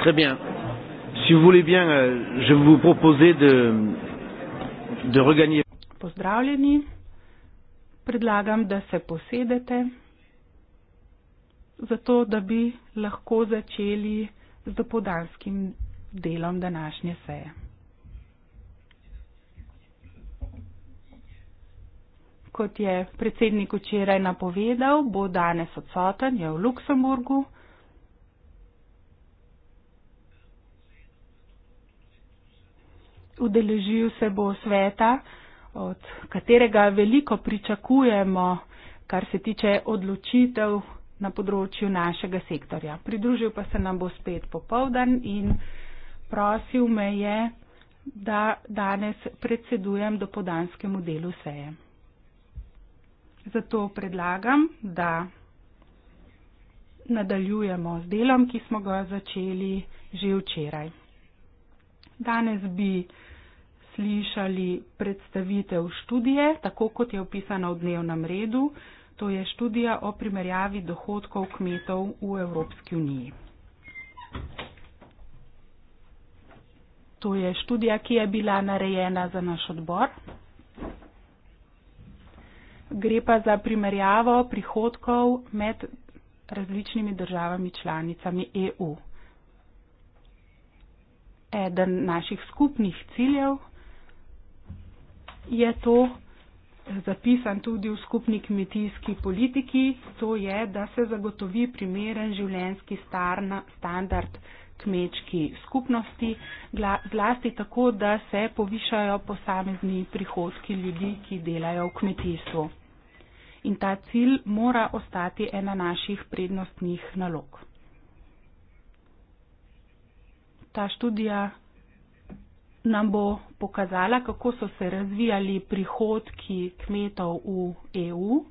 Très bien. Si vous voulez bien, euh, je vous proposer de, de regagner. Pozdravljeni. Predlagam, da se posedete, zato da bi lahko začeli z dopodanskim delom današnje seje. Kot je predsednik včeraj napovedal, bo danes odsoten, je v Luksemburgu. udeležil se bo sveta, od katerega veliko pričakujemo, kar se tiče odločitev na področju našega sektorja. Pridružil pa se nam bo spet popovdan in prosil me je, da danes predsedujem do podanskemu delu seje. Zato predlagam, da nadaljujemo z delom, ki smo ga začeli že včeraj. Danes bi slišali predstavitev študije, tako kot je opisana v dnevnem redu, to je študija o primerjavi dohodkov kmetov v Evropski uniji. To je študija, ki je bila narejena za naš odbor. Gre pa za primerjavo prihodkov med različnimi državami članicami EU. Eden naših skupnih ciljev je to zapisan tudi v skupni kmetijski politiki, to je, da se zagotovi primeren življenski starna, standard kmečki skupnosti, zlasti tako, da se povišajo posamezni prihodki ljudi, ki delajo v kmetijstvu. In ta cilj mora ostati ena naših prednostnih nalog. Ta študija nam bo pokazala, kako so se razvijali prihodki kmetov v EU.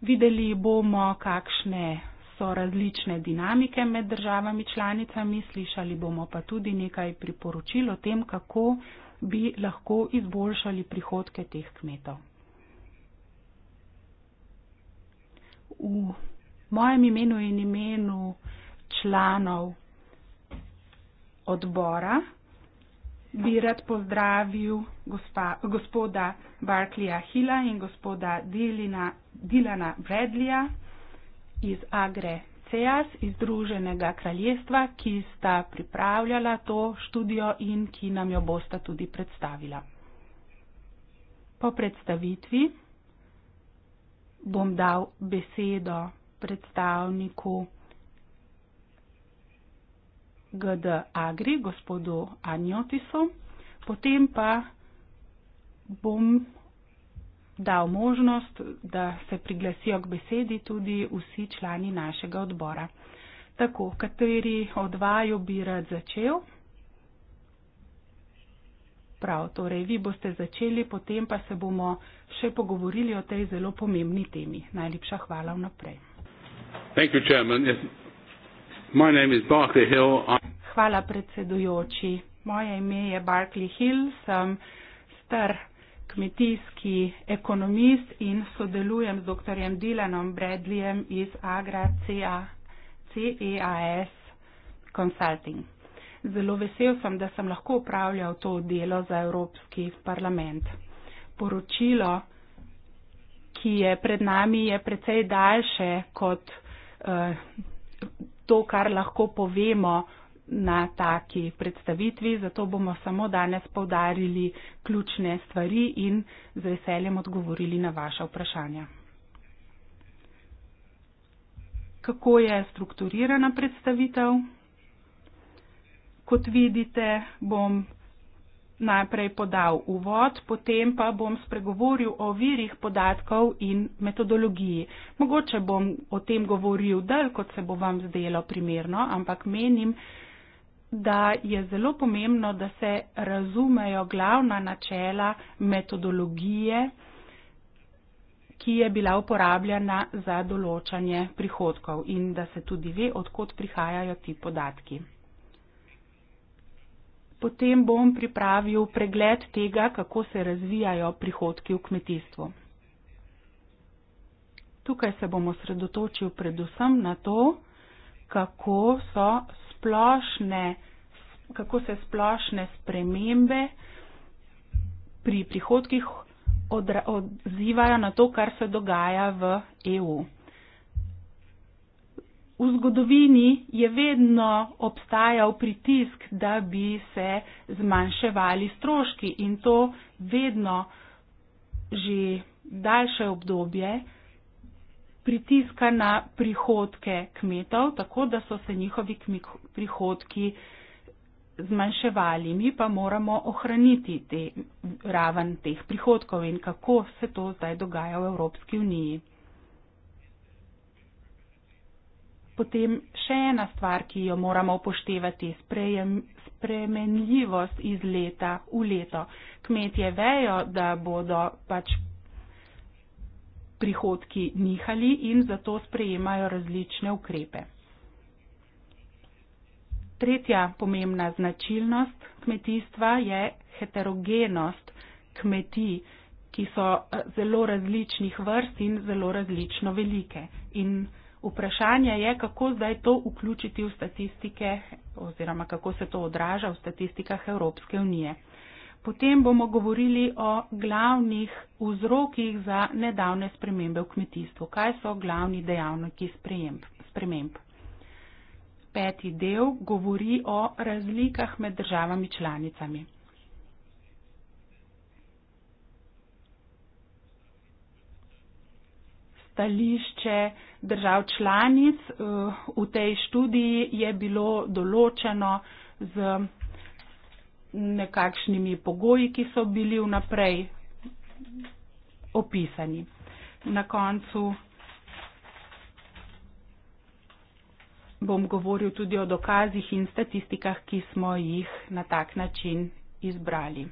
Videli bomo, kakšne so različne dinamike med državami članicami, slišali bomo pa tudi nekaj priporočil o tem, kako bi lahko izboljšali prihodke teh kmetov. V mojem imenu in imenu članov odbora bi rad pozdravil gospa, gospoda Barclaya Hilla in gospoda Dilina, Dilana Bradleya iz Agre CEAS iz Združenega kraljestva, ki sta pripravljala to študijo in ki nam jo bosta tudi predstavila. Po predstavitvi bom dal besedo predstavniku GD Agri, gospodu Anjotisu, potem pa bom dal možnost, da se priglasijo k besedi tudi vsi člani našega odbora. Tako, kateri od vaju bi rad začel? Prav, torej vi boste začeli, potem pa se bomo še pogovorili o tej zelo pomembni temi. Najlepša hvala vnaprej. Hvala, predsednik. Moje ime je Barclay Hill. I'm Hvala, predsedujoči. Moje ime je Barkley Hill, sem star kmetijski ekonomist in sodelujem z dr. Dilanom Bradleyjem iz Agra CEAS Consulting. Zelo vesel sem, da sem lahko upravljal to delo za Evropski parlament. Poročilo, ki je pred nami, je precej daljše kot eh, to, kar lahko povemo na taki predstavitvi, zato bomo samo danes povdarili ključne stvari in z veseljem odgovorili na vaše vprašanja. Kako je strukturirana predstavitev? Kot vidite, bom najprej podal uvod, potem pa bom spregovoril o virih podatkov in metodologiji. Mogoče bom o tem govoril dal, kot se bo vam zdelo primerno, ampak menim, da je zelo pomembno, da se razumejo glavna načela metodologije, ki je bila uporabljena za določanje prihodkov in da se tudi ve, odkot prihajajo ti podatki. Potem bom pripravil pregled tega, kako se razvijajo prihodki v kmetijstvu. Tukaj se bomo sredotočil predvsem na to, kako so splošne, kako se splošne spremembe pri prihodkih odzivajo na to, kar se dogaja v EU. V zgodovini je vedno obstajal pritisk, da bi se zmanjševali stroški in to vedno že daljše obdobje pritiska na prihodke kmetov, tako da so se njihovi prihodki zmanjševali. Mi pa moramo ohraniti te, raven teh prihodkov in kako se to zdaj dogaja v Evropski uniji. Potem še ena stvar, ki jo moramo upoštevati, sprejem, spremenljivost iz leta v leto. Kmetje vejo, da bodo pač prihodki nihali in zato sprejemajo različne ukrepe. Tretja pomembna značilnost kmetijstva je heterogenost kmetij, ki so eh, zelo različnih vrst in zelo različno velike. In vprašanje je, kako zdaj to vključiti v statistike oziroma kako se to odraža v statistikah Evropske unije. Potem bomo govorili o glavnih vzrokih za nedavne spremembe v kmetijstvu. Kaj so glavni dejavniki sprememb? peti del govori o razlikah med državami članicami. Stališče držav članic eh, v tej študiji je bilo določeno z nekakšnimi pogoji, ki so bili vnaprej opisani. Na koncu bom govoril tudi o dokazih in statistikah, ki smo jih na tak način izbrali.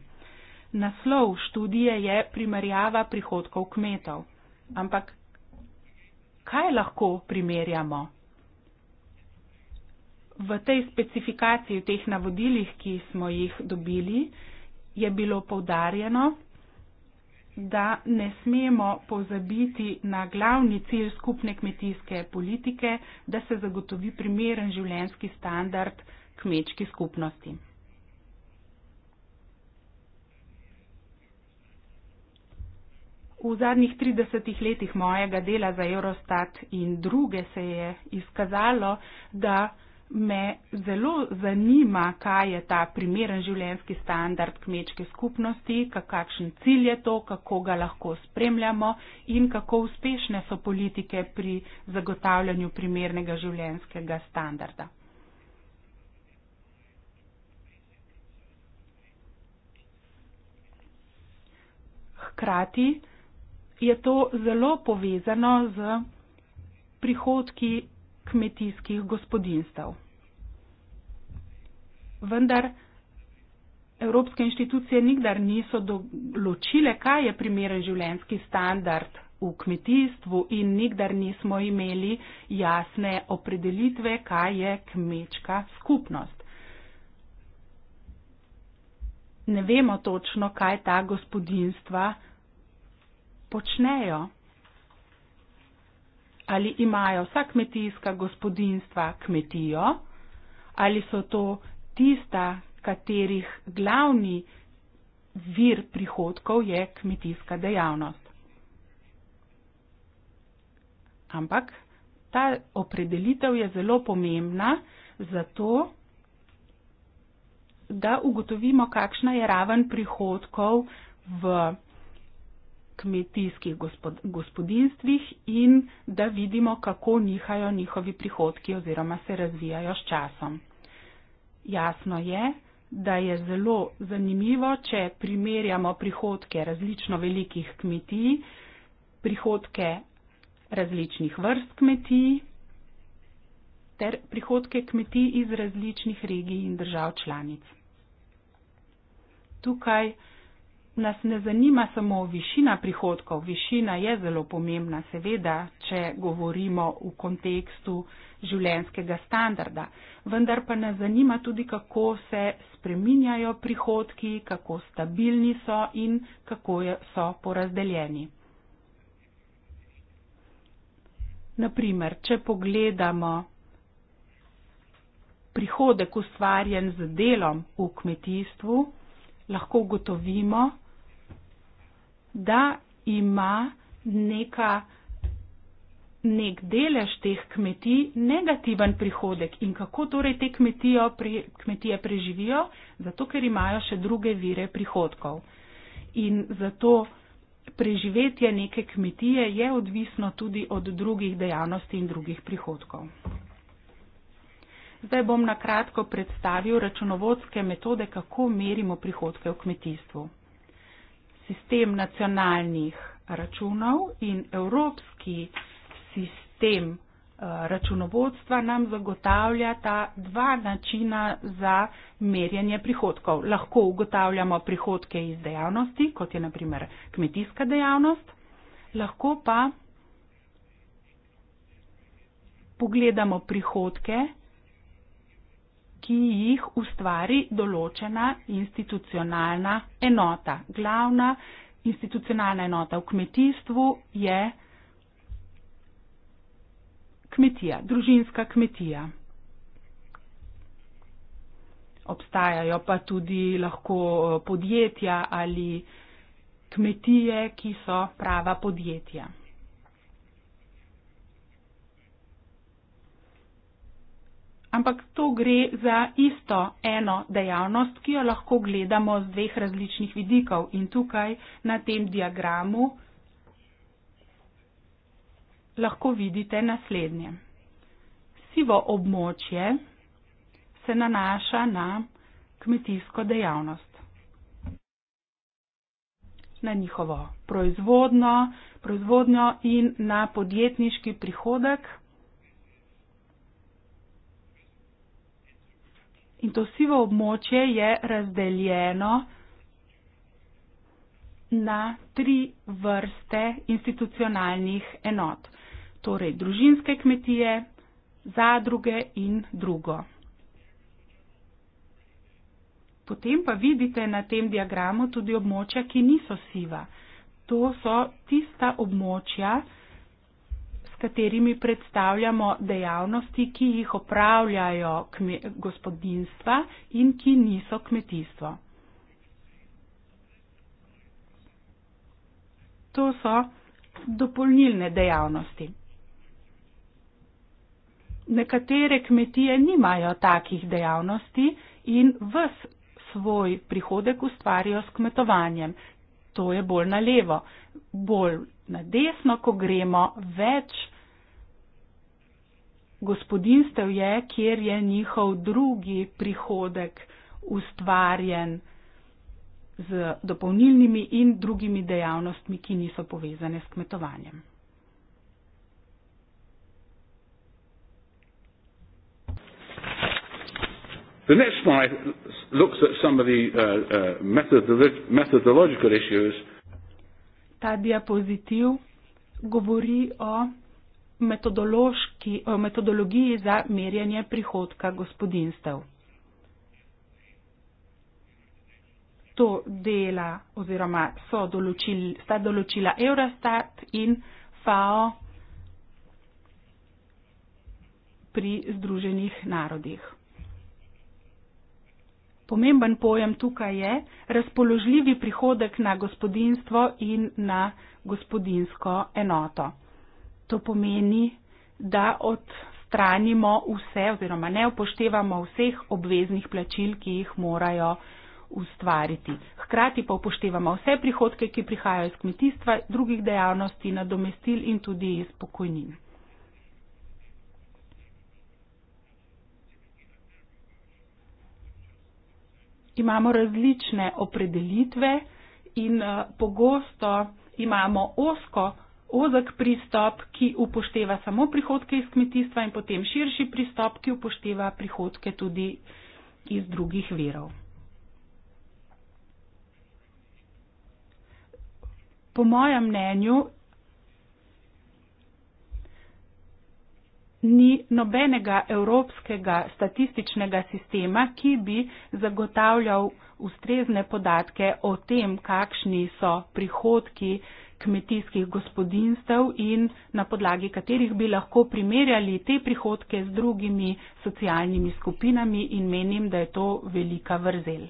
Naslov študije je primerjava prihodkov kmetov. Ampak kaj lahko primerjamo? V tej specifikaciji, v teh navodilih, ki smo jih dobili, je bilo povdarjeno, da ne smemo pozabiti na glavni cilj skupne kmetijske politike, da se zagotovi primeren življenski standard kmečki skupnosti. V zadnjih 30 letih mojega dela za Eurostat in druge se je izkazalo, da me zelo zanima, kaj je ta primeren življenski standard kmečke skupnosti, kakšen cilj je to, kako ga lahko spremljamo in kako uspešne so politike pri zagotavljanju primernega življenskega standarda. Hkrati je to zelo povezano z prihodki kmetijskih gospodinstv. Vendar evropske inštitucije nikdar niso določile, kaj je primeren življenski standard v kmetijstvu in nikdar nismo imeli jasne opredelitve, kaj je kmečka skupnost. Ne vemo točno, kaj ta gospodinstva počnejo ali imajo vsa kmetijska gospodinstva kmetijo, ali so to tista, katerih glavni vir prihodkov je kmetijska dejavnost. Ampak ta opredelitev je zelo pomembna zato, da ugotovimo, kakšna je raven prihodkov v kmetijskih gospod, gospodinstvih in da vidimo, kako nihajo njihovi prihodki oziroma se razvijajo s časom. Jasno je, da je zelo zanimivo, če primerjamo prihodke različno velikih kmetij, prihodke različnih vrst kmetij ter prihodke kmetij iz različnih regij in držav članic. Tukaj nas ne zanima samo višina prihodkov, višina je zelo pomembna, seveda, če govorimo v kontekstu življenskega standarda, vendar pa nas zanima tudi, kako se spreminjajo prihodki, kako stabilni so in kako so porazdeljeni. Naprimer, če pogledamo prihodek ustvarjen z delom v kmetijstvu, lahko ugotovimo, da ima neka, nek delež teh kmetij negativen prihodek in kako torej te kmetijo, pri, kmetije preživijo, zato ker imajo še druge vire prihodkov. In zato preživetje neke kmetije je odvisno tudi od drugih dejavnosti in drugih prihodkov. Zdaj bom na kratko predstavil računovodske metode, kako merimo prihodke v kmetijstvu sistem nacionalnih računov in evropski sistem eh, računovodstva nam zagotavlja ta dva načina za merjenje prihodkov. Lahko ugotavljamo prihodke iz dejavnosti, kot je naprimer kmetijska dejavnost, lahko pa pogledamo prihodke ki jih ustvari določena institucionalna enota. Glavna institucionalna enota v kmetijstvu je kmetija, družinska kmetija. Obstajajo pa tudi lahko eh, podjetja ali kmetije, ki so prava podjetja. ampak to gre za isto eno dejavnost, ki jo lahko gledamo z dveh različnih vidikov in tukaj na tem diagramu lahko vidite naslednje. Sivo območje se nanaša na kmetijsko dejavnost, na njihovo proizvodno, proizvodnjo in na podjetniški prihodek. In to sivo območje je razdeljeno na tri vrste institucionalnih enot. Torej družinske kmetije, zadruge in drugo. Potem pa vidite na tem diagramu tudi območja, ki niso siva. To so tista območja, katerimi predstavljamo dejavnosti, ki jih opravljajo gospodinstva in ki niso kmetijstvo. To so dopolnilne dejavnosti. Nekatere kmetije nimajo takih dejavnosti in v svoj prihodek ustvarijo s kmetovanjem. To je bolj na levo, bolj na desno, ko gremo več gospodinstev je, kjer je njihov drugi prihodek ustvarjen z dopolnilnimi in drugimi dejavnostmi, ki niso povezane s kmetovanjem. The next slide looks at some of the uh, uh, methodolog methodological issues. Ta diapozitiv govori o Eh, metodologiji za merjenje prihodka gospodinstev. To dela oziroma so določili, sta določila Eurostat in FAO pri Združenih narodih. Pomemben pojem tukaj je razpoložljivi prihodek na gospodinstvo in na gospodinsko enoto. To pomeni, da odstranimo vse oziroma ne upoštevamo vseh obveznih plačil, ki jih morajo ustvariti. Hkrati pa upoštevamo vse prihodke, ki prihajajo iz kmetijstva, drugih dejavnosti, nadomestil in tudi iz pokojnin. Imamo različne opredelitve in eh, pogosto imamo osko ozek pristop, ki upošteva samo prihodke iz kmetijstva in potem širši pristop, ki upošteva prihodke tudi iz drugih verov. Po mojem mnenju ni nobenega evropskega statističnega sistema, ki bi zagotavljal ustrezne podatke o tem, kakšni so prihodki kmetijskih gospodinstev in na podlagi katerih bi lahko primerjali te prihodke z drugimi socialnimi skupinami in menim, da je to velika vrzel.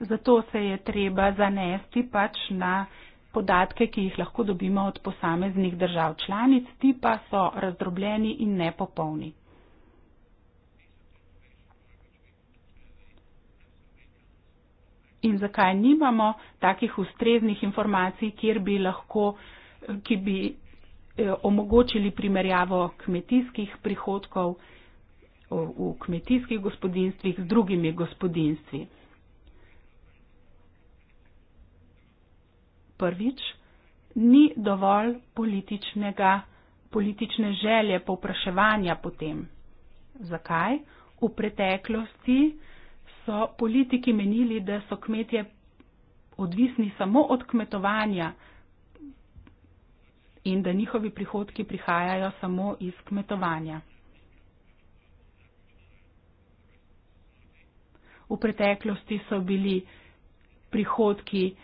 Zato se je treba zanesti pač na podatke, ki jih lahko dobimo od posameznih držav članic, ti pa so razdrobljeni in nepopolni. in zakaj nimamo takih ustreznih informacij, kjer bi lahko, ki bi eh, omogočili primerjavo kmetijskih prihodkov v kmetijskih gospodinstvih z drugimi gospodinstvi. Prvič, ni dovolj političnega, politične želje povpraševanja potem. Zakaj? V preteklosti so politiki menili, da so kmetje odvisni samo od kmetovanja in da njihovi prihodki prihajajo samo iz kmetovanja. V preteklosti so bili prihodki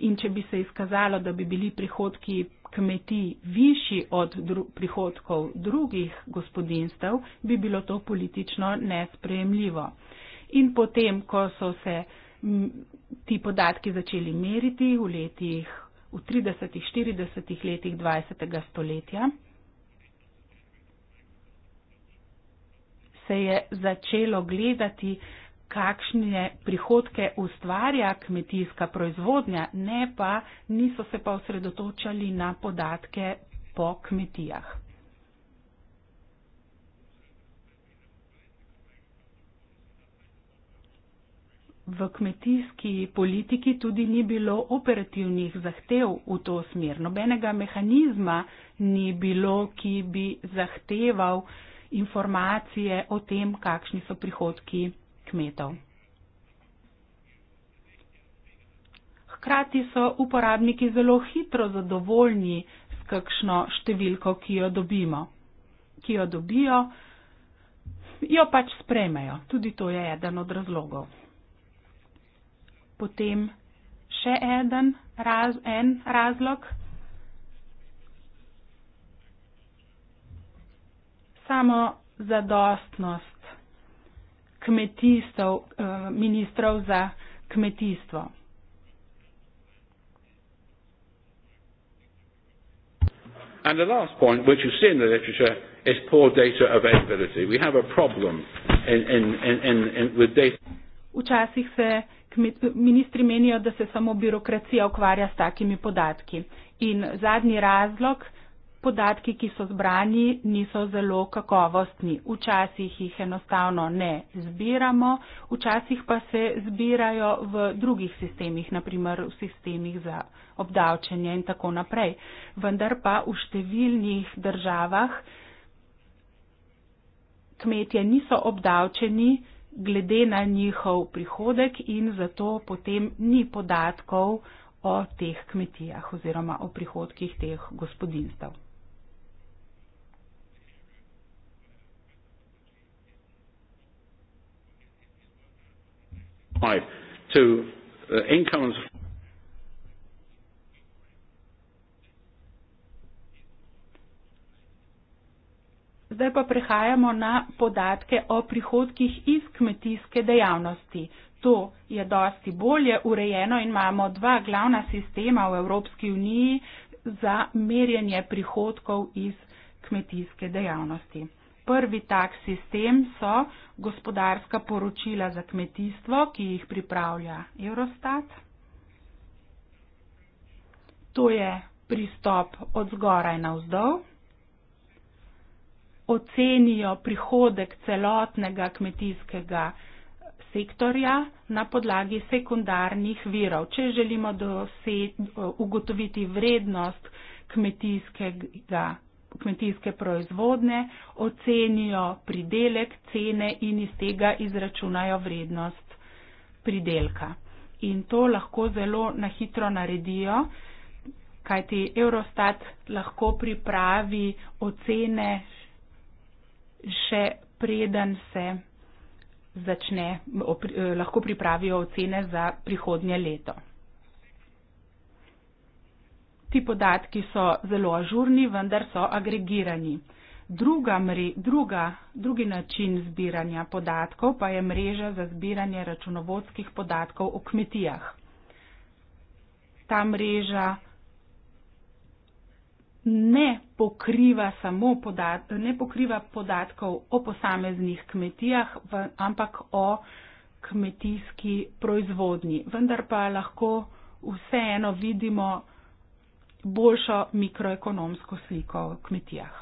in če bi se izkazalo, da bi bili prihodki kmetij višji od dru prihodkov drugih gospodinstev, bi bilo to politično nespremljivo in potem, ko so se ti podatki začeli meriti v letih, v 30-ih, 40-ih letih 20. stoletja, se je začelo gledati, kakšne prihodke ustvarja kmetijska proizvodnja, ne pa niso se pa osredotočali na podatke po kmetijah. v kmetijski politiki tudi ni bilo operativnih zahtev v to smer. Nobenega mehanizma ni bilo, ki bi zahteval informacije o tem, kakšni so prihodki kmetov. Hkrati so uporabniki zelo hitro zadovoljni s kakšno številko, ki jo dobimo. Ki jo dobijo, jo pač sprejmejo. Tudi to je eden od razlogov potem še eden, raz, en razlog. Samo zadostnost kmetistov, eh, ministrov za kmetijstvo. And the last point, which you see in the literature, is poor data availability. We have a problem in, in, in, in, in with data ministri menijo, da se samo birokracija ukvarja s takimi podatki. In zadnji razlog, podatki, ki so zbrani, niso zelo kakovostni. Včasih jih enostavno ne zbiramo, včasih pa se zbirajo v drugih sistemih, naprimer v sistemih za obdavčenje in tako naprej. Vendar pa v številnih državah kmetje niso obdavčeni, glede na njihov prihodek in zato potem ni podatkov o teh kmetijah oziroma o prihodkih teh gospodinstv. Right. To, uh, incomes... Zdaj pa prehajamo na podatke o prihodkih iz kmetijske dejavnosti. To je dosti bolje urejeno in imamo dva glavna sistema v Evropski uniji za merjenje prihodkov iz kmetijske dejavnosti. Prvi tak sistem so gospodarska poročila za kmetijstvo, ki jih pripravlja Eurostat. To je pristop od zgoraj na vzdolj ocenijo prihodek celotnega kmetijskega sektorja na podlagi sekundarnih virov. Če želimo dosed, ugotoviti vrednost kmetijskega, kmetijske proizvodne, ocenijo pridelek, cene in iz tega izračunajo vrednost pridelka. In to lahko zelo na hitro naredijo, kajti Eurostat lahko pripravi ocene še preden se začne, eh, lahko pripravijo ocene za prihodnje leto. Ti podatki so zelo ažurni, vendar so agregirani. Druga, druga, drugi način zbiranja podatkov pa je mreža za zbiranje računovodskih podatkov o kmetijah. Ta mreža ne pokriva samo podatkov, ne pokriva podatkov o posameznih kmetijah, ampak o kmetijski proizvodnji. Vendar pa lahko vseeno vidimo boljšo mikroekonomsko sliko v kmetijah.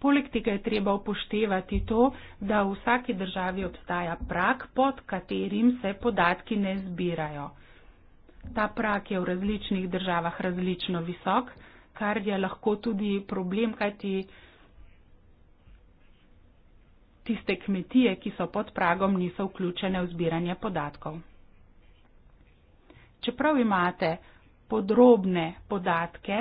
Poleg tega je treba upoštevati to, da v vsaki državi obstaja prak, pod katerim se podatki ne zbirajo. Ta prak je v različnih državah različno visok, kar je lahko tudi problem, kajti tiste kmetije, ki so pod pragom, niso vključene v zbiranje podatkov. Čeprav imate podrobne podatke,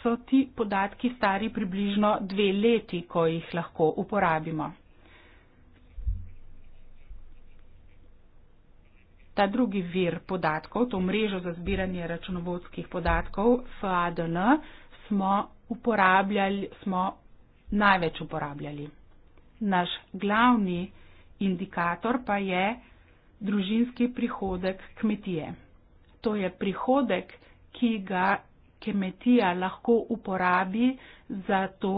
so ti podatki stari približno dve leti, ko jih lahko uporabimo. ta drugi vir podatkov, to mrežo za zbiranje računovodskih podatkov, FADN, smo uporabljali, smo največ uporabljali. Naš glavni indikator pa je družinski prihodek kmetije. To je prihodek, ki ga kmetija lahko uporabi za to,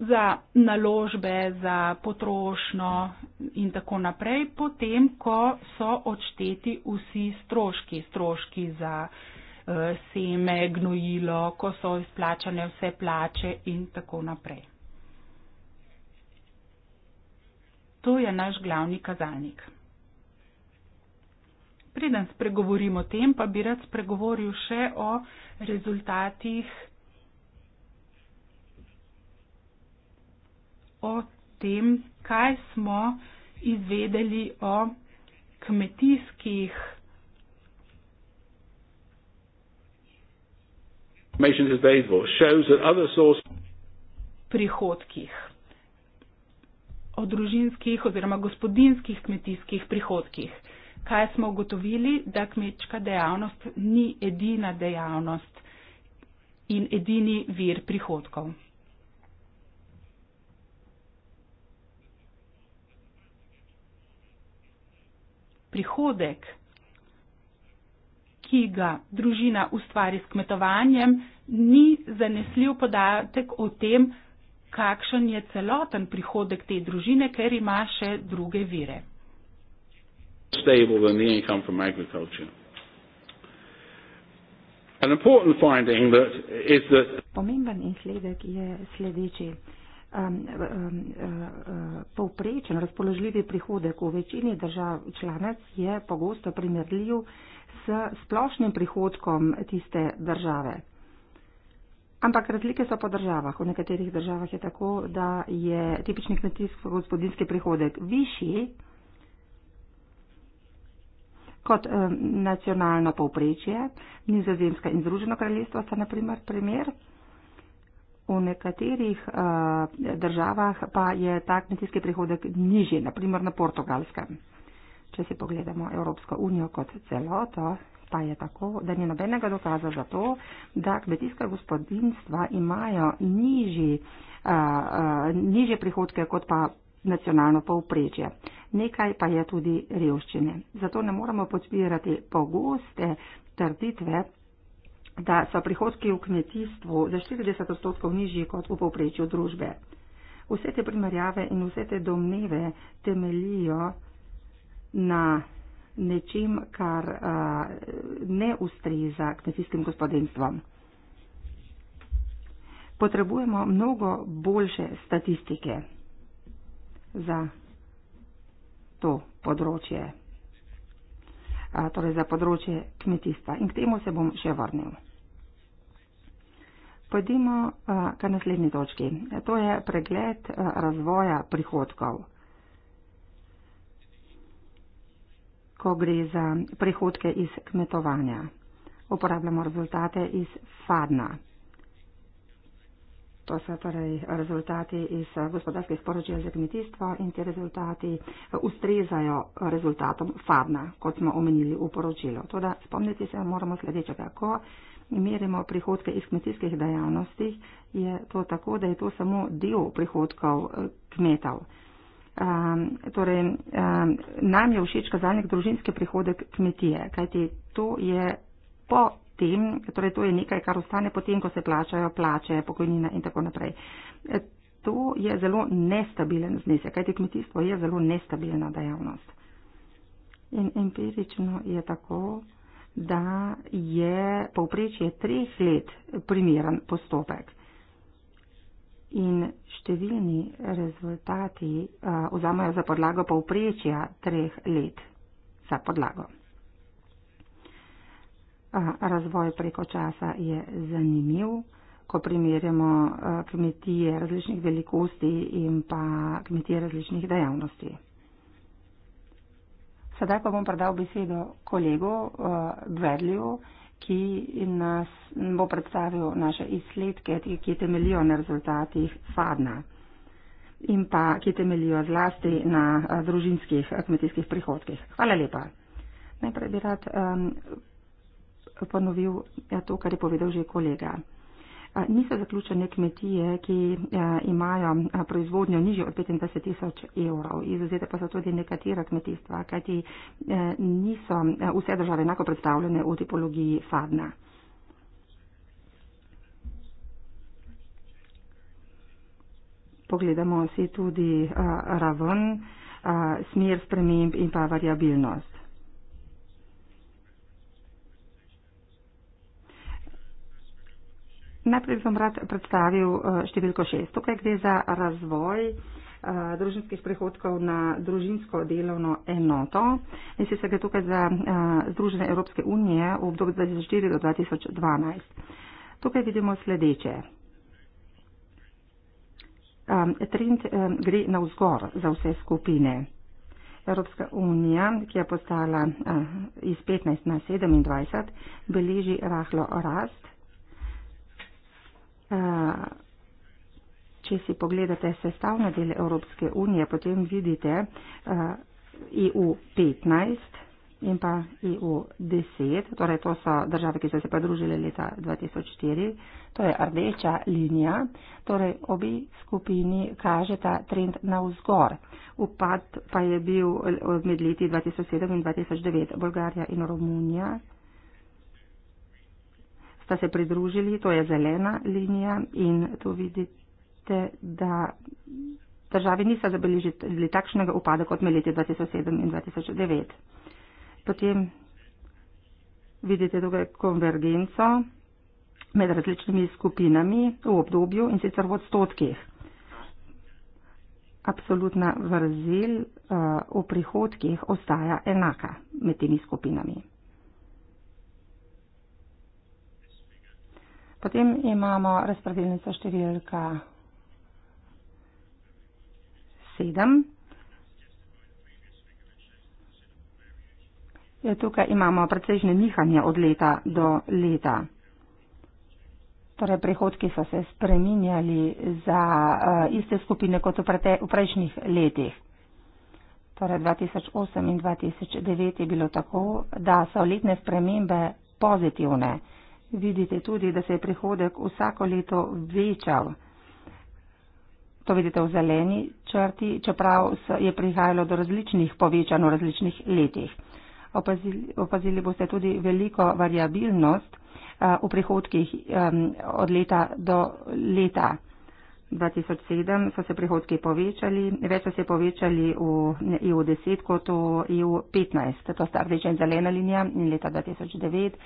za naložbe, za potrošno in tako naprej, potem, ko so odšteti vsi stroški, stroški za e, seme, gnojilo, ko so izplačane vse plače in tako naprej. To je naš glavni kazalnik. Preden spregovorim o tem, pa bi rad spregovoril še o rezultatih o tem, kaj smo izvedeli o kmetijskih. Prihodkih, o družinskih oziroma gospodinskih kmetijskih prihodkih. Kaj smo ugotovili, da kmečka dejavnost ni edina dejavnost in edini vir prihodkov. prihodek, ki ga družina ustvari s kmetovanjem, ni zanesljiv podatek o tem, kakšen je celoten prihodek te družine, ker ima še druge vire. Stable than the income from agriculture. An important finding that is that. Pomemben izsledek je sledeči um, um, uh, povprečen razpoložljivi prihodek v večini držav članec je pogosto primerljiv s splošnim prihodkom tiste države. Ampak razlike so po državah. V nekaterih državah je tako, da je tipični kmetijski gospodinski prihodek višji kot um, nacionalno povprečje. Nizozemska in Združeno kraljestvo sta na primer primer. primer. V nekaterih uh, državah pa je ta kmetijski prihodek nižji, naprimer na Portugalskem. Če si pogledamo Evropsko unijo kot celoto, pa je tako, da ni nobenega dokaza za to, da kmetijska gospodinstva imajo nižji, uh, uh, nižje prihodke kot pa nacionalno povprečje. Nekaj pa je tudi revščine. Zato ne moremo podpirati pogoste trditve da so prihodki v kmetijstvu za 40 odstotkov nižji kot v povprečju družbe. Vse te primerjave in vse te domneve temelijo na nečim, kar a, ne ustreza kmetijskim gospodinstvom. Potrebujemo mnogo boljše statistike za to področje, a, torej za področje kmetijstva. In k temu se bom še vrnil. Pojdimo eh, k naslednji točki. To je pregled eh, razvoja prihodkov. Ko gre za prihodke iz kmetovanja, uporabljamo rezultate iz FADNA. To so torej rezultati iz eh, gospodarskih sporočil za kmetijstvo in ti rezultati ustrezajo rezultatom FADNA, kot smo omenili v poročilu. Toda spomniti se moramo sledečega. Ko merimo prihodke iz kmetijskih dejavnosti, je to tako, da je to samo del prihodkov eh, kmetov. Um, torej, um, nam je všeč kazalnik družinske prihodek kmetije, kajti to je po tem, torej to je nekaj, kar ostane potem, ko se plačajo plače, pokojnina in tako naprej. E, to je zelo nestabilen znesek, kajti kmetijstvo je zelo nestabilna dejavnost. In empirično je tako da je povprečje treh let primeren postopek. In številni rezultati eh, vzamejo za podlago povprečja treh let za podlago. Eh, razvoj preko časa je zanimiv, ko primerjamo eh, kmetije različnih velikosti in pa kmetije različnih dejavnosti. Sedaj pa bom predal besedo kolegu uh, eh, Dvedliju, ki nas bo predstavil naše izsledke, ki temelijo na rezultatih FADNA in pa ki temelijo zlasti na uh, družinskih uh, kmetijskih prihodkih. Hvala lepa. Najprej bi rad um, ponovil ja, to, kar je povedal že kolega. Eh, niso zaključene kmetije, ki eh, imajo eh, proizvodnjo nižjo od 25 tisoč evrov. Izuzete pa so tudi nekatera kmetijstva, kajti niso vse države enako predstavljene v tipologiji sadna. Pogledamo si tudi raven, smer sprememb in pa variabilnost. Najprej bi vam rad predstavil eh, številko šest. Tukaj gre za razvoj eh, družinskih prihodkov na družinsko delovno enoto. In se gre tukaj za eh, Združene Evropske unije v obdobju 2004 do 2012. Tukaj vidimo sledeče. Trend gre na vzgor za vse skupine. Evropska unija, ki je postala iz 15 na 27, beleži rahlo rast Eh, če si pogledate sestavne dele Evropske unije, potem vidite EU eh, e 15 in pa EU 10, torej to so države, ki so se pridružile leta 2004, to je rdeča linija, torej obi skupini kaže ta trend na vzgor. Upad pa je bil eh, med leti 2007 in 2009 Bolgarija in Romunija sta se pridružili, to je zelena linija in tu vidite, da državi niso zabeležili takšnega upada kot med leti 2007 in 2009. Potem vidite tukaj konvergenco med različnimi skupinami v obdobju in sicer v odstotkih. Absolutna vrzel uh, v prihodkih ostaja enaka med temi skupinami. Potem imamo razpredeljnico številka 7. Je, ja, tukaj imamo precejšnje nihanje od leta do leta. Torej, prihodki so se spreminjali za uh, iste skupine kot v, prete, v prejšnjih letih. Torej, 2008 in 2009 je bilo tako, da so letne spremembe pozitivne vidite tudi, da se je prihodek vsako leto večal. To vidite v zeleni črti, čeprav je prihajalo do različnih povečanj v različnih letih. Opazili, opazili boste tudi veliko variabilnost v prihodkih od leta do leta. 2007 so se prihodki povečali, več so se povečali v EU10 e kot v EU15. To sta rdeča in zelena linija in leta 2009.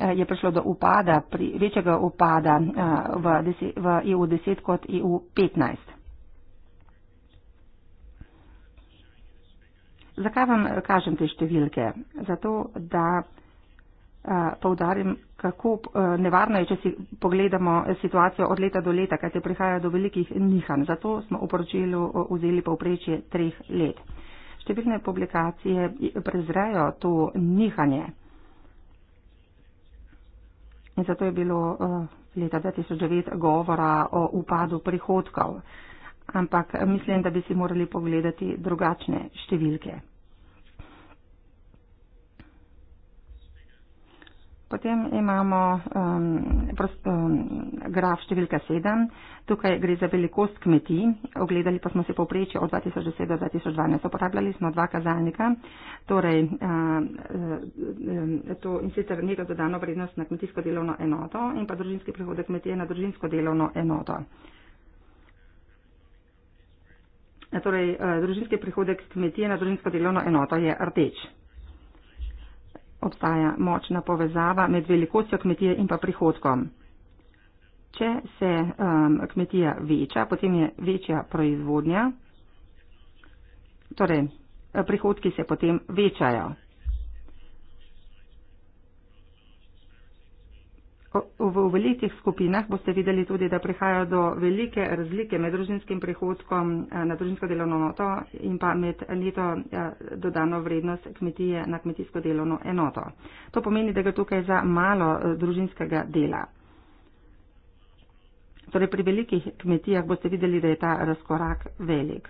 Eh, je prišlo do upada, pri, večjega upada eh, v, v EU10 kot EU15. Zakaj vam kažem te številke? Zato, da eh, poudarim, kako nevarno je, če si pogledamo situacijo od leta do leta, kajte prihaja do velikih nihanj. Zato smo v poročilu vzeli povprečje treh let. Številne publikacije prezrejo to nihanje. In zato je bilo eh, leta 2009 govora o upadu prihodkov. Ampak mislim, da bi si morali pogledati drugačne številke. Potem imamo um, prost, um, graf številka 7. Tukaj gre za velikost kmetij. Ogledali pa smo se povprečje od 2010 do 2012. Uporabljali smo dva kazalnika. Torej, uh, uh, to in sicer neto dodano vrednost na kmetijsko delovno enoto in pa družinski prihodek kmetije na družinsko delovno enoto. Torej, uh, družinski prihodek kmetije na družinsko delovno enoto je rdeč obstaja močna povezava med velikostjo kmetije in pa prihodkom. Če se um, kmetija veča, potem je večja proizvodnja, torej prihodki se potem večajo. v, v velikih skupinah boste videli tudi, da prihaja do velike razlike med družinskim prihodkom eh, na družinsko delovno enoto in pa med leto eh, dodano vrednost kmetije na kmetijsko delovno enoto. To pomeni, da gre tukaj za malo eh, družinskega dela. Torej pri velikih kmetijah boste videli, da je ta razkorak velik.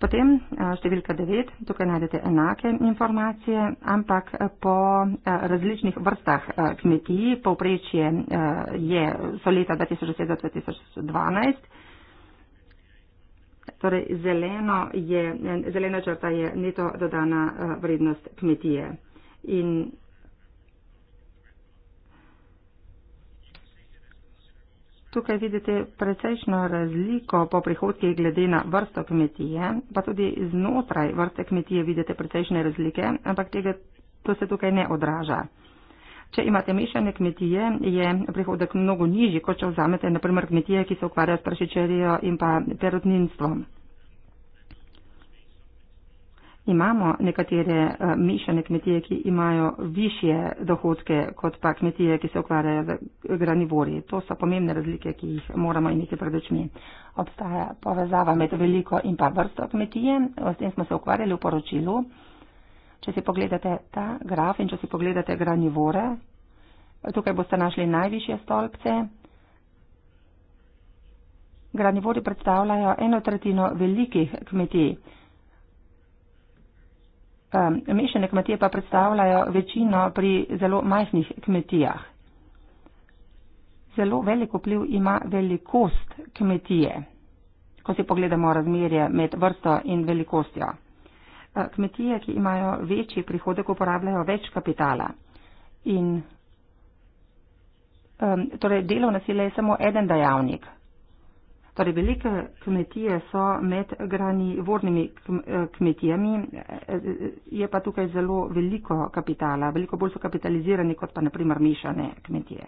Potem eh, številka 9, tukaj najdete enake informacije, ampak eh, po eh, različnih vrstah kmetij, povprečje je so leta 2010-2012, torej zeleno je, zelena črta je neto dodana vrednost kmetije. In Tukaj vidite precejšno razliko po prihodkih glede na vrsto kmetije, pa tudi znotraj vrste kmetije vidite precejšne razlike, ampak tega, to se tukaj ne odraža. Če imate mešane kmetije, je prihodek mnogo nižji, kot če vzamete naprimer kmetije, ki se ukvarjajo s prašičerijo in pa perutninstvom. Imamo nekatere eh, mešane kmetije, ki imajo više dohodke kot pa kmetije, ki se ukvarjajo z granivori. To so pomembne razlike, ki jih moramo imeti pred očmi. Obstaja povezava med veliko in pa vrsto kmetije. S tem smo se ukvarjali v poročilu. Če si pogledate ta graf in če si pogledate granivore, tukaj boste našli najvišje stolpce. Granivori predstavljajo eno tretjino velikih kmetij mešane kmetije pa predstavljajo večino pri zelo majhnih kmetijah. Zelo velik vpliv ima velikost kmetije, ko si pogledamo razmerje med vrsto in velikostjo. Kmetije, ki imajo večji prihodek, uporabljajo več kapitala. In, torej, delovna sila je samo eden dejavnik. Torej, velike kmetije so med grani vodnimi eh, kmetijami, eh, je pa tukaj zelo veliko kapitala, veliko bolj so kapitalizirani kot pa naprimer mešane kmetije.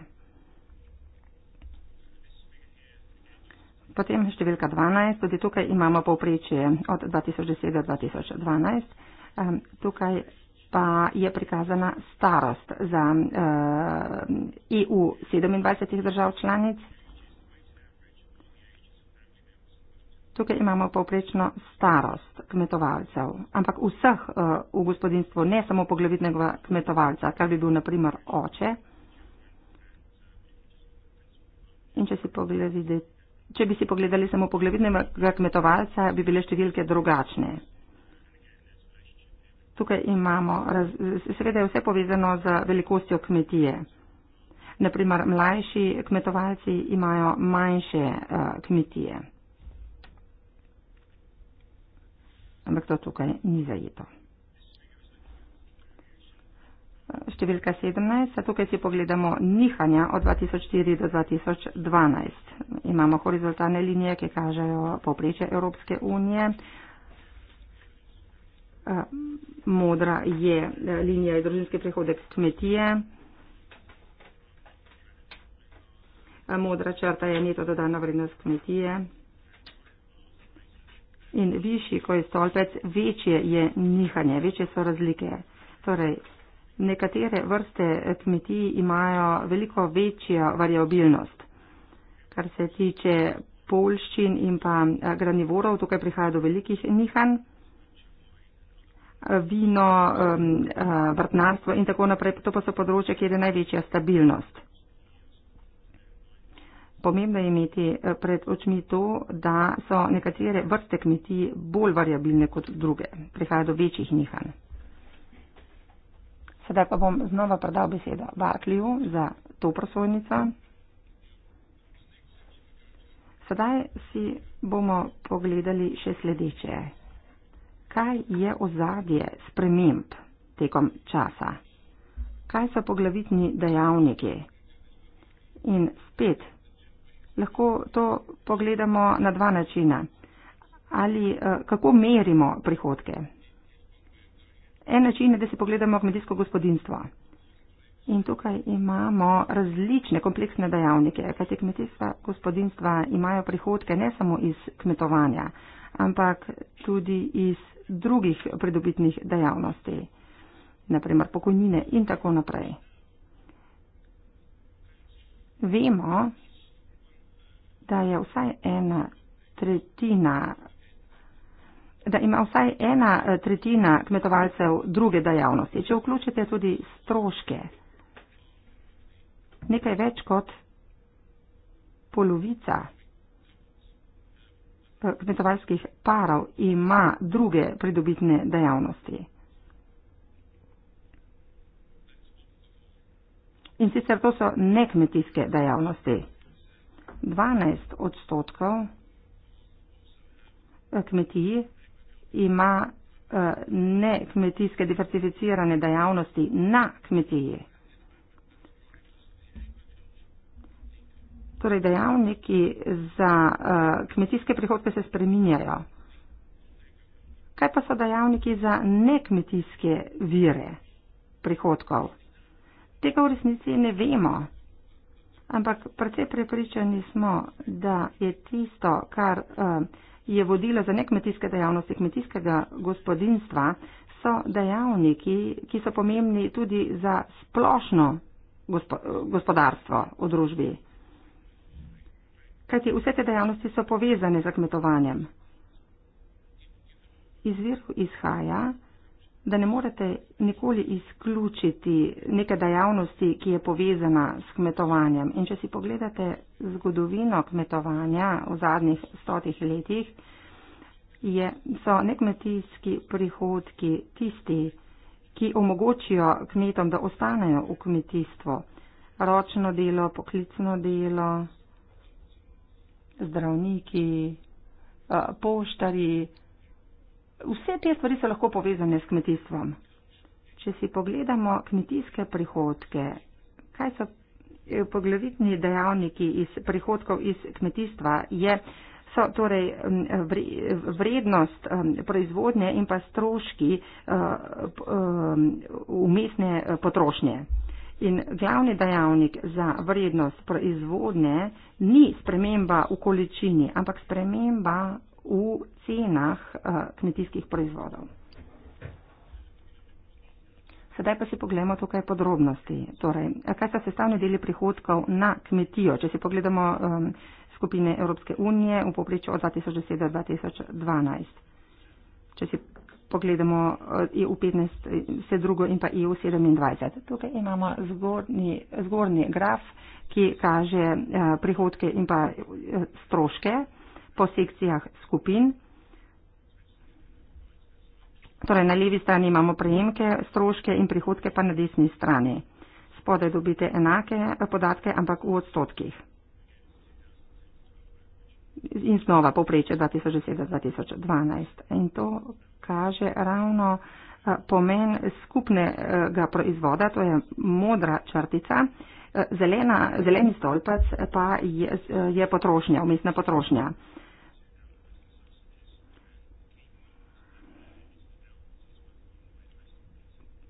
Potem številka 12, tudi tukaj imamo povprečje od 2010 do 2012. Ehm, tukaj pa je prikazana starost za EU eh, e 27 držav članic Tukaj imamo povprečno starost kmetovalcev, ampak vseh uh, v gospodinstvu, ne samo poglavitnega kmetovalca, kar bi bil naprimer oče. In če, pogledali, če bi si pogledali samo poglavitnega kmetovalca, bi bile številke drugačne. Tukaj imamo, raz, seveda je vse povezano z velikostjo kmetije. Naprimer, mlajši kmetovalci imajo manjše uh, kmetije. ampak to tukaj ni zajeto. Številka 17, tukaj si pogledamo nihanja od 2004 do 2012. Imamo horizontalne linije, ki kažejo povprečje Evropske unije. Modra je e, linija je družinski prihodek kmetije. Modra črta je neto dodana vrednost kmetije. In višji, ko je stolpec, večje je nihanje, večje so razlike. Torej, nekatere vrste kmetij imajo veliko večjo variabilnost. Kar se tiče polščin in pa eh, granivorov, tukaj prihaja do velikih nihanj. Vino, eh, vrtnarstvo in tako naprej, to pa so področje, kjer je največja stabilnost. Pomembno je imeti eh, pred očmi to, da so nekatere vrste kmetij bolj variabilne kot druge. Prihaja do večjih nihanj. Sedaj pa bom znova predal besedo Barkliju za to prosojnico. Sedaj si bomo pogledali še sledeče. Kaj je ozadje sprememb tekom časa? Kaj so poglavitni dejavniki? In spet lahko to pogledamo na dva načina. Ali eh, kako merimo prihodke? En način je, da se pogledamo kmetijsko gospodinstvo. In tukaj imamo različne kompleksne dejavnike, kajti kmetijska gospodinstva imajo prihodke ne samo iz kmetovanja, ampak tudi iz drugih predobitnih dejavnosti, naprimer pokojnine in tako naprej. Vemo, da je vsaj ena tretjina da ima vsaj ena eh, tretjina kmetovalcev druge dejavnosti. Če vključite tudi stroške, nekaj več kot polovica eh, kmetovalskih parov ima druge pridobitne dejavnosti. In sicer to so nekmetijske dejavnosti. 12 odstotkov eh, kmetij ima eh, ne kmetijske diversificirane dejavnosti na kmetiji. Torej, dejavniki za eh, kmetijske prihodke se spreminjajo. Kaj pa so dejavniki za nekmetijske vire prihodkov? Tega v resnici ne vemo ampak precej prepričani smo, da je tisto, kar eh, je vodilo za nekmetijske dejavnosti kmetijskega gospodinstva, so dejavniki, ki so pomembni tudi za splošno gospodarstvo v družbi. Kajti vse te dejavnosti so povezane z kmetovanjem. Iz virhu izhaja, da ne morete nikoli izključiti neke dejavnosti, ki je povezana s kmetovanjem. In če si pogledate zgodovino kmetovanja v zadnjih stotih letih, je, so nekmetijski prihodki tisti, ki omogočijo kmetom, da ostanejo v kmetijstvu. Ročno delo, poklicno delo, zdravniki, eh, poštari, vse te stvari so lahko povezane s kmetijstvom. Če si pogledamo kmetijske prihodke, kaj so eh, poglavitni dejavniki iz prihodkov iz kmetijstva, je, so torej vrednost proizvodnje in pa stroški eh, umestne eh, potrošnje. In glavni dejavnik za vrednost proizvodnje ni sprememba v količini, ampak sprememba v cenah eh, kmetijskih proizvodov. Sedaj pa si pogledamo tukaj podrobnosti. Torej, eh, kaj so sestavni deli prihodkov na kmetijo? Če si pogledamo um, skupine Evropske unije v poprečju od 2010 do 2012. Če si pogledamo EU15, eh, e vse drugo in pa EU27. Tukaj imamo zgornji, zgornji graf, ki kaže uh, prihodke in pa uh, stroške po sekcijah skupin. Torej, na levi strani imamo prejemke, stroške in prihodke pa na desni strani. Spodaj dobite enake eh, podatke, ampak v odstotkih. In znova poprečje 2007-2012. In to kaže ravno eh, pomen skupnega proizvoda, to je modra črtica, eh, zelena, zeleni stolpec pa je, je potrošnja, umestna potrošnja.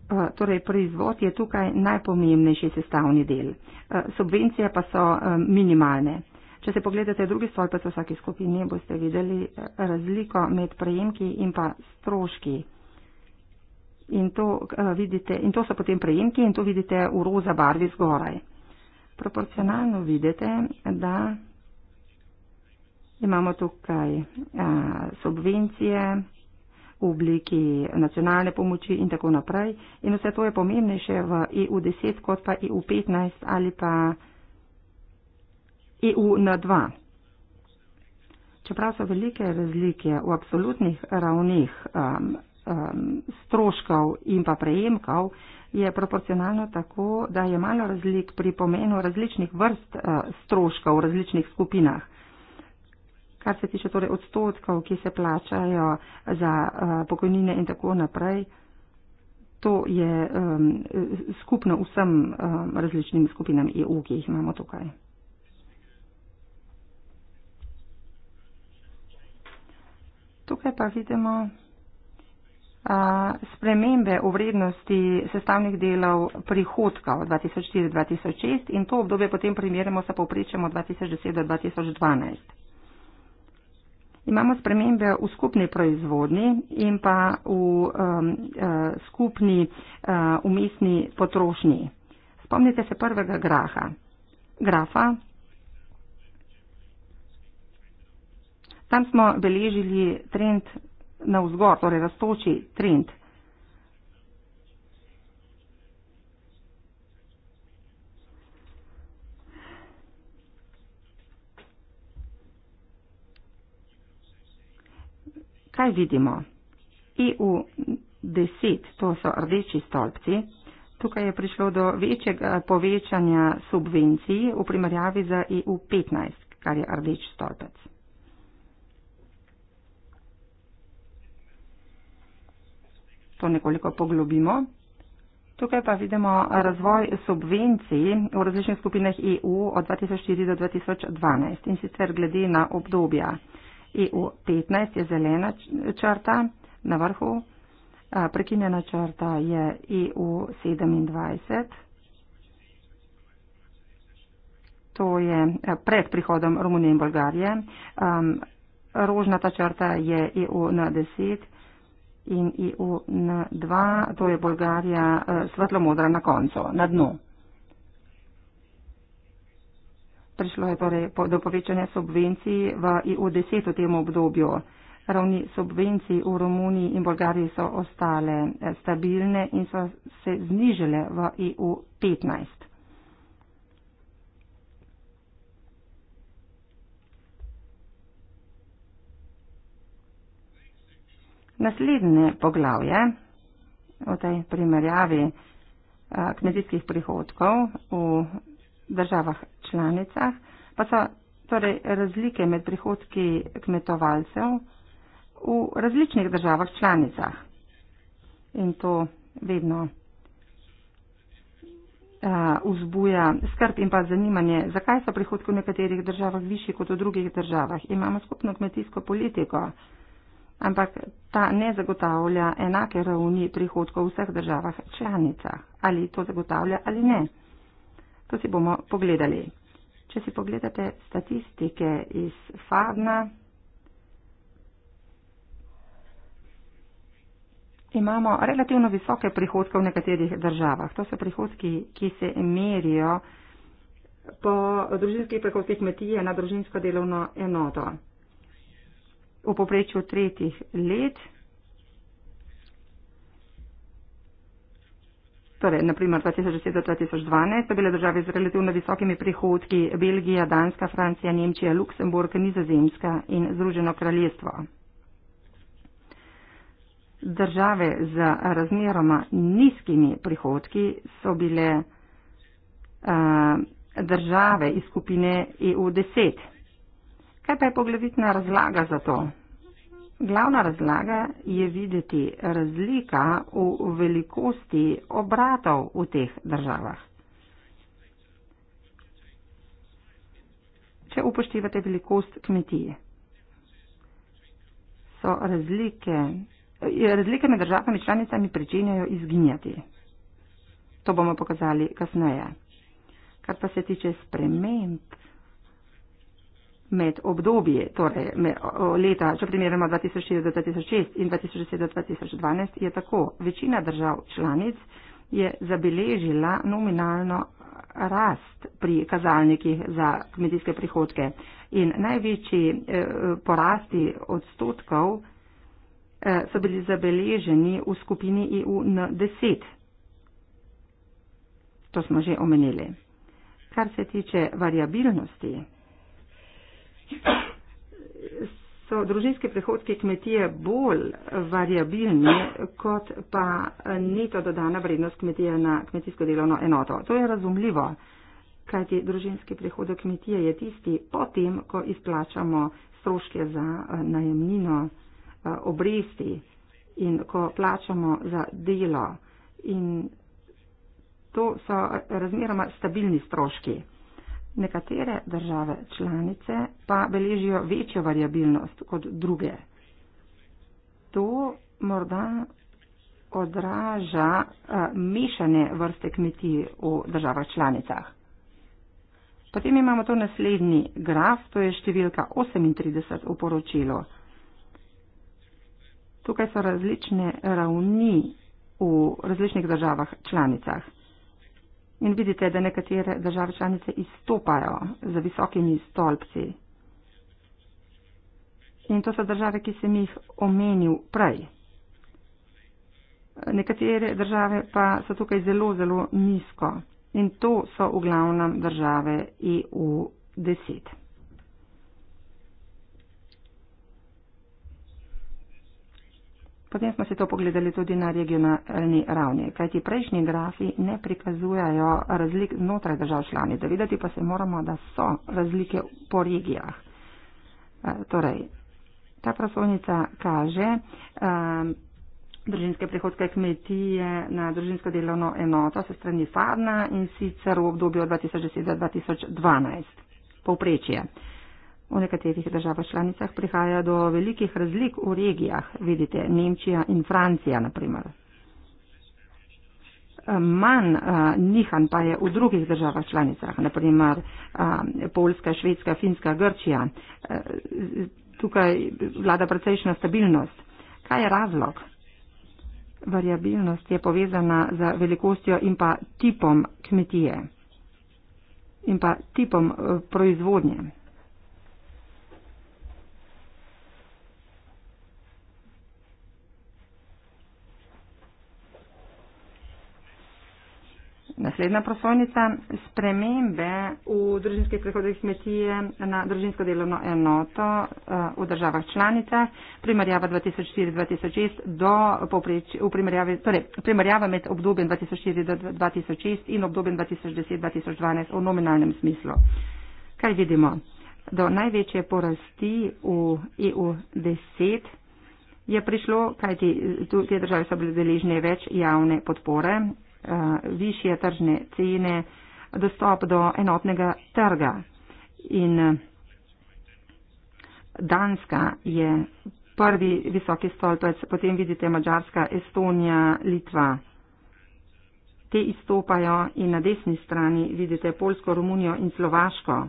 Eh, torej proizvod je tukaj najpomembnejši sestavni del. Eh, subvencije pa so eh, minimalne. Če se pogledate drugi stolpec v vsaki skupini, boste videli razliko med prejemki in pa stroški. In to, vidite, in to so potem prejemki in to vidite v roza barvi zgoraj. Proporcionalno vidite, da imamo tukaj subvencije, v obliki nacionalne pomoči in tako naprej. In vse to je pomembnejše v EU10 kot pa EU15 ali pa EU2. Čeprav so velike razlike v absolutnih ravnih um, um, stroškov in pa prejemkov, je proporcionalno tako, da je malo razlik pri pomenu različnih vrst uh, stroškov v različnih skupinah kar se tiče torej odstotkov, ki se plačajo za eh, pokojnine in tako naprej, to je um, skupno vsem um, različnim skupinam EU, ki jih imamo tukaj. Tukaj pa vidimo a, spremembe v vrednosti sestavnih delov prihodkov 2004-2006 in to obdobje potem primerjamo sa povprečjem od 2010 do 2012 imamo spremembe v skupni proizvodni in pa v um, uh, skupni eh, umestni uh, potrošnji. Spomnite se prvega graha. grafa. Tam smo beležili trend na vzgor, torej rastoči trend. Kaj vidimo? EU 10, to so rdeči stolpci. Tukaj je prišlo do večjega povečanja subvencij v primerjavi z EU 15, kar je rdeč stolpec. To nekoliko poglobimo. Tukaj pa vidimo razvoj subvencij v različnih skupinah EU od 2004 do 2012 in sicer glede na obdobja EU15 je zelena črta na vrhu, prekinjena črta je EU27. To je pred prihodom Romunije in Bolgarije. Rožnata črta je EU na 10 in EU na 2, to je Bolgarija svetlomodra na koncu, na dnu. Prišlo je torej do povečanja subvencij v EU10 v tem obdobju. Ravni subvencij v Romuniji in Bolgariji so ostale eh, stabilne in so se znižile v EU15. Naslednje poglavje v tej primerjavi eh, kmetijskih prihodkov v državah članicah, pa so torej razlike med prihodki kmetovalcev v različnih državah članicah. In to vedno eh, vzbuja skrb in pa zanimanje, zakaj so prihodki v nekaterih državah višji kot v drugih državah. Imamo skupno kmetijsko politiko, ampak ta ne zagotavlja enake ravni prihodkov v vseh državah članicah. Ali to zagotavlja ali ne. To si bomo pogledali. Če si pogledate statistike iz FADNA, imamo relativno visoke prihodke v nekaterih državah. To so prihodki, ki se merijo po družinskih prihodkih kmetije na družinsko delovno enoto. V poprečju tretjih let torej naprimer 2010 do 2012, so bile države z relativno visokimi prihodki Belgija, Danska, Francija, Nemčija, Luksemburg, Nizozemska in Združeno kraljestvo. Države z razmeroma nizkimi prihodki so bile uh, države iz skupine EU10. Kaj pa je poglavitna razlaga za to? Glavna razlaga je videti razlika v velikosti obratov v teh državah. Če upoštevate velikost kmetije, so razlike, razlike med državami članicami pričenjajo izginjati. To bomo pokazali kasneje. Kar pa se tiče sprememb med obdobji, torej med leta, če primerjamo 2006-2006 in 2010-2012, je tako. Večina držav članic je zabeležila nominalno rast pri kazalnikih za kmetijske prihodke in največji e, porasti odstotkov e, so bili zabeleženi v skupini EU N10. To smo že omenili. Kar se tiče variabilnosti so družinske prihodke kmetije bolj variabilni kot pa neto dodana vrednost kmetije na kmetijsko delovno enoto. To je razumljivo, kajti družinski prihodek kmetije je tisti potem, ko izplačamo stroške za eh, najemnino, eh, obresti in ko plačamo za delo. In to so eh, razmeroma stabilni stroški. Nekatere države članice pa beležijo večjo variabilnost kot druge. To morda odraža uh, mešane vrste kmetij v državah članicah. Potem imamo to naslednji graf, to je številka 38 v poročilu. Tukaj so različne ravni v različnih državah članicah. In vidite, da nekatere države članice izstopajo za visokimi stolpci. In to so države, ki sem jih omenil prej. Nekatere države pa so tukaj zelo, zelo nizko. In to so v glavnem države EU 10. Potem smo se to pogledali tudi na regionalni ravni, kajti prejšnji grafi ne prikazujajo razlik znotraj držav člani. Zavedati pa se moramo, da so razlike po regijah. E, torej, ta prosovnica kaže um, družinske prihodke kmetije na družinsko delovno enoto se strani Fadna in sicer v obdobju 2010-2012. Povprečje. V nekaterih državah članicah prihaja do velikih razlik v regijah, vidite, Nemčija in Francija naprimer. Manj uh, nihan pa je v drugih državah članicah, naprimer uh, Poljska, Švedska, Finska, Grčija. Uh, tukaj vlada precejšna stabilnost. Kaj je razlog? Variabilnost je povezana z velikostjo in pa tipom kmetije in pa tipom uh, proizvodnje. Naslednja prosojnica, spremembe v družinske prehode kmetije na družinsko delovno enoto eh, v državah članicah, primerjava 2004-2006 do poprič, v primerjavi, torej primerjava med obdobjem 2004-2006 in obdobjem 2010-2012 v nominalnem smislu. Kaj vidimo? Do največje porasti v EU10 je prišlo, kajti te države so bile deležne več javne podpore, Eh, višje tržne cene, dostop do enotnega trga. In eh, Danska je prvi visoki stolpec, potem vidite Mačarska, Estonija, Litva. Te izstopajo in na desni strani vidite Polsko, Romunijo in Slovaško,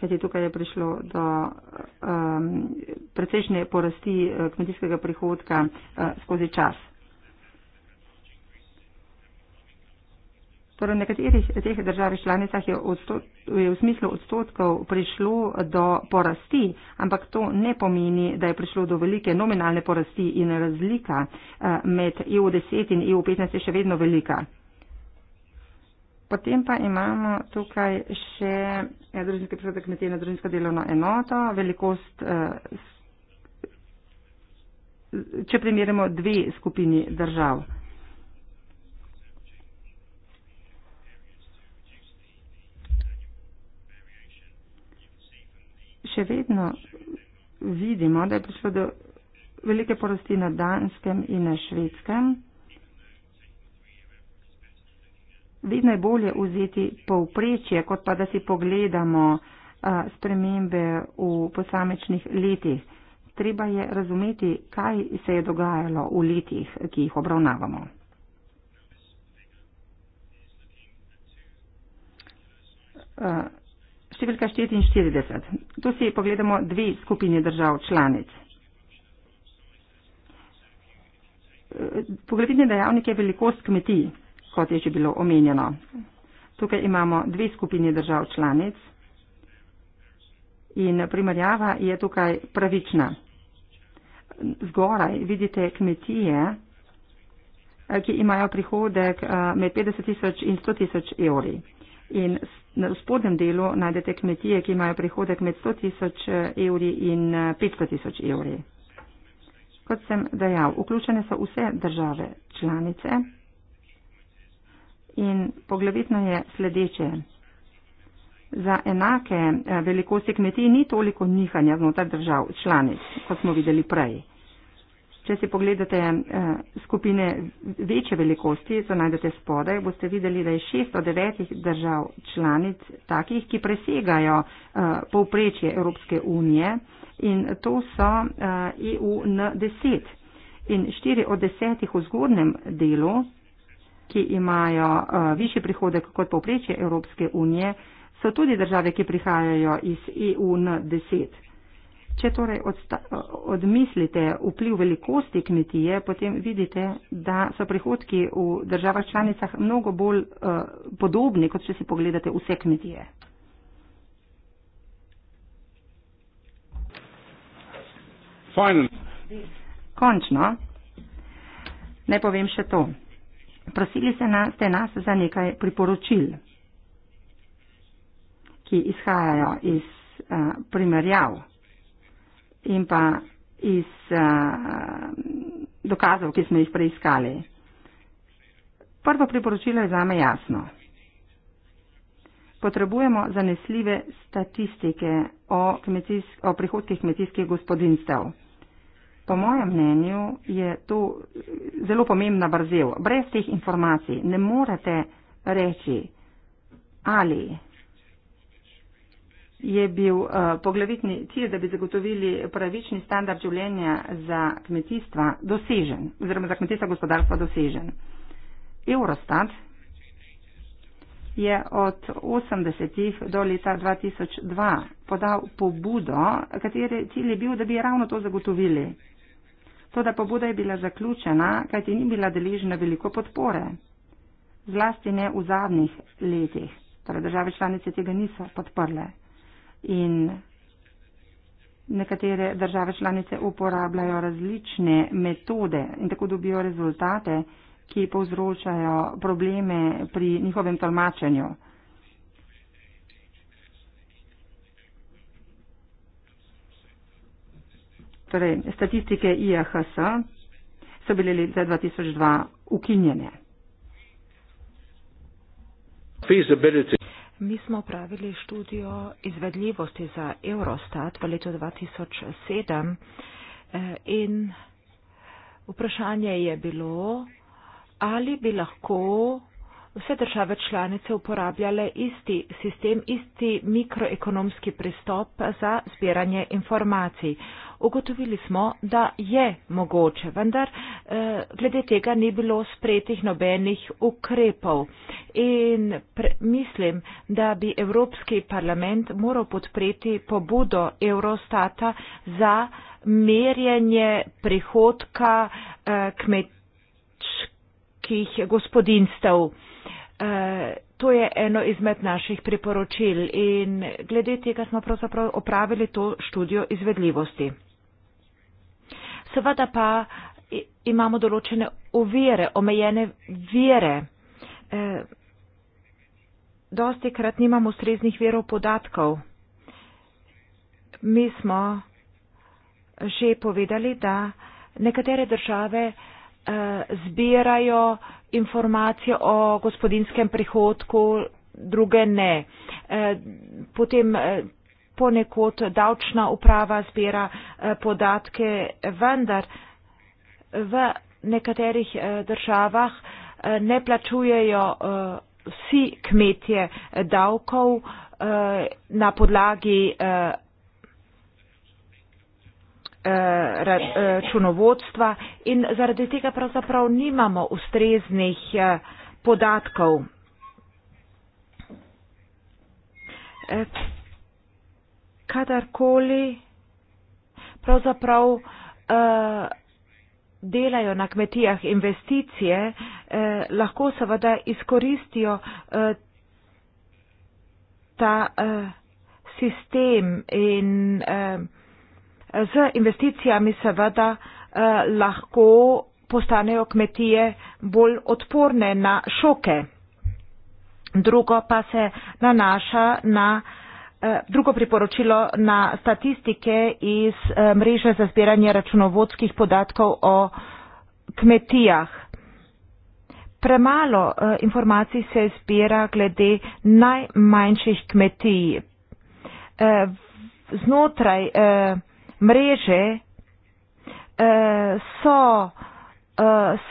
kajti tukaj je prišlo do um, precejšnje porasti kmetijskega prihodka uh, skozi čas. Torej, v nekaterih teh državah članicah je, je v smislu odstotkov prišlo do porasti, ampak to ne pomeni, da je prišlo do velike nominalne porasti in razlika eh, med EU10 in EU15 je še vedno velika. Potem pa imamo tukaj še eh, družinske prihode kmetije na družinsko delovno enoto, velikost. Eh, če primerjamo dve skupini držav. še vedno vidimo, da je prišlo do velike porosti na Danskem in na Švedskem. Vedno je bolje vzeti povprečje, kot pa da si pogledamo spremembe v posamečnih letih. Treba je razumeti, kaj se je dogajalo v letih, ki jih obravnavamo. Uh, številka 44. Tu si pogledamo dve skupini držav članic. Poglavitni dejavnik je velikost kmetij, kot je že bilo omenjeno. Tukaj imamo dve skupini držav članic in primerjava je tukaj pravična. Zgoraj vidite kmetije, ki imajo prihodek eh, med 50 tisoč in 100 tisoč evri. In s Na spodnjem delu najdete kmetije, ki imajo prihodek med 100 tisoč evri in 500 eh, tisoč evri. Kot sem dejal, vključene so vse države članice in poglavitno je sledeče. Za enake eh, velikosti kmetij ni toliko nihanja znotraj držav članic, kot smo videli prej. Če si pogledate eh, skupine večje velikosti, so najdete spodaj, boste videli, da je šest od devetih držav članic takih, ki presegajo eh, povprečje Evropske unije in to so EU eh, e N10. In štiri od desetih v zgornjem delu, ki imajo višji prihodek kot povprečje Evropske unije, so tudi države, ki prihajajo iz EU N10. Če torej odsta, odmislite vpliv velikosti kmetije, potem vidite, da so prihodki v državah članicah mnogo bolj uh, podobni, kot če si pogledate vse kmetije. Final. Končno. Naj povem še to. Prosili se na, ste nas za nekaj priporočil, ki izhajajo iz uh, primerjav in pa iz uh, dokazov, ki smo jih preiskali. Prvo priporočilo je zame jasno. Potrebujemo zanesljive statistike o, o prihodkih kmetijskih gospodinstev. Po mojem mnenju je to eh, zelo pomembna brzel. Brez teh informacij ne morete reči, ali je bil eh, poglavitni cilj, da bi zagotovili pravični standard življenja za kmetijstva dosežen, oziroma za kmetijstva gospodarstva dosežen. Eurostat je od 80. do leta 2002 podal pobudo, kateri cilj je bil, da bi ravno to zagotovili. To, da pobuda je bila zaključena, kajti ni bila deležna veliko podpore, zlasti ne v zadnjih letih, torej države članice tega niso podprle in nekatere države članice uporabljajo različne metode in tako dobijo rezultate, ki povzročajo probleme pri njihovem tolmačenju. Torej, statistike IHS so bile leta 2002 ukinjene. Feasibility. Mi smo pravili študijo izvedljivosti za Eurostat v letu 2007 eh, in vprašanje je bilo, ali bi lahko vse države članice uporabljale isti sistem, isti mikroekonomski pristop za zbiranje informacij ugotovili smo, da je mogoče, vendar eh, glede tega ni bilo spretih nobenih ukrepov. In pre, mislim, da bi Evropski parlament moral podpreti pobudo Eurostata za merjenje prihodka eh, kmečkih gospodinstv. Eh, to je eno izmed naših priporočil in glede tega smo pravzaprav opravili to študijo izvedljivosti. Seveda pa imamo določene ovire, omejene vire. E, dosti krat nimamo ustreznih verov podatkov. Mi smo že povedali, da nekatere države e, zbirajo informacije o gospodinskem prihodku, druge ne. E, potem, e, ponekod davčna uprava zbira eh, podatke, vendar v nekaterih eh, državah eh, ne plačujejo vsi kmetje davkov na podlagi računovodstva in zaradi tega pravzaprav nimamo ustreznih podatkov kadarkoli pravzaprav eh, delajo na kmetijah investicije, eh, lahko seveda izkoristijo eh, ta eh, sistem in eh, z investicijami seveda eh, lahko postanejo kmetije bolj odporne na šoke. Drugo pa se nanaša na eh, Eh, drugo priporočilo na statistike iz eh, mreže za zbiranje računovodskih podatkov o kmetijah. Premalo eh, informacij se zbira glede najmanjših kmetij. Znotraj mreže so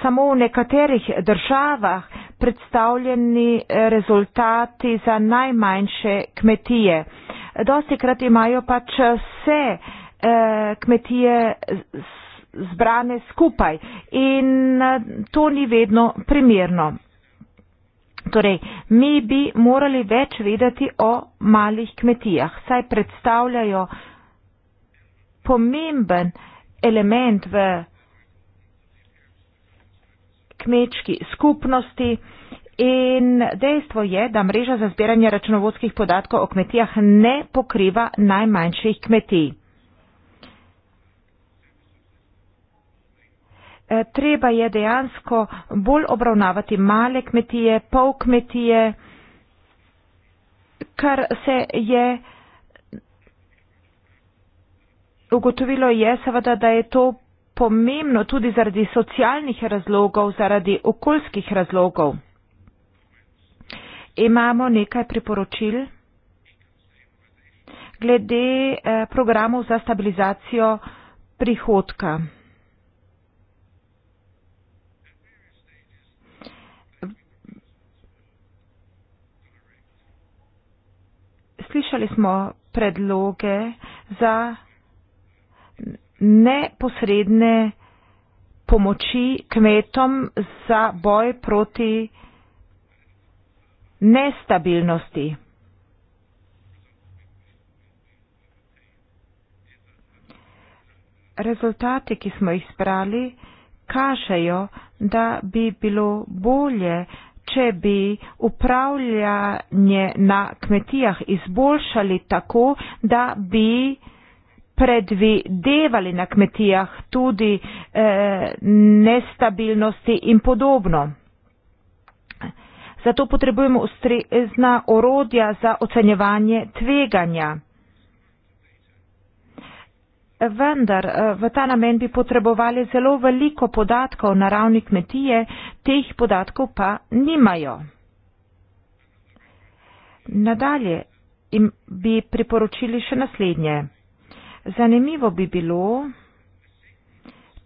samo v nekaterih državah predstavljeni eh, rezultati za najmanjše kmetije. Dosti krat imajo pač vse eh, kmetije zbrane skupaj in eh, to ni vedno primerno. Torej, mi bi morali več vedeti o malih kmetijah, saj predstavljajo pomemben element v kmečki skupnosti. In dejstvo je, da mreža za zbiranje računovodskih podatkov o kmetijah ne pokriva najmanjših kmetij. E, treba je dejansko bolj obravnavati male kmetije, pol kmetije, kar se je ugotovilo je seveda, da je to pomembno tudi zaradi socialnih razlogov, zaradi okoljskih razlogov. Imamo nekaj priporočil glede eh, programov za stabilizacijo prihodka. Slišali smo predloge za neposredne pomoči kmetom za boj proti nestabilnosti. Rezultati, ki smo jih sprali, kažejo, da bi bilo bolje, če bi upravljanje na kmetijah izboljšali tako, da bi predvidevali na kmetijah tudi eh, nestabilnosti in podobno. Zato potrebujemo ustrezna orodja za ocenjevanje tveganja. Vendar eh, v ta namen bi potrebovali zelo veliko podatkov na ravni kmetije, teh podatkov pa nimajo. Nadalje bi priporočili še naslednje. Zanimivo bi bilo,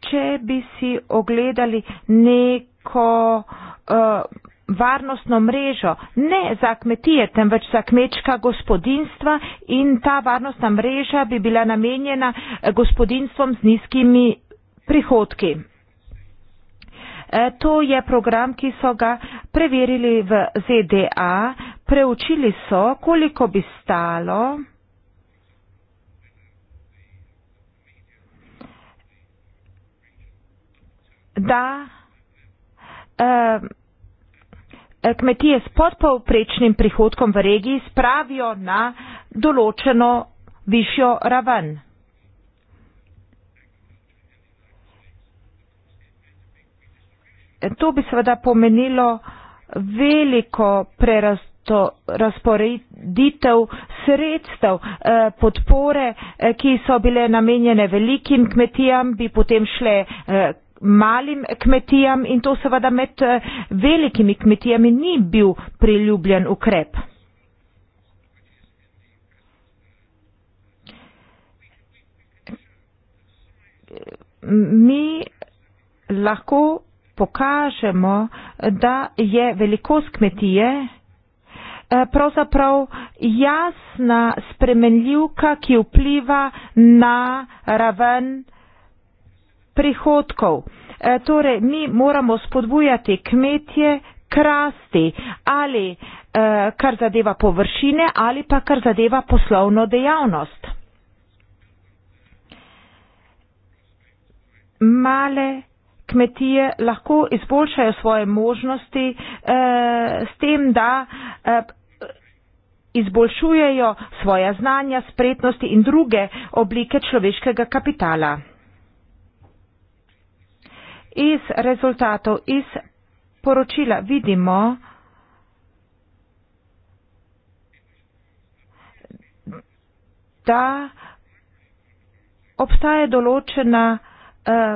če bi si ogledali neko uh, varnostno mrežo, ne za kmetije, temveč za kmečka gospodinstva in ta varnostna mreža bi bila namenjena eh, gospodinstvom z nizkimi prihodki. Eh, to je program, ki so ga preverili v ZDA, preučili so, koliko bi stalo. da eh, eh, kmetije s podpovprečnim prihodkom v regiji spravijo na določeno višjo raven. To bi seveda pomenilo veliko prerasporeditev sredstev eh, podpore, ki so bile namenjene velikim kmetijam, bi potem šle malim kmetijam in to seveda med eh, velikimi kmetijami ni bil priljubljen ukrep. Mi lahko pokažemo, da je velikost kmetije eh, pravzaprav jasna spremenljivka, ki vpliva na raven prihodkov. E, torej, mi moramo spodbujati kmetje k rasti ali e, kar zadeva površine ali pa kar zadeva poslovno dejavnost. Male kmetije lahko izboljšajo svoje možnosti e, s tem, da e, izboljšujejo svoja znanja, spretnosti in druge oblike človeškega kapitala iz rezultatov, iz poročila vidimo, da obstaja določena eh,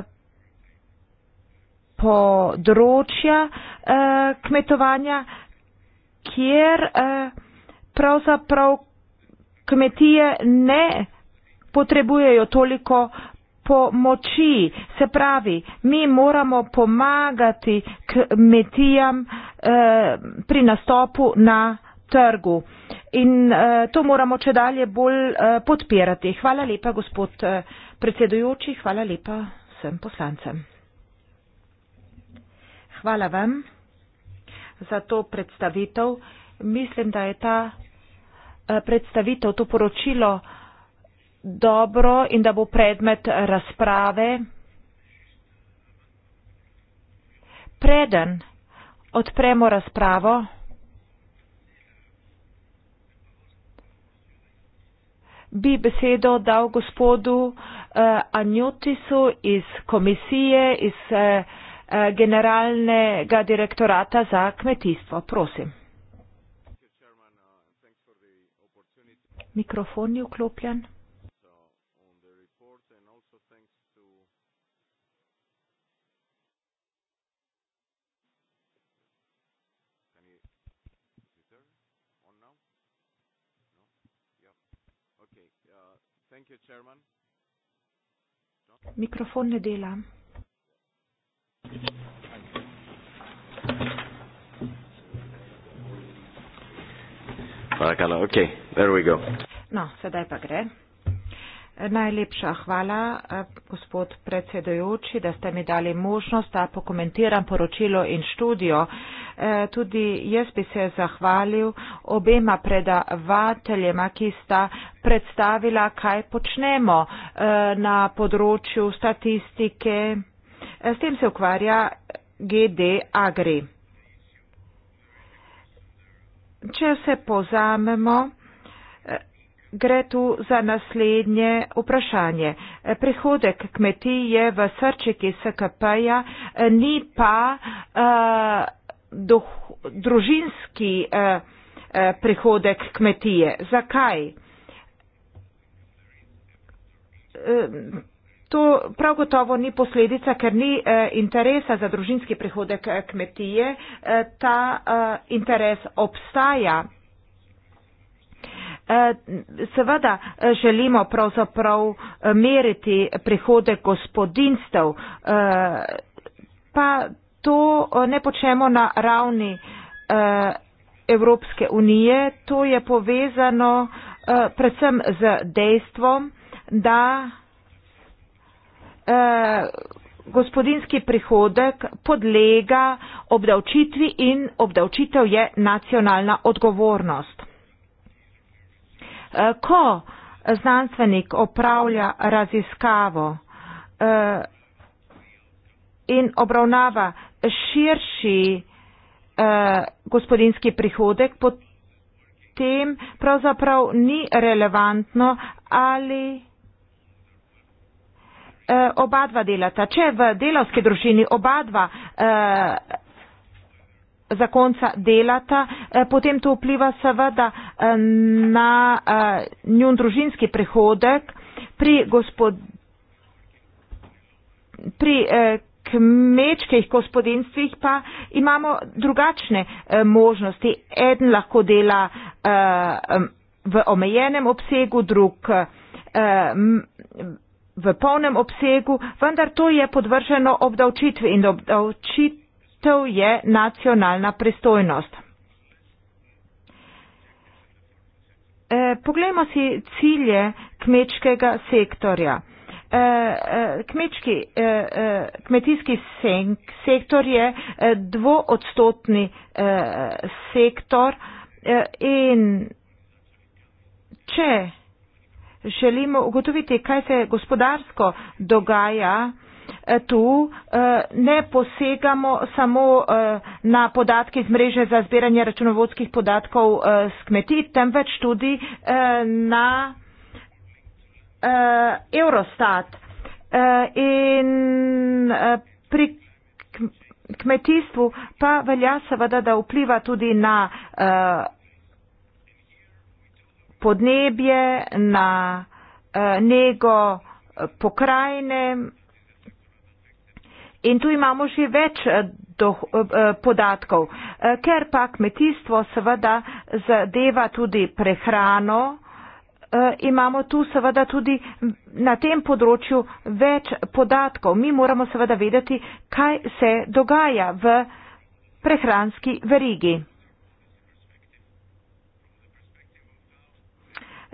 področja eh, kmetovanja, kjer eh, pravzaprav kmetije ne potrebujejo toliko po moči. Se pravi, mi moramo pomagati kmetijam eh, pri nastopu na trgu. In eh, to moramo če dalje bolj eh, podpirati. Hvala lepa, gospod eh, predsedujoči, hvala lepa vsem poslancem. Hvala vam za to predstavitev. Mislim, da je ta eh, predstavitev, to poročilo dobro in da bo predmet razprave. Preden odpremo razpravo, bi besedo dal gospodu uh, eh, Anjutisu iz komisije, iz uh, generalnega direktorata za kmetijstvo. Prosim. Mikrofon je vklopljen. Mikrofon ne dela. Hvala, okay, there we go. No, sedaj pa gre. Najlepša hvala, eh, gospod predsedojoči, da ste mi dali možnost, da pokomentiram poročilo in študijo. Eh, tudi jaz bi se zahvalil obema predavateljema, ki sta predstavila, kaj počnemo eh, na področju statistike. S tem se ukvarja GD Agri. Če se pozamemo, Gre tu za naslednje vprašanje. Prihodek kmetij je v srčiki SKP-ja, ni pa eh, uh, doh, družinski uh, uh, prihodek kmetije. Zakaj? To prav gotovo ni posledica, ker ni interesa za družinski prihodek kmetije. Ta interes obstaja Eh, seveda eh, želimo pravzaprav eh, meriti prihode gospodinstv, pa to ne počnemo na ravni Evropske unije. To je povezano predvsem z dejstvom, da gospodinski prihodek podlega obdavčitvi in obdavčitev je nacionalna odgovornost. Eh, ko znanstvenik opravlja raziskavo eh, in obravnava širši eh, gospodinski prihodek, potem pravzaprav ni relevantno ali oba dva delata. Če v delovski družini oba dva zakonca delata, eh, potem to vpliva seveda eh, na eh, njun družinski prihodek. Pri, gospod, pri kmečkih gospodinstvih pa imamo drugačne možnosti. Eden lahko dela v omejenem obsegu, drug v polnem obsegu, vendar to je podvrženo obdavčitvi in obdavčitvi Volitev je nacionalna pristojnost. E, poglejmo si cilje kmečkega sektorja. E, e kmečki, e, e, kmetijski sen, sektor je e, dvoodstotni e, sektor e, in če želimo ugotoviti, kaj se gospodarsko dogaja, Eh, tu eh, ne posegamo samo eh, na podatke iz mreže za zbiranje računovodskih podatkov s kmeti, temveč tudi na Eurostat. In pri kmetijstvu pa velja seveda, da vpliva tudi na podnebje, na nego pokrajine, In tu imamo že več eh, doh, eh, eh, podatkov, ker pa kmetijstvo seveda zadeva tudi prehrano, imamo tu seveda tudi na tem področju več podatkov. Mi moramo seveda vedeti, kaj se dogaja v prehranski verigi.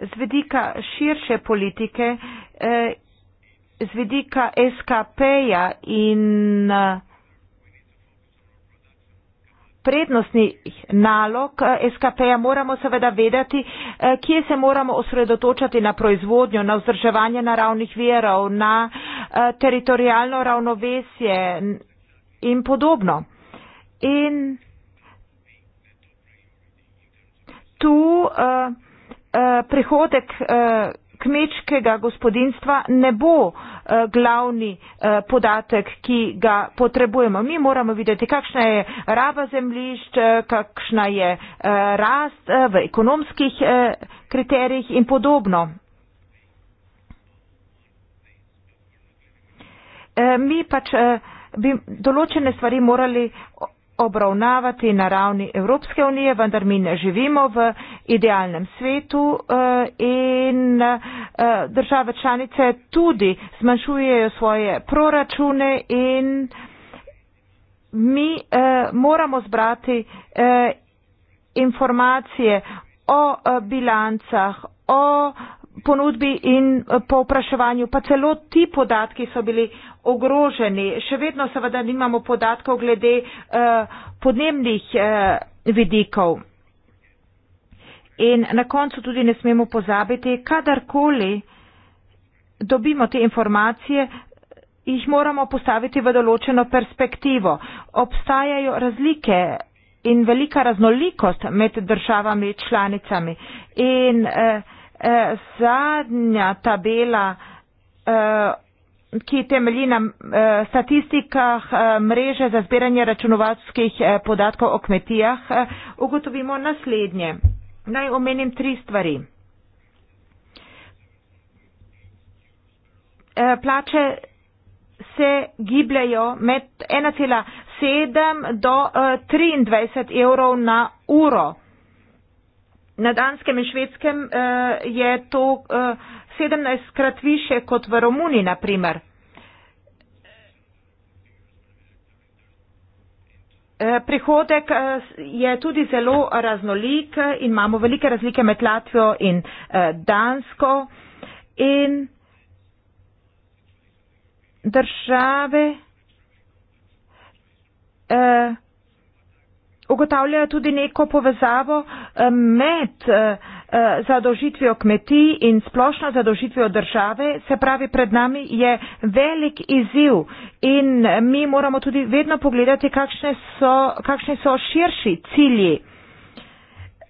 Z vedika širše politike z vidika SKP-ja in eh, prednostnih nalog eh, SKP-ja moramo seveda vedeti, eh, kje se moramo osredotočati na proizvodnjo, na vzdrževanje naravnih verov, na teritorijalno ravnovesje in podobno. In tu uh, uh, prihodek uh, kmečkega gospodinstva ne bo eh, glavni eh, podatek, ki ga potrebujemo. Mi moramo videti, kakšna je raba zemljišč, eh, kakšna je rast v ekonomskih kriterijih in podobno. Mi pač bi določene stvari morali obravnavati na ravni Evropske unije, vendar mi ne živimo v idealnem svetu eh, in eh, države članice tudi zmanjšujejo svoje proračune in mi eh, moramo zbrati informacije o bilancah, o ponudbi in povpraševanju, pa celo ti podatki so bili ogroženi. Še vedno seveda nimamo podatkov glede eh, podnebnih eh, vidikov. In na koncu tudi ne smemo pozabiti, kadarkoli dobimo te informacije, jih moramo postaviti v določeno perspektivo. Obstajajo razlike in velika raznolikost med državami članicami. In eh, eh, zadnja tabela, eh, ki temelji na eh, statistikah eh, mreže za zbiranje računovatskih eh, podatkov o kmetijah, eh, ugotovimo naslednje. Naj omenim tri stvari. E, plače se gibljajo med 1,7 do 23 e, evrov na uro. Na danskem in švedskem e, je to 17 krat više kot v Romuniji, naprimer. Eh, prihodek eh, je tudi zelo raznolik in imamo velike razlike med Latvijo in eh, Dansko. In države ugotavljajo tudi neko povezavo med. Eh, zadožitvijo kmetij in splošno zadožitvijo države, se pravi, pred nami je velik izziv in mi moramo tudi vedno pogledati, kakšne so, kakšne so širši cilji.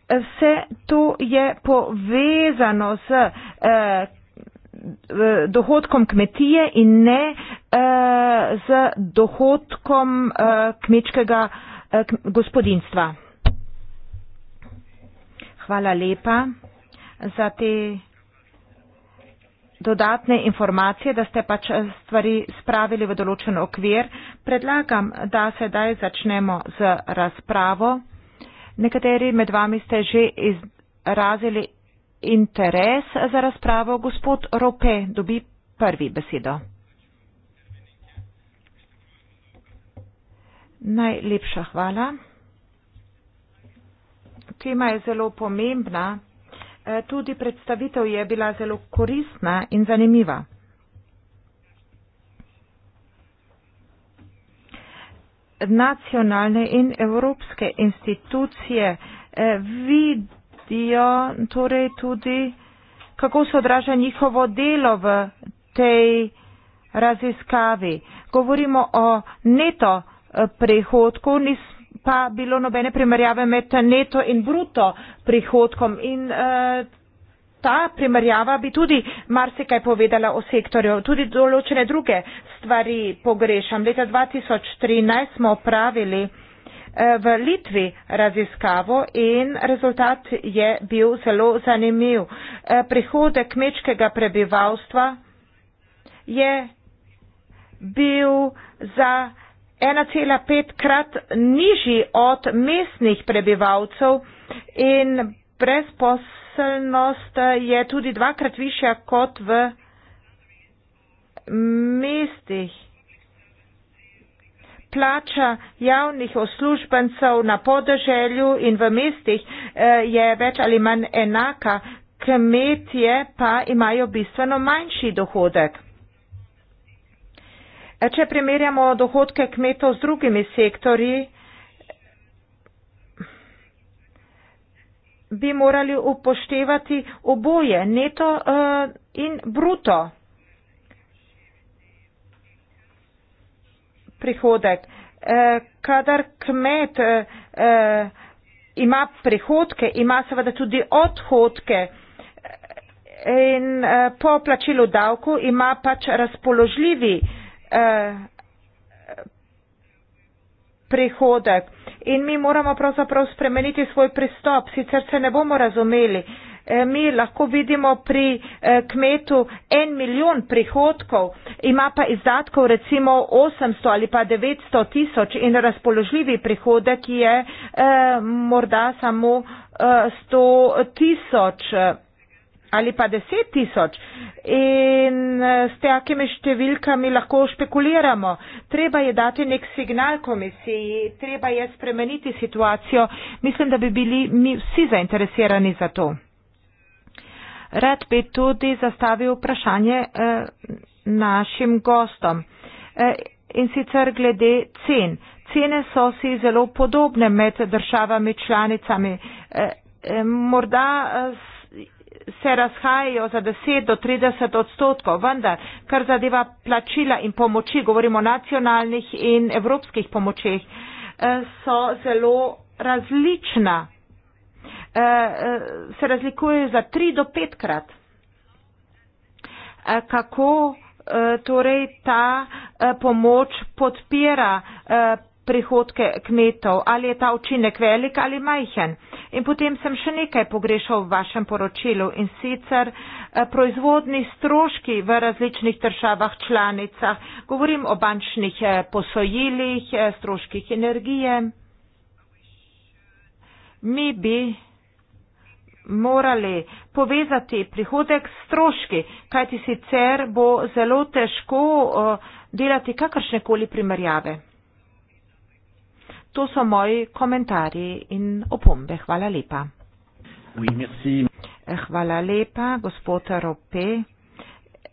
Vse to je povezano z eh, eh, dohodkom kmetije in ne eh, z dohodkom eh, kmečkega eh, gospodinstva. Hvala lepa za te dodatne informacije, da ste pač stvari spravili v določen okvir. Predlagam, da sedaj začnemo z razpravo. Nekateri med vami ste že izrazili interes za razpravo. Gospod Rope dobi prvi besedo. Najlepša hvala tema je zelo pomembna. E, tudi predstavitev je bila zelo koristna in zanimiva. Nacionalne in evropske institucije e, vidijo torej tudi, kako se odraža njihovo delo v tej raziskavi. Govorimo o neto e, prihodku, nismo pa bilo nobene primerjave med neto in bruto prihodkom. In uh, ta primerjava bi tudi marsikaj povedala o sektorju. Tudi določene druge stvari pogrešam. Leta 2013 smo opravili eh, v Litvi raziskavo in rezultat je bil zelo zanimiv. Eh, prihodek kmečkega prebivalstva je bil za 1,5 krat nižji od mestnih prebivalcev in brezposelnost je tudi dvakrat višja kot v mestih. Plača javnih uslužbencev na podeželju in v mestih eh, je več ali manj enaka, kmetje pa imajo bistveno manjši dohodek. E, če primerjamo dohodke kmetov z drugimi sektorji, bi morali upoštevati oboje, neto eh, in bruto prihodek. Eh, kadar kmet eh, ima prihodke, ima seveda tudi odhodke in po plačilu davku ima pač razpoložljivi Eh, prihodek. In mi moramo pravzaprav spremeniti svoj pristop, sicer se ne bomo razumeli. Eh, mi lahko vidimo pri eh, kmetu en milijon prihodkov, ima pa izdatkov recimo 800 ali pa 900 tisoč in razpoložljivi prihodek je morda samo 100 tisoč ali pa deset tisoč. In eh, s takimi številkami lahko špekuliramo. Treba je dati nek signal komisiji, treba je spremeniti situacijo. Mislim, da bi bili mi vsi zainteresirani za to. Rad bi tudi zastavil vprašanje eh, našim gostom. Eh, in sicer glede cen. Cene so si zelo podobne med državami članicami. Eh, eh, morda eh, se razhajajo za 10 do 30 odstotkov, vendar, kar zadeva plačila in pomoči, govorimo o nacionalnih in evropskih pomočeh, eh, so zelo različna. Eh, eh, se razlikujejo za 3 do 5 krat. Kako torej ta pomoč podpira prihodke kmetov, ali je ta učinek velik ali majhen. In potem sem še nekaj pogrešal v vašem poročilu in sicer eh, proizvodni stroški v različnih državah članicah. Govorim o bančnih eh, posojilih, eh, stroških energije. Mi bi morali povezati prihodek s stroški, kajti sicer bo zelo težko delati kakršnekoli primerjave. To so moji komentarji in opombe. Hvala lepa. Hvala lepa, gospod Rope.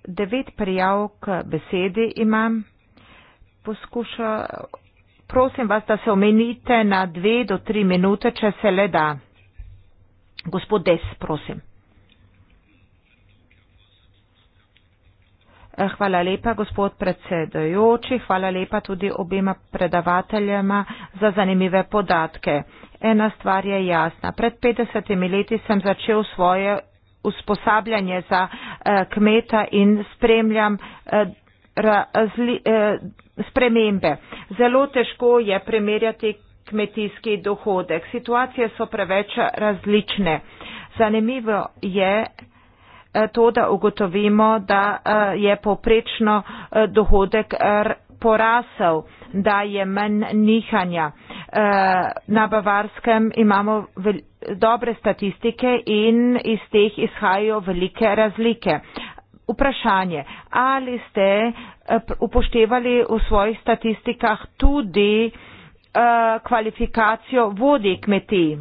Devet prijav k besedi imam. Poskuša, prosim vas, da se omenite na dve do tri minute, če se le da. Gospod Des, prosim. Hvala lepa, gospod predsedojoči. Hvala lepa tudi obima predavateljema za zanimive podatke. Ena stvar je jasna. Pred 50 leti sem začel svoje usposabljanje za eh, kmeta in spremljam eh, razli, eh, spremembe. Zelo težko je primerjati kmetijski dohodek. Situacije so preveč različne. Zanimivo je, Eh, to, da ugotovimo, da eh, je poprečno eh, dohodek porasel, da je manj nihanja. Na Bavarskem imamo dobre statistike in iz teh izhajajo velike razlike. Vprašanje, ali ste upoštevali v svojih statistikah tudi kvalifikacijo vodje kmetij?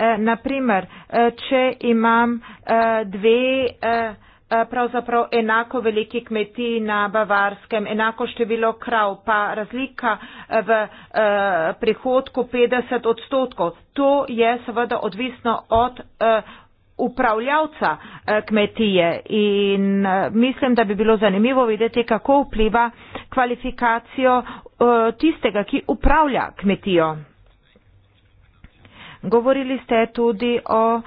eh, naprimer, eh, če imam eh, dve eh, eh pravzaprav enako veliki kmetiji na Bavarskem, enako število krav, pa razlika eh, v eh, prihodku 50 odstotkov, to je seveda odvisno od. Eh, upravljavca eh, kmetije in eh, mislim, da bi bilo zanimivo videti, kako vpliva kvalifikacijo tistega, ki upravlja kmetijo. Govorili ste tudi o e,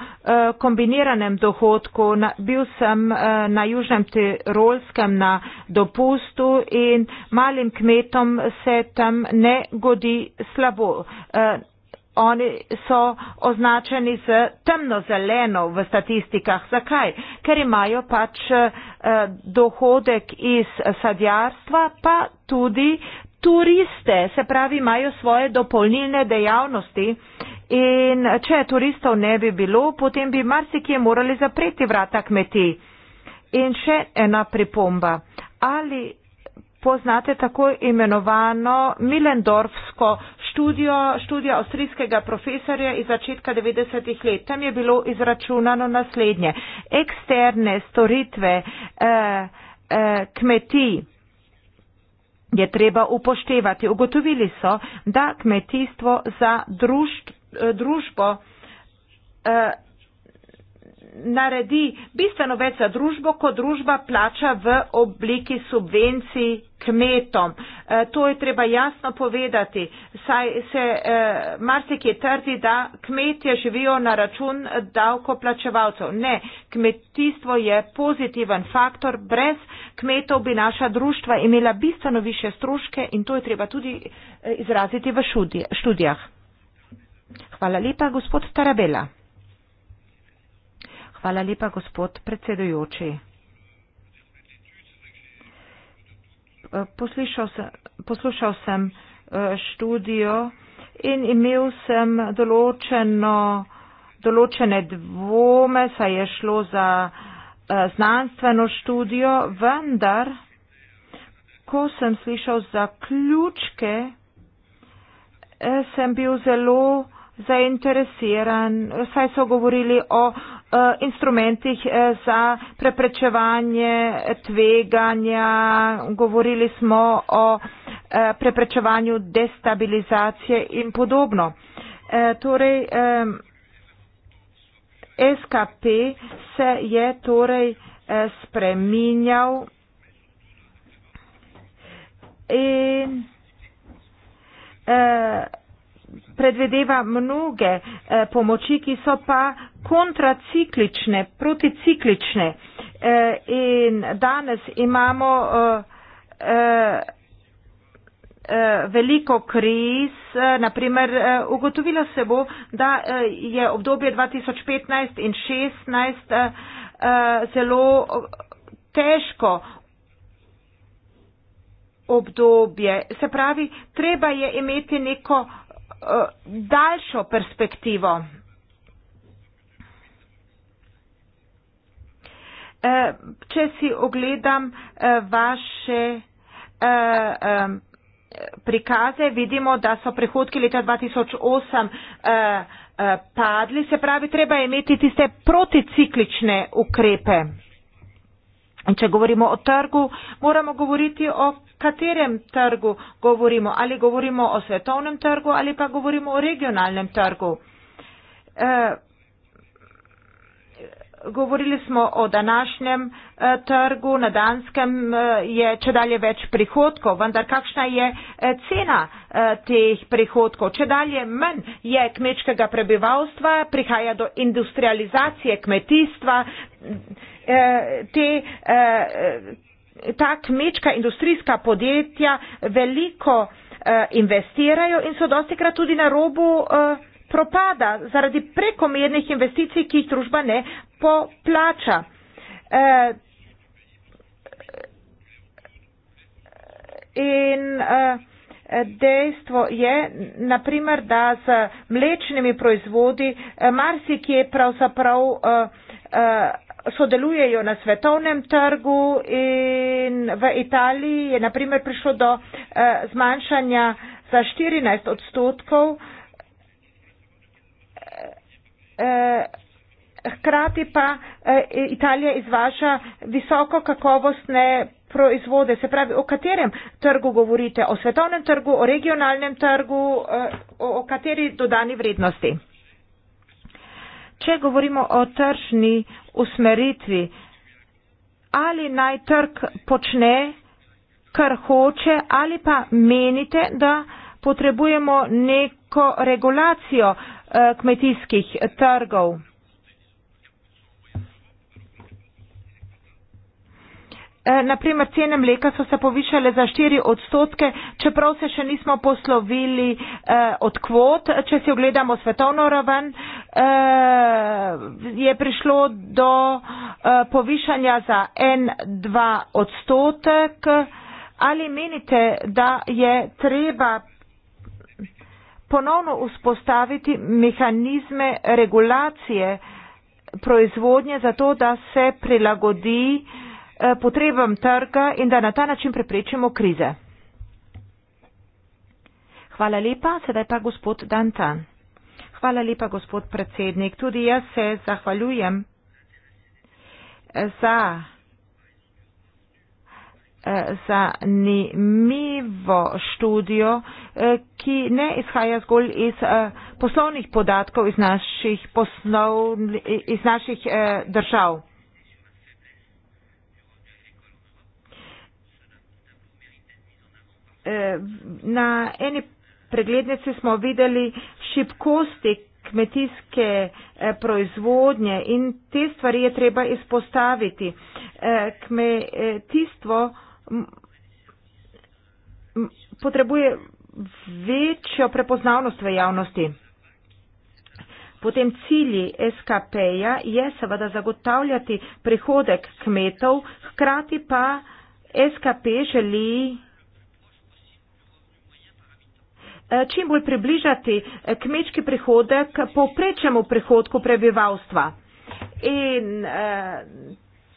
kombiniranem dohodku. Bil sem e, na Južnem Tirolskem na dopustu in malim kmetom se tam ne godi slabo. E, oni so označeni z temno zeleno v statistikah. Zakaj? Ker imajo pač dohodek iz sadjarstva, pa tudi turiste, se pravi, imajo svoje dopolnilne dejavnosti in če turistov ne bi bilo, potem bi marsikje morali zapreti vrata kmetij. In še ena pripomba. Ali poznate tako imenovano Milendorfsko študijo, študijo avstrijskega profesorja iz začetka 90-ih let? Tam je bilo izračunano naslednje. Eksterne storitve eh, eh, kmetij je treba upoštevati. Ugotovili so, da kmetijstvo za družb, eh, družbo eh, naredi bistveno več za družbo, ko družba plača v obliki subvencij kmetom. E, to je treba jasno povedati. Saj se e, eh, marsik je trdi, da kmetje živijo na račun davkoplačevalcev. Ne, kmetijstvo je pozitiven faktor. Brez kmetov bi naša društva imela bistveno više stroške in to je treba tudi eh, izraziti v študijah. Hvala lepa, gospod Tarabela. Hvala lepa, gospod predsedujoči. Eh, sem, poslušal sem eh, študijo in imel sem določeno, določene dvome, saj je šlo za eh, znanstveno študijo, vendar, ko sem slišal zaključke, sem bil zelo zainteresiran, saj so govorili o Eh, instrumentih eh, za preprečevanje tveganja, govorili smo o eh, preprečevanju destabilizacije in podobno. Torej, SKP se je torej spreminjal in predvideva mnoge eh, pomoči, ki so pa kontraciklične, proticiklične. Eh, in danes imamo eh, eh, eh veliko kriz, eh, naprimer eh, ugotovilo se bo, da eh, je obdobje 2015 in 2016 eh, eh, zelo težko obdobje. Se pravi, treba je imeti neko uh, daljšo perspektivo. Uh, če si ogledam uh, vaše uh, um, prikaze, vidimo, da so prihodki leta 2008 uh, uh, padli, se pravi, treba imeti tiste proticiklične ukrepe. In če govorimo o trgu, moramo govoriti o katerem trgu govorimo, ali govorimo o svetovnem trgu ali pa govorimo o regionalnem trgu. E, govorili smo o današnjem e, trgu, na danskem e, je če dalje več prihodkov, vendar kakšna je e, cena e, teh prihodkov? Če dalje manj je kmečkega prebivalstva, prihaja do industrializacije kmetijstva, e, te. E, ta kmečka industrijska podjetja veliko eh, investirajo in so dostikrat tudi na robu eh, propada zaradi prekomernih investicij, ki jih družba ne poplača. Eh, in dejstvo je, naprimer, da z mlečnimi proizvodi marsik je pravzaprav sodelujejo na svetovnem trgu in v Italiji je naprimer prišlo do eh, zmanjšanja za 14 odstotkov. Eh, eh, hkrati pa Italija izvaža visoko kakovostne proizvode. Se pravi, o katerem trgu govorite? O svetovnem trgu, o regionalnem trgu, o kateri dodani vrednosti? Če govorimo o tržni usmeritvi, ali naj trg počne, kar hoče, ali pa menite, da potrebujemo neko regulacijo eh, kmetijskih trgov? Eh, Naprimer, cene mleka so se povišale za 4 odstotke, čeprav se še nismo poslovili eh, od kvot. Če si ogledamo svetovno raven, eh, je prišlo do eh, povišanja za 1-2 odstotek. Ali menite, da je treba ponovno vzpostaviti mehanizme regulacije proizvodnje za to, da se prilagodi eh, Eh, potrebam trga in da na ta način preprečimo krize. Hvala lepa, sedaj pa gospod Dantan. Hvala lepa, gospod predsednik. Tudi jaz se zahvaljujem eh, za eh, zanimivo študijo, ki ne izhaja zgolj iz poslovnih podatkov iz naših, poslov, iz naših držav. Eh, na eni preglednici smo videli šibkosti kmetijske eh, proizvodnje in te stvari je treba izpostaviti. Eh, kmetijstvo potrebuje večjo prepoznavnost v javnosti. Potem cilji SKP-ja je seveda zagotavljati prihodek kmetov, hkrati pa SKP želi Eh, čim bolj približati eh, kmečki prihodek povprečjemu prihodku prebivalstva. In eh,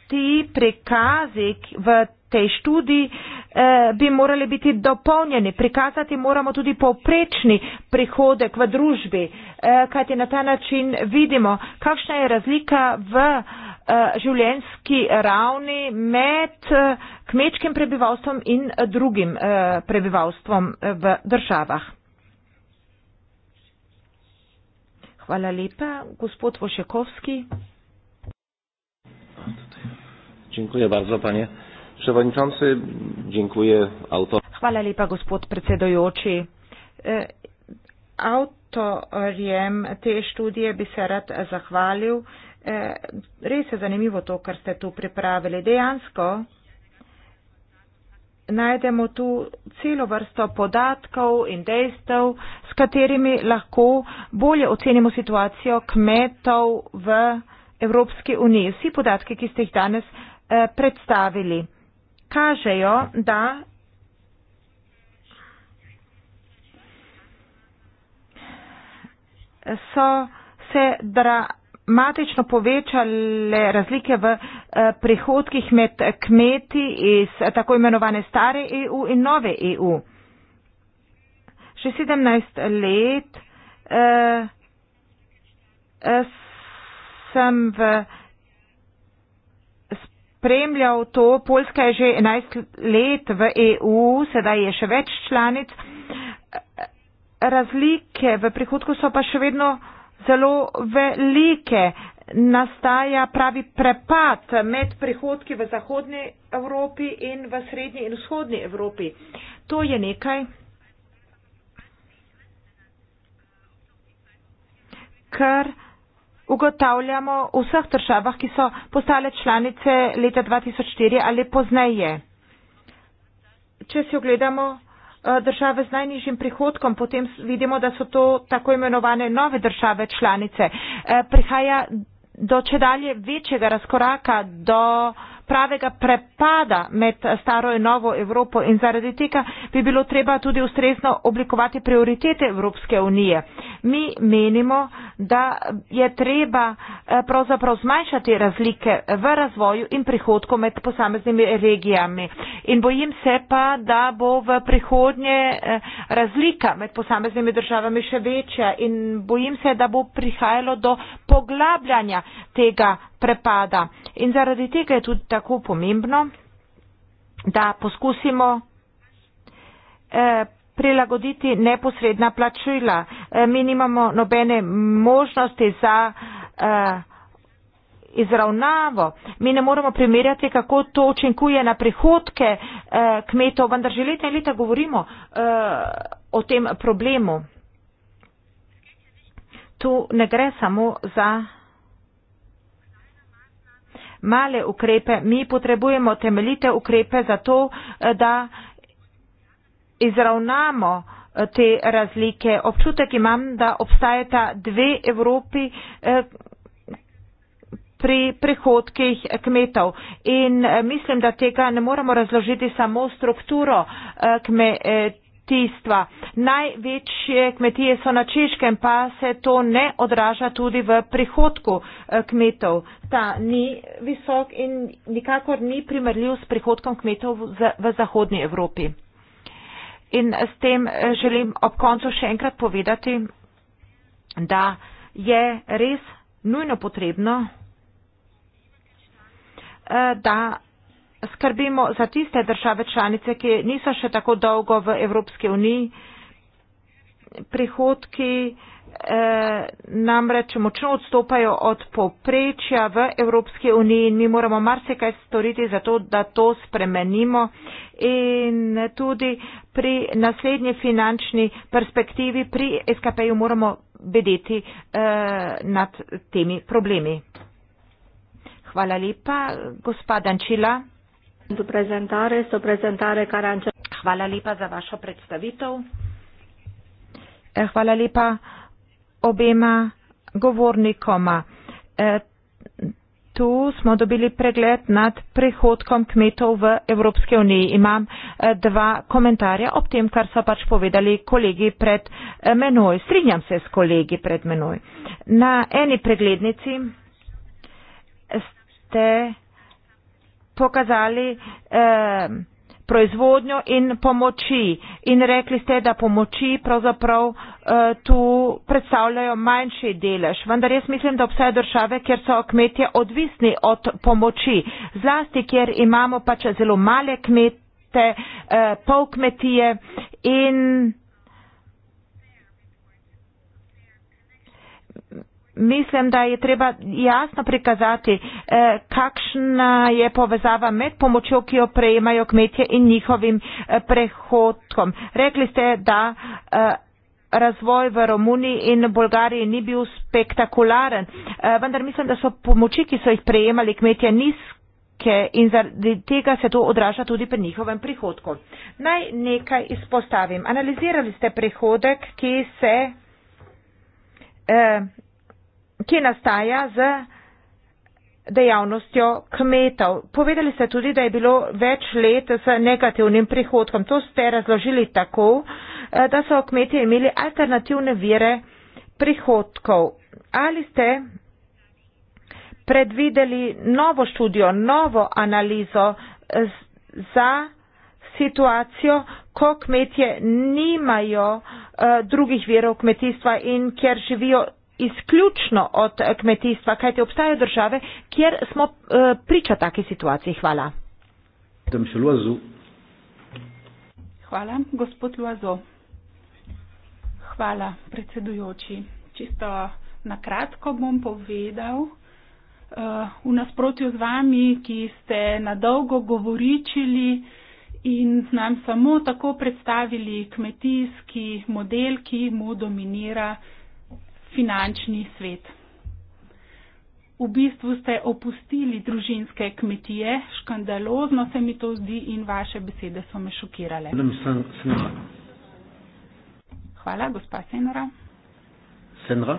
ti prikazi v tej študiji eh, bi morali biti dopolnjeni. Prikazati moramo tudi povprečni prihodek v družbi, eh, kajti na ta način vidimo, kakšna je razlika v eh, Eh, življenski ravni med eh, kmečkim prebivalstvom in eh, drugim prebivalstvom v državah. Hvala lepa. Gospod Vošekovski. Dziękuję bardzo, panie przewodniczący. Dziękuję autor. Hvala lepa, gospod predsedojoči. Autorjem te študije bi se rad zahvalil. Eh, res je zanimivo to, kar ste tu pripravili. Dejansko najdemo tu celo vrsto podatkov in dejstev, s katerimi lahko bolje ocenimo situacijo kmetov v Evropski uniji. Vsi podatki, ki ste jih danes eh, predstavili, kažejo, da so se dra, dramatično povečale razlike v eh, prihodkih med kmeti iz eh, tako imenovane stare EU in nove EU. Še 17 let eh, sem v spremljal to, Poljska je že 11 let v EU, sedaj je še več članic. Razlike v prihodku so pa še vedno zelo velike. Nastaja pravi prepad med prihodki v Zahodni Evropi in v Srednji in Vzhodni Evropi. To je nekaj, kar ugotavljamo v vseh državah, ki so postale članice leta 2004 ali pozneje. Če si ogledamo Eh, države z najnižjim prihodkom, potem vidimo, da so to tako imenovane nove države članice. Eh, prihaja do če dalje večjega razkoraka, do uh, pravega prepada med staro in novo Evropo in zaradi tega bi bilo treba tudi ustrezno oblikovati prioritete Evropske unije. Mi menimo, da je treba eh, pravzaprav zmanjšati razlike v razvoju in prihodku med posameznimi regijami. In bojim se pa, da bo v prihodnje eh, razlika med posameznimi državami še večja in bojim se, da bo prihajalo do poglabljanja tega prepada. In zaradi tega je tudi tako pomembno, da poskusimo eh, prilagoditi neposredna plačila. Eh, mi nimamo nobene možnosti za eh, izravnavo. Mi ne moremo primerjati, kako to učinkuje na prihodke kmetov, vendar že leta in leta govorimo o tem problemu. Tu ne gre samo za male ukrepe, mi potrebujemo temeljite ukrepe za to, eh, da izravnamo eh, te razlike. Občutek imam, da obstajata dve Evropi eh, pri prihodkih kmetov in mislim, da tega ne moramo razložiti samo strukturo kmetov kmetijstva. Največje kmetije so na Češkem, pa se to ne odraža tudi v prihodku eh, kmetov. Ta ni visok in nikakor ni primerljiv s prihodkom kmetov v, v Zahodnji Evropi. In s tem eh, želim ob koncu še enkrat povedati, da je res nujno potrebno, eh, da skrbimo za tiste države članice, ki niso še tako dolgo v Evropski uniji. Prihodki eh, namreč močno odstopajo od poprečja v Evropski uniji in mi moramo marsikaj storiti za to, da to spremenimo. In tudi pri naslednji finančni perspektivi pri SKP-ju moramo bedeti eh, nad temi problemi. Hvala lepa, gospa Dančila. Hvala lepa za vašo predstavitev. Eh, hvala lepa obema govornikoma. Eh, tu smo dobili pregled nad prihodkom kmetov v Evropske unije. Imam eh, dva komentarja ob tem, kar so pač povedali kolegi pred menoj. Strinjam se s kolegi pred menoj. Na eni preglednici ste pokazali eh, proizvodnjo in pomoči. In rekli ste, da pomoči pravzaprav eh, tu predstavljajo manjši delež. Vendar jaz mislim, da obstajajo države, kjer so kmetje odvisni od pomoči. Zlasti, kjer imamo pač zelo male kmete, eh, pol kmetije in. mislim, da je treba jasno prikazati, eh, kakšna je povezava med pomočjo, ki jo prejemajo kmetje in njihovim eh, prehodkom. Rekli ste, da eh, razvoj v Romuniji in Bolgariji ni bil spektakularen, vendar mislim, da so pomoči, ki so jih prejemali kmetje, nizke in zaradi tega se to odraža tudi pri njihovem prihodku. Naj nekaj izpostavim. Analizirali ste prihodek, ki se ki nastaja z dejavnostjo kmetov. Povedali ste tudi, da je bilo več let z negativnim prihodkom. To ste razložili tako, eh, da so kmetje imeli alternativne vire prihodkov. Ali ste predvideli novo študijo, novo analizo eh, za situacijo, ko kmetje nimajo eh, drugih virov kmetijstva in kjer živijo izključno od kmetijstva, kajte obstajajo države, kjer smo eh, priča take situaciji. Hvala. Hvala, gospod Luazo. Hvala, predsedujoči. Čisto na kratko bom povedal, eh, v nasprotju z vami, ki ste na dolgo govoričili in nam samo tako predstavili kmetijski model, ki mu dominira finančni svet. V bistvu ste opustili družinske kmetije, škandalozno se mi to zdi in vaše besede so me šokirale. Hvala, gospa Senora. Senora.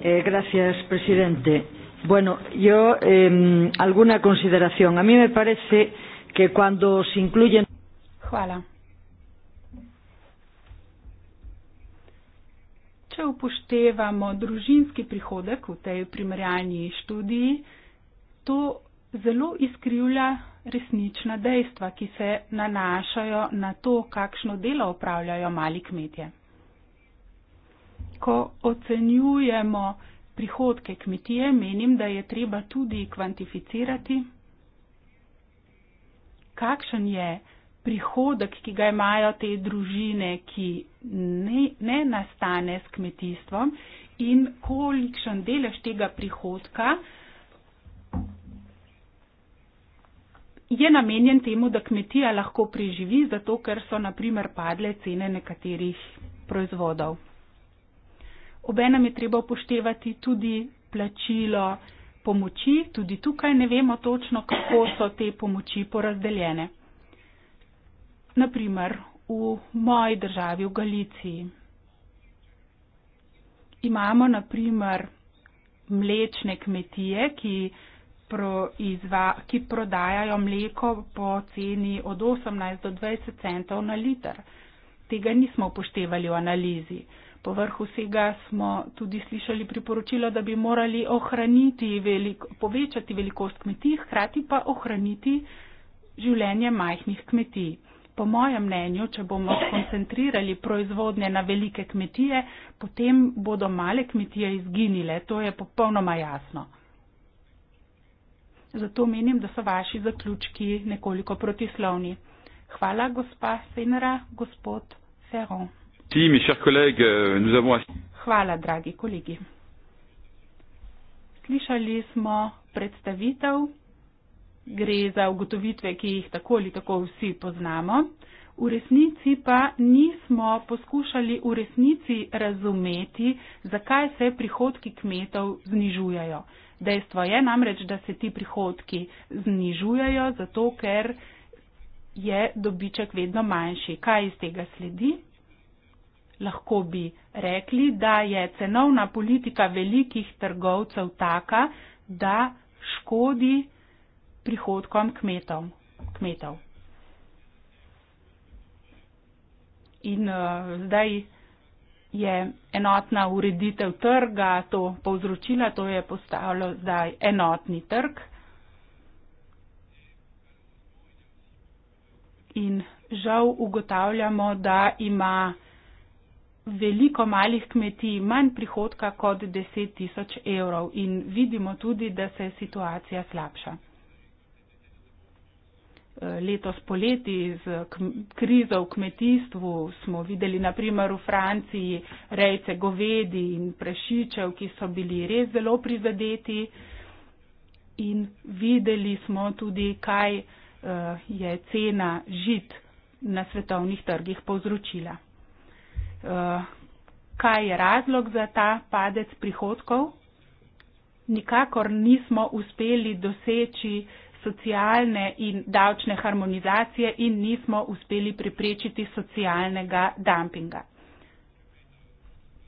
Eh, gracias, presidente. Bueno, yo eh, alguna consideración. A mí me parece que cuando se incluyen. Hvala. če upoštevamo družinski prihodek v tej primerjalni študiji, to zelo izkrivlja resnična dejstva, ki se nanašajo na to, kakšno delo upravljajo mali kmetje. Ko ocenjujemo prihodke kmetije, menim, da je treba tudi kvantificirati, kakšen je prihodek, ki ga imajo te družine, ki ne, ne nastane s kmetijstvom in kolikšen delež tega prihodka je namenjen temu, da kmetija lahko preživi, zato ker so naprimer padle cene nekaterih proizvodov. Obenem je treba upoštevati tudi plačilo pomoči, tudi tukaj ne vemo točno, kako so te pomoči porazdeljene naprimer v moji državi, v Galiciji. Imamo naprimer mlečne kmetije, ki, proizva, ki prodajajo mleko po ceni od 18 do 20 centov na liter. Tega nismo upoštevali v analizi. Povrhu vsega smo tudi slišali priporočilo, da bi morali ohraniti, velik, povečati velikost kmetij, hkrati pa ohraniti življenje majhnih kmetij. Po mojem mnenju, če bomo koncentrirali proizvodnje na velike kmetije, potem bodo male kmetije izginile. To je popolnoma jasno. Zato menim, da so vaši zaključki nekoliko protislovni. Hvala, gospa Senra, gospod Ferron. Si, mi, cher kolege, euh, nous avons... Hvala, dragi kolegi. Slišali smo predstavitev gre za ugotovitve, ki jih tako ali tako vsi poznamo. V resnici pa nismo poskušali v resnici razumeti, zakaj se prihodki kmetov znižujajo. Dejstvo je namreč, da se ti prihodki znižujajo, zato ker je dobiček vedno manjši. Kaj iz tega sledi? Lahko bi rekli, da je cenovna politika velikih trgovcev taka, da škodi prihodkom kmetov. kmetov. In uh, zdaj je enotna ureditev trga to povzročila, to je postavilo zdaj enotni trg. In žal ugotavljamo, da ima veliko malih kmetij manj prihodka kot 10 tisoč evrov in vidimo tudi, da se situacija slabša letos poleti z krizo v kmetijstvu. Smo videli naprimer v Franciji rejce govedi in prešičev, ki so bili res zelo prizadeti. In videli smo tudi, kaj eh, je cena žit na svetovnih trgih povzročila. Eh, kaj je razlog za ta padec prihodkov? Nikakor nismo uspeli doseči socialne in davčne harmonizacije in nismo uspeli preprečiti socialnega dumpinga.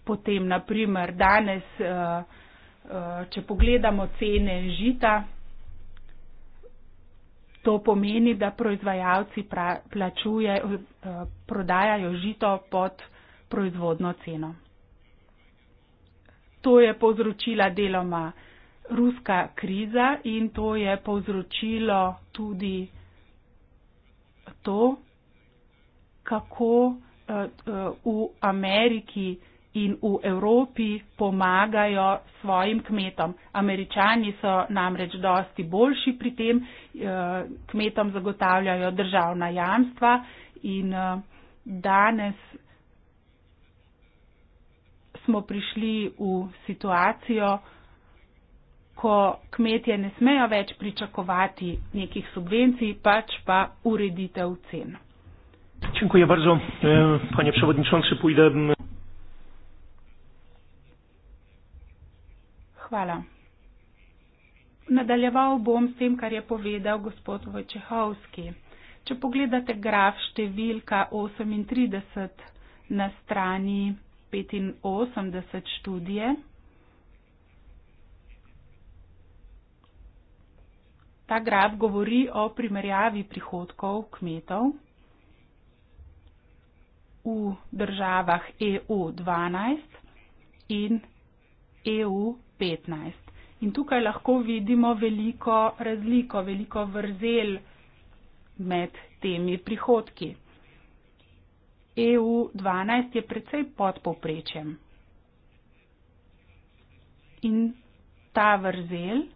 Potem, naprimer, danes, eh, eh, če pogledamo cene žita, to pomeni, da proizvajalci plačuje, eh, prodajajo žito pod proizvodno ceno. To je povzročila deloma ruska kriza in to je povzročilo tudi to, kako eh, eh, v Ameriki in v Evropi pomagajo svojim kmetom. Američani so namreč dosti boljši pri tem, eh, kmetom zagotavljajo državna jamstva in danes smo prišli v situacijo, ko kmetje ne smejo več pričakovati nekih subvencij, pač pa ureditev cen. Dziękuję bardzo. E, panie Przewodniczący, pójdę. Hvala. Nadaljeval bom s tem, kar je povedal gospod Vojčehovski. Če pogledate graf številka 38 na strani 85 študije, Ta graf govori o primerjavi prihodkov kmetov v državah EU 12 in EU 15. In tukaj lahko vidimo veliko razliko, veliko vrzel med temi prihodki. EU 12 je precej pod povprečjem. In ta vrzel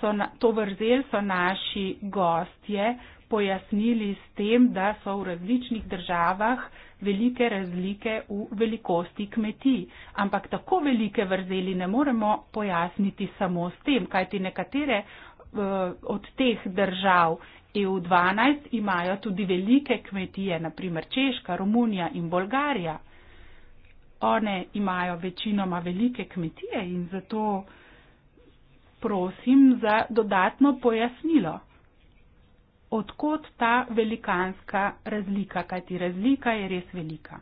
so na, to vrzel so naši gostje pojasnili s tem, da so v različnih državah velike razlike v velikosti kmetij. Ampak tako velike vrzeli ne moremo pojasniti samo s tem, kajti nekatere uh, od teh držav EU12 imajo tudi velike kmetije, naprimer Češka, Romunija in Bolgarija. One imajo večinoma velike kmetije in zato uh, prosim za dodatno pojasnilo. Odkot ta velikanska razlika, kajti razlika je res velika.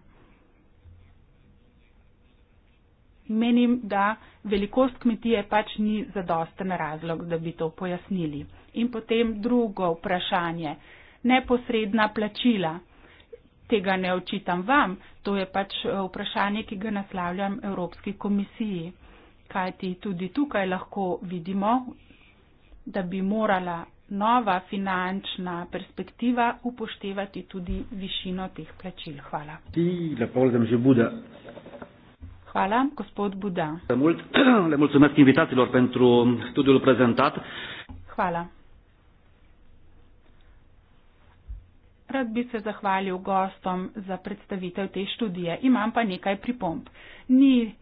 Menim, da velikost kmetije pač ni zadosten razlog, da bi to pojasnili. In potem drugo vprašanje. Neposredna plačila. Tega ne očitam vam, to je pač eh, vprašanje, ki ga naslavljam Evropski komisiji kajti tudi tukaj lahko vidimo, da bi morala nova finančna perspektiva upoštevati tudi višino teh plačil. Hvala. Hvala, gospod Buda. Hvala. Rad bi se zahvalil gostom za predstavitev te študije. Imam pa nekaj pripomb. Ni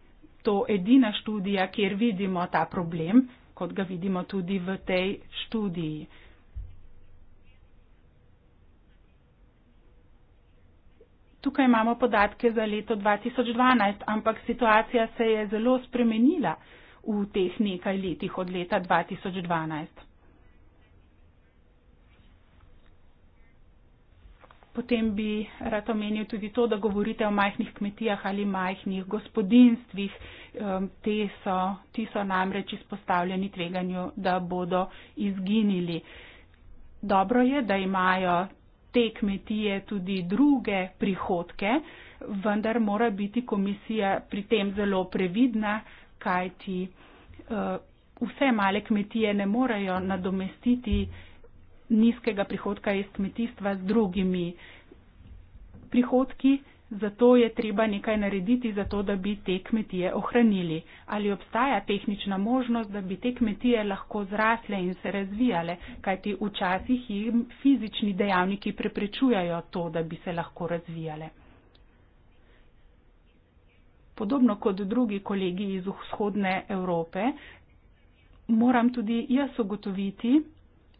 to edina študija, kjer vidimo ta problem, kot ga vidimo tudi v tej študiji. Tukaj imamo podatke za leto 2012, ampak situacija se je zelo spremenila v teh nekaj letih od leta 2012. Potem bi rad omenil tudi to, da govorite o majhnih kmetijah ali majhnih gospodinstvih. Te so, ti so namreč izpostavljeni tveganju, da bodo izginili. Dobro je, da imajo te kmetije tudi druge prihodke, vendar mora biti komisija pri tem zelo previdna, kajti eh, vse male kmetije ne morejo nadomestiti nizkega prihodka iz kmetijstva z drugimi prihodki, zato je treba nekaj narediti, zato da bi te kmetije ohranili. Ali obstaja tehnična možnost, da bi te kmetije lahko zrasle in se razvijale, kajti včasih jim fizični dejavniki preprečujajo to, da bi se lahko razvijale. Podobno kot drugi kolegi iz vzhodne Evrope, moram tudi jaz ugotoviti,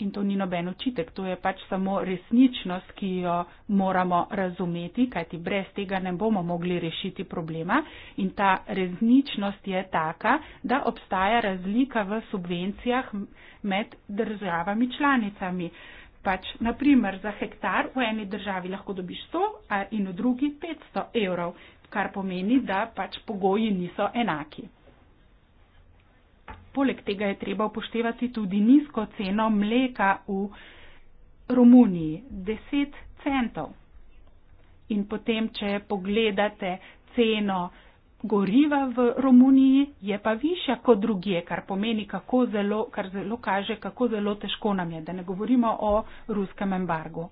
In to ni noben očitek, to je pač samo resničnost, ki jo moramo razumeti, kajti brez tega ne bomo mogli rešiti problema. In ta resničnost je taka, da obstaja razlika v subvencijah med državami članicami. Pač naprimer za hektar v eni državi lahko dobiš 100 in v drugi 500 evrov, kar pomeni, da pač pogoji niso enaki. Poleg tega je treba upoštevati tudi nizko ceno mleka v Romuniji, 10 centov. In potem, če pogledate ceno goriva v Romuniji, je pa višja kot drugje, kar pomeni, kako zelo, kar zelo kaže, kako zelo težko nam je, da ne govorimo o ruskem embargu.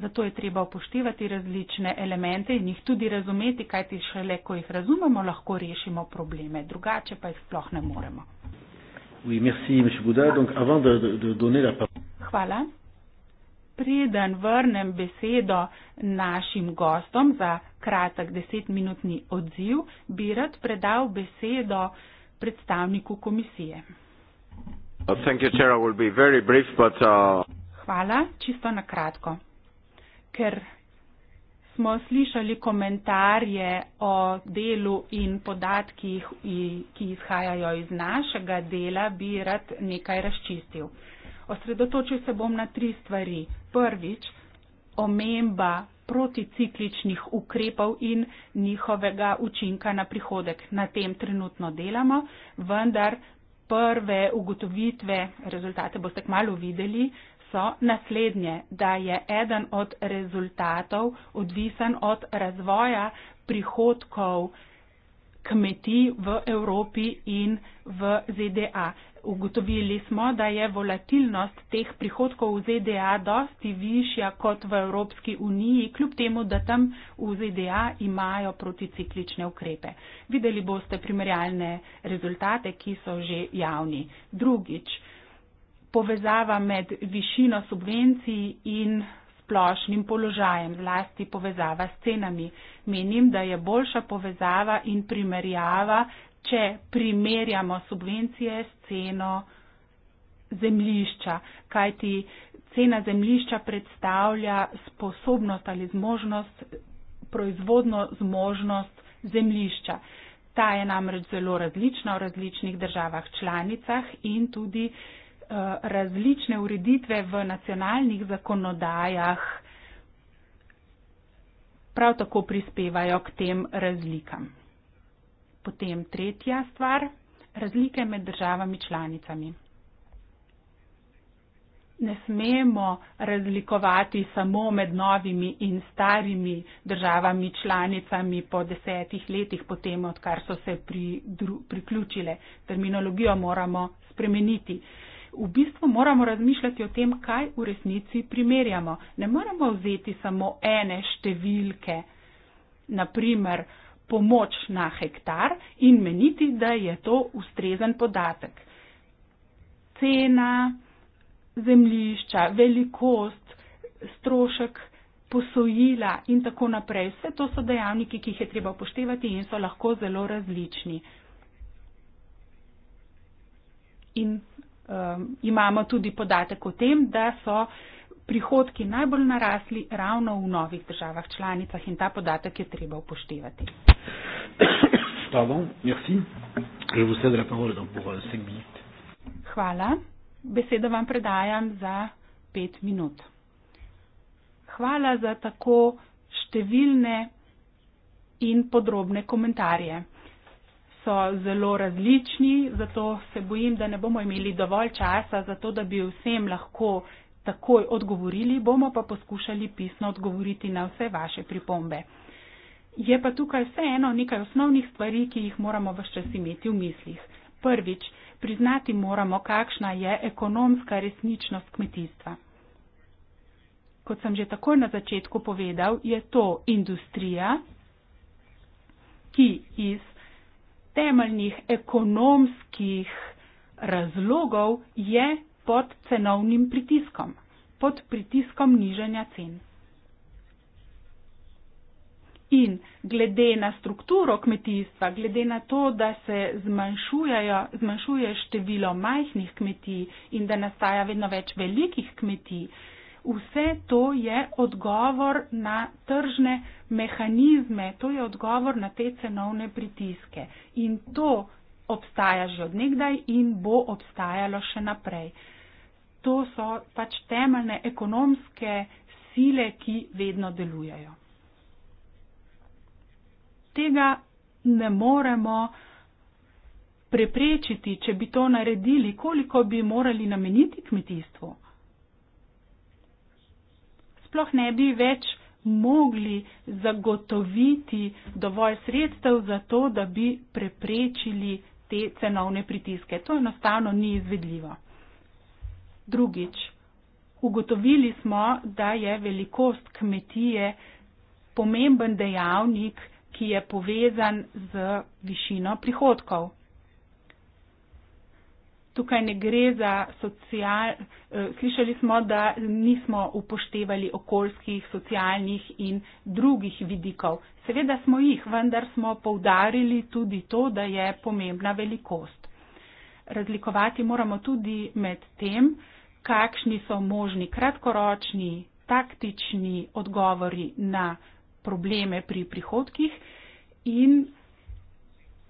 Zato je treba upoštevati različne elemente in jih tudi razumeti, kajti šele, ko jih razumemo, lahko rešimo probleme, drugače pa jih sploh ne moremo. Oui, merci, Bouda. Donc, avant de, de, de donner la parole... Hvala. Preden vrnem besedo našim gostom za kratek desetminutni odziv, bi rad predal besedo predstavniku komisije. You, Chair, brief, but, uh... Hvala, čisto na kratko. Ker smo slišali komentarje o delu in podatkih, ki izhajajo iz našega dela, bi rad nekaj razčistil. Osredotočil se bom na tri stvari. Prvič, omemba proticikličnih ukrepov in njihovega učinka na prihodek. Na tem trenutno delamo, vendar prve ugotovitve, rezultate boste kmalo videli, so naslednje, da je eden od rezultatov odvisen od razvoja prihodkov kmetij v Evropi in v ZDA. Ugotovili smo, da je volatilnost teh prihodkov v ZDA dosti višja kot v Evropski uniji, kljub temu, da tam v ZDA imajo proticiklične ukrepe. Videli boste primerjalne rezultate, ki so že javni. Drugič, povezava med višino subvencij in splošnim položajem, zlasti povezava s cenami. Menim, da je boljša povezava in primerjava, če primerjamo subvencije s ceno zemljišča, kajti cena zemljišča predstavlja sposobnost ali zmožnost, proizvodno zmožnost zemljišča. Ta je namreč zelo različna v različnih državah članicah in tudi Eh, različne ureditve v nacionalnih zakonodajah prav tako prispevajo k tem razlikam. Potem tretja stvar, razlike med državami članicami. Ne smemo razlikovati samo med novimi in starimi državami članicami po desetih letih, potem odkar so se pri, dru, priključile. Terminologijo moramo spremeniti. Uh, v bistvu moramo razmišljati o tem, kaj v resnici primerjamo. Ne moramo vzeti samo ene številke, naprimer pomoč na hektar in meniti, da je to ustrezen podatek. Cena zemljišča, velikost, strošek posojila in tako naprej. Vse to so dejavniki, ki jih je treba upoštevati in so lahko zelo različni. In um, imamo tudi podatek o tem, da so prihodki najbolj narasli ravno v novih državah članicah in ta podatek je treba upoštevati. Euh, Hvala. Besedo vam predajam za pet minut. Hvala za tako številne in podrobne komentarje so zelo različni, zato se bojim, da ne bomo imeli dovolj časa za to, da bi vsem lahko takoj odgovorili, bomo pa poskušali pisno odgovoriti na vse vaše pripombe. Je pa tukaj vseeno nekaj osnovnih stvari, ki jih moramo vse čas imeti v mislih. Prvič, priznati moramo, kakšna je ekonomska resničnost kmetijstva. Kot sem že takoj na začetku povedal, je to industrija, ki iz temeljnih ekonomskih razlogov je pod cenovnim pritiskom, pod pritiskom nižanja cen. In glede na strukturo kmetijstva, glede na to, da se zmanjšuje število majhnih kmetij in da nastaja vedno več velikih kmetij, vse to je odgovor na tržne mehanizme, to je odgovor na te cenovne pritiske. In to obstaja že odnegdaj in bo obstajalo še naprej. To so pač temeljne ekonomske sile, ki vedno delujejo. Tega ne moremo preprečiti, če bi to naredili, koliko bi morali nameniti kmetijstvu sploh ne bi več mogli zagotoviti dovolj sredstev za to, da bi preprečili te cenovne pritiske. To enostavno ni izvedljivo. Drugič, ugotovili smo, da je velikost kmetije pomemben dejavnik, ki je povezan z višino prihodkov tukaj ne gre za social, eh, slišali smo, da nismo upoštevali okoljskih, socialnih in drugih vidikov. Seveda smo jih, vendar smo poudarili tudi to, da je pomembna velikost. Razlikovati moramo tudi med tem, kakšni so možni kratkoročni, taktični odgovori na probleme pri prihodkih in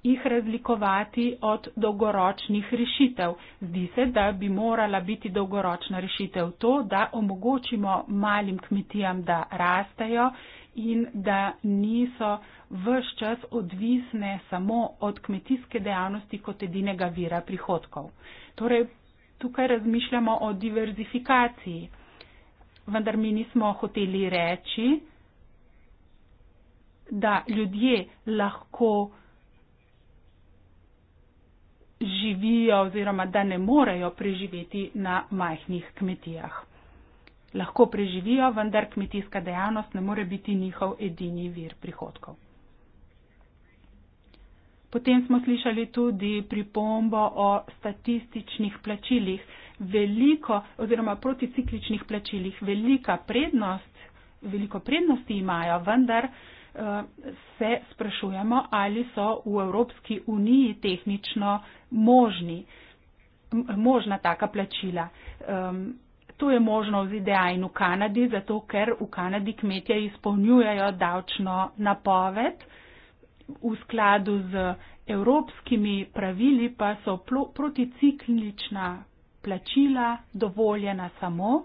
jih razlikovati od dolgoročnih rešitev. Zdi se, da bi morala biti dolgoročna rešitev to, da omogočimo malim kmetijam, da rastejo in da niso vse čas odvisne samo od kmetijske dejavnosti kot edinega vira prihodkov. Torej, tukaj razmišljamo o diverzifikaciji, vendar mi nismo hoteli reči, da ljudje lahko živijo oziroma da ne morejo preživeti na majhnih kmetijah. Lahko preživijo, vendar kmetijska dejavnost ne more biti njihov edini vir prihodkov. Potem smo slišali tudi pripombo o statističnih plačilih, veliko oziroma proticikličnih plačilih. Prednost, veliko prednosti imajo, vendar uh, se sprašujemo, ali so v Evropski uniji tehnično možni, možna taka plačila. To je možno v ZDA in v Kanadi, zato ker v Kanadi kmetje izpolnjujejo davčno napoved. V skladu z evropskimi pravili pa so proticiklična plačila dovoljena samo,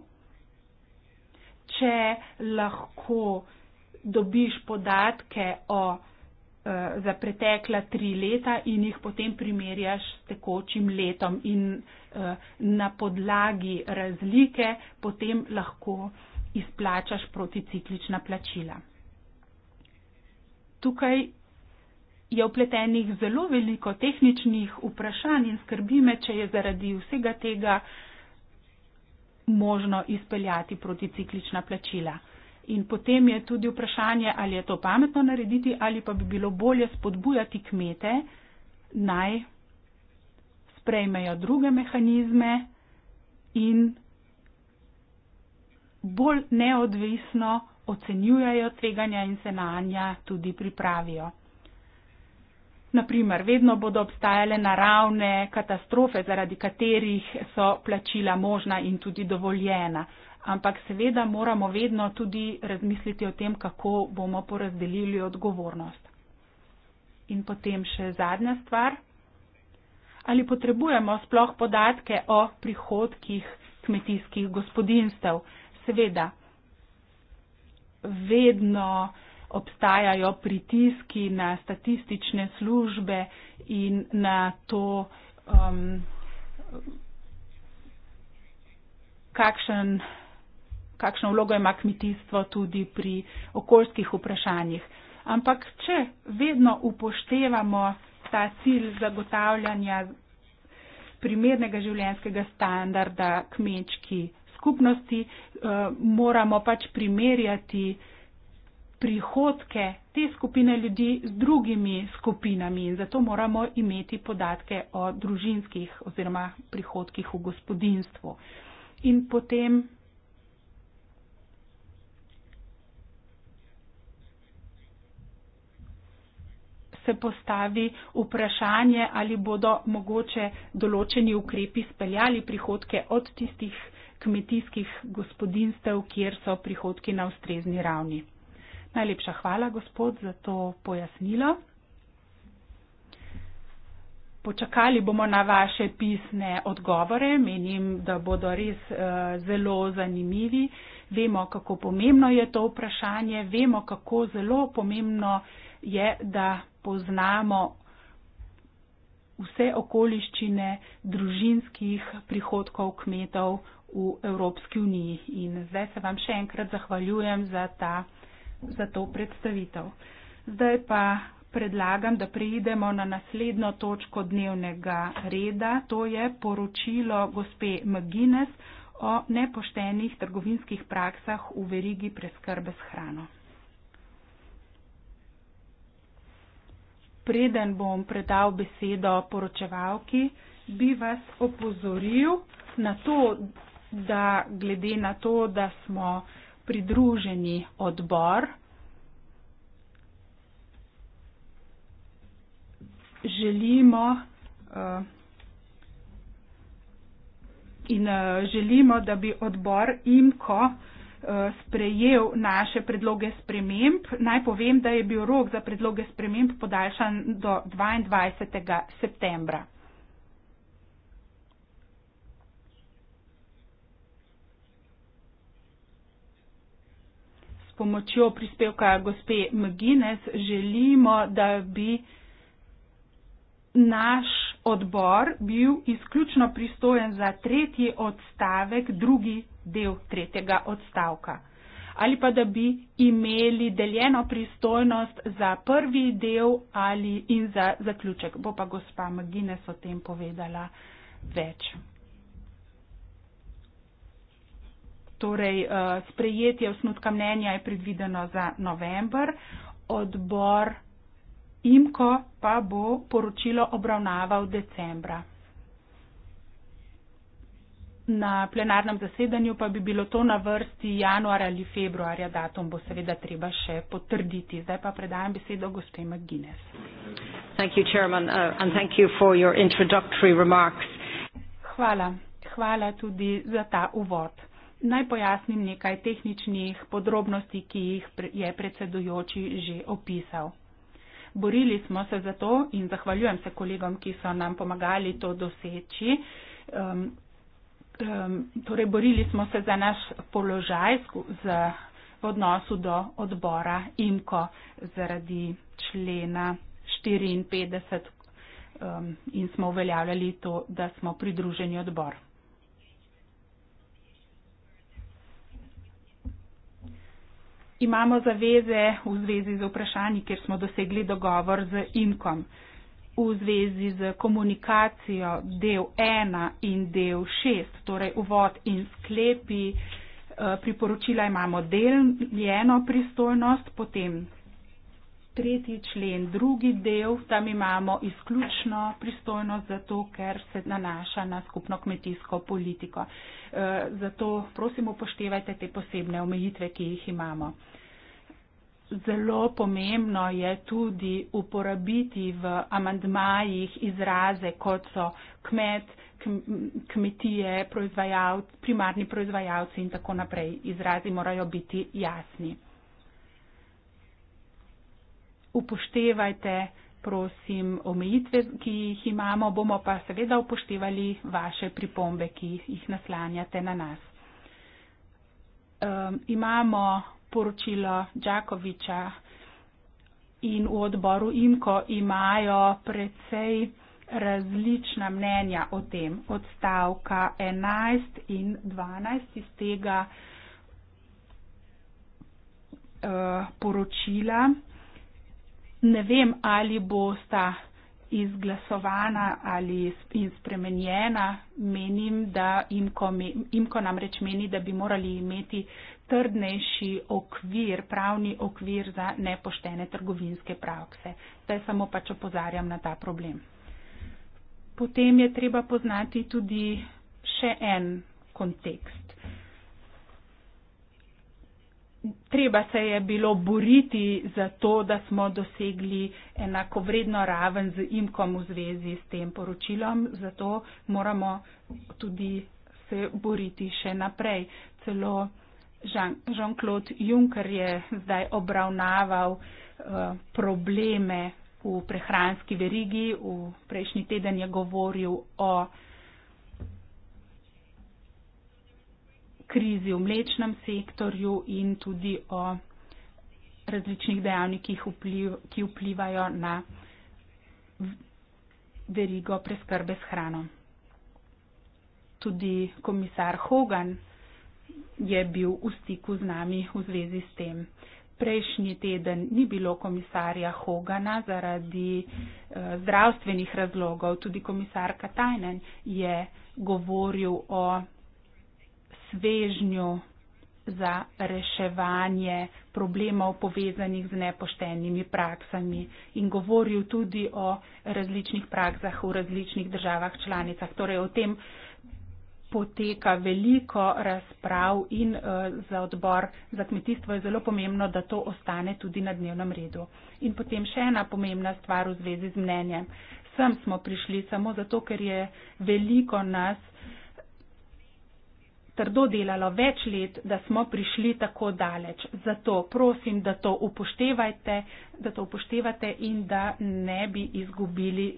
če lahko dobiš podatke o, e, za pretekla tri leta in jih potem primerjaš s tekočim letom in e, na podlagi razlike potem lahko izplačaš proticiklična plačila. Tukaj je vpletenih zelo veliko tehničnih vprašanj in skrbi me, če je zaradi vsega tega možno izpeljati proticiklična plačila in potem je tudi vprašanje, ali je to pametno narediti, ali pa bi bilo bolje spodbujati kmete naj sprejmejo druge mehanizme in bolj neodvisno ocenjujejo tveganja in se na nja tudi pripravijo. Naprimer, vedno bodo obstajale naravne katastrofe, zaradi katerih so plačila možna in tudi dovoljena, ampak seveda moramo vedno tudi razmisliti o tem, kako bomo porazdelili odgovornost. In potem še zadnja stvar. Ali potrebujemo sploh podatke o prihodkih kmetijskih gospodinstev? Seveda, vedno obstajajo pritiski na statistične službe in na to, um, kakšen kakšno vlogo ima kmetijstvo tudi pri okoljskih vprašanjih. Ampak, če vedno upoštevamo ta cilj zagotavljanja primernega življenskega standarda kmečki skupnosti, eh, moramo pač primerjati prihodke te skupine ljudi z drugimi skupinami in zato moramo imeti podatke o družinskih oziroma prihodkih v gospodinstvu. In potem se postavi vprašanje, ali bodo mogoče določeni ukrepi speljali prihodke od tistih kmetijskih gospodinstev, kjer so prihodki na ustrezni ravni. Najlepša hvala, gospod, za to pojasnilo. Počakali bomo na vaše pisne odgovore. Menim, da bodo res uh, zelo zanimivi. Vemo, kako pomembno je to vprašanje, vemo, kako zelo pomembno je je, da poznamo vse okoliščine družinskih prihodkov kmetov v Evropski uniji. In zdaj se vam še enkrat zahvaljujem za, ta, za to predstavitev. Zdaj pa predlagam, da preidemo na naslednjo točko dnevnega reda. To je poročilo gospe McGuinness o nepoštenih trgovinskih praksah v verigi preskrbe s hrano. preden bom predal besedo poročevalki, bi vas opozoril na to, da glede na to, da smo pridruženi odbor, želimo uh, in uh, želimo, da bi odbor IMKO uh, Eh, sprejel naše predloge sprememb. Naj povem, da je bil rok za predloge sprememb podaljšan do 22. septembra. S pomočjo prispevka gospe Mgines želimo, da bi naš odbor bil izključno pristojen za tretji odstavek, drugi del tretjega odstavka. Ali pa da bi imeli deljeno pristojnost za prvi del ali in za zaključek. Bo pa gospa Magines o tem povedala več. Torej, eh, sprejetje osnutka mnenja je predvideno za november, odbor IMKO pa bo poročilo obravnaval decembra na plenarnem zasedanju pa bi bilo to na vrsti januar ali februarja. Datum bo seveda treba še potrditi. Zdaj pa predajam besedo gospe McGuinness. Uh, Hvala. Hvala tudi za ta uvod. Naj pojasnim nekaj tehničnih podrobnosti, ki jih je predsedujoči že opisal. Borili smo se za to in zahvaljujem se kolegom, ki so nam pomagali to doseči, um, um, torej borili smo se za naš položaj z, v odnosu do odbora IMKO zaradi člena 54 um, in smo uveljavljali to, da smo pridruženi odbor. Imamo zaveze v zvezi z vprašanji, kjer smo dosegli dogovor z IMKOM v zvezi z komunikacijo del 1 in del 6, torej uvod in sklepi eh, priporočila imamo deljeno pristojnost, potem tretji člen, drugi del, tam imamo izključno pristojnost, zato ker se nanaša na skupno kmetijsko politiko. Eh, zato prosim upoštevajte te posebne omejitve, ki jih imamo zelo pomembno je tudi uporabiti v amandmajih izraze, kot so kmet, kmetije, proizvajalci, primarni proizvajalci in tako naprej. Izrazi morajo biti jasni. Upoštevajte, prosim, omejitve, ki jih imamo, bomo pa seveda upoštevali vaše pripombe, ki jih naslanjate na nas. Um, imamo poročilo Đakoviča in v odboru IMKO imajo precej različna mnenja o tem. Odstavka 11 in 12 iz tega eh, poročila. Ne vem, ali bosta izglasovana ali in spremenjena. Menim, da IMKO, IMKO namreč meni, da bi morali imeti eh, trdnejši okvir, pravni okvir za nepoštene trgovinske prakse. Zdaj samo pač opozarjam na ta problem. Potem je treba poznati tudi še en kontekst. Treba se je bilo boriti za to, da smo dosegli enakovredno raven z imkom v zvezi s tem poročilom, zato moramo tudi se boriti še naprej. Celo Jean-Claude Juncker je zdaj obravnaval eh, probleme v prehranski verigi. V prejšnji teden je govoril o krizi v mlečnem sektorju in tudi o različnih dejavnikih, ki vplivajo na verigo preskrbe s hrano. Tudi komisar Hogan je bil v stiku z nami v zvezi s tem. Prejšnji teden ni bilo komisarja Hogana zaradi eh, zdravstvenih razlogov, tudi komisar Katajnen je govoril o svežnju za reševanje problemov povezanih z nepoštenimi praksami in govoril tudi o različnih praksah v različnih državah članicah, torej o tem, eh, poteka veliko razprav in uh, za odbor za kmetijstvo je zelo pomembno, da to ostane tudi na dnevnem redu. In potem še ena pomembna stvar v zvezi z mnenjem. Sem smo prišli samo zato, ker je veliko nas trdo delalo več let, da smo prišli tako daleč. Zato prosim, da to upoštevajte, da to upoštevate in da ne bi izgubili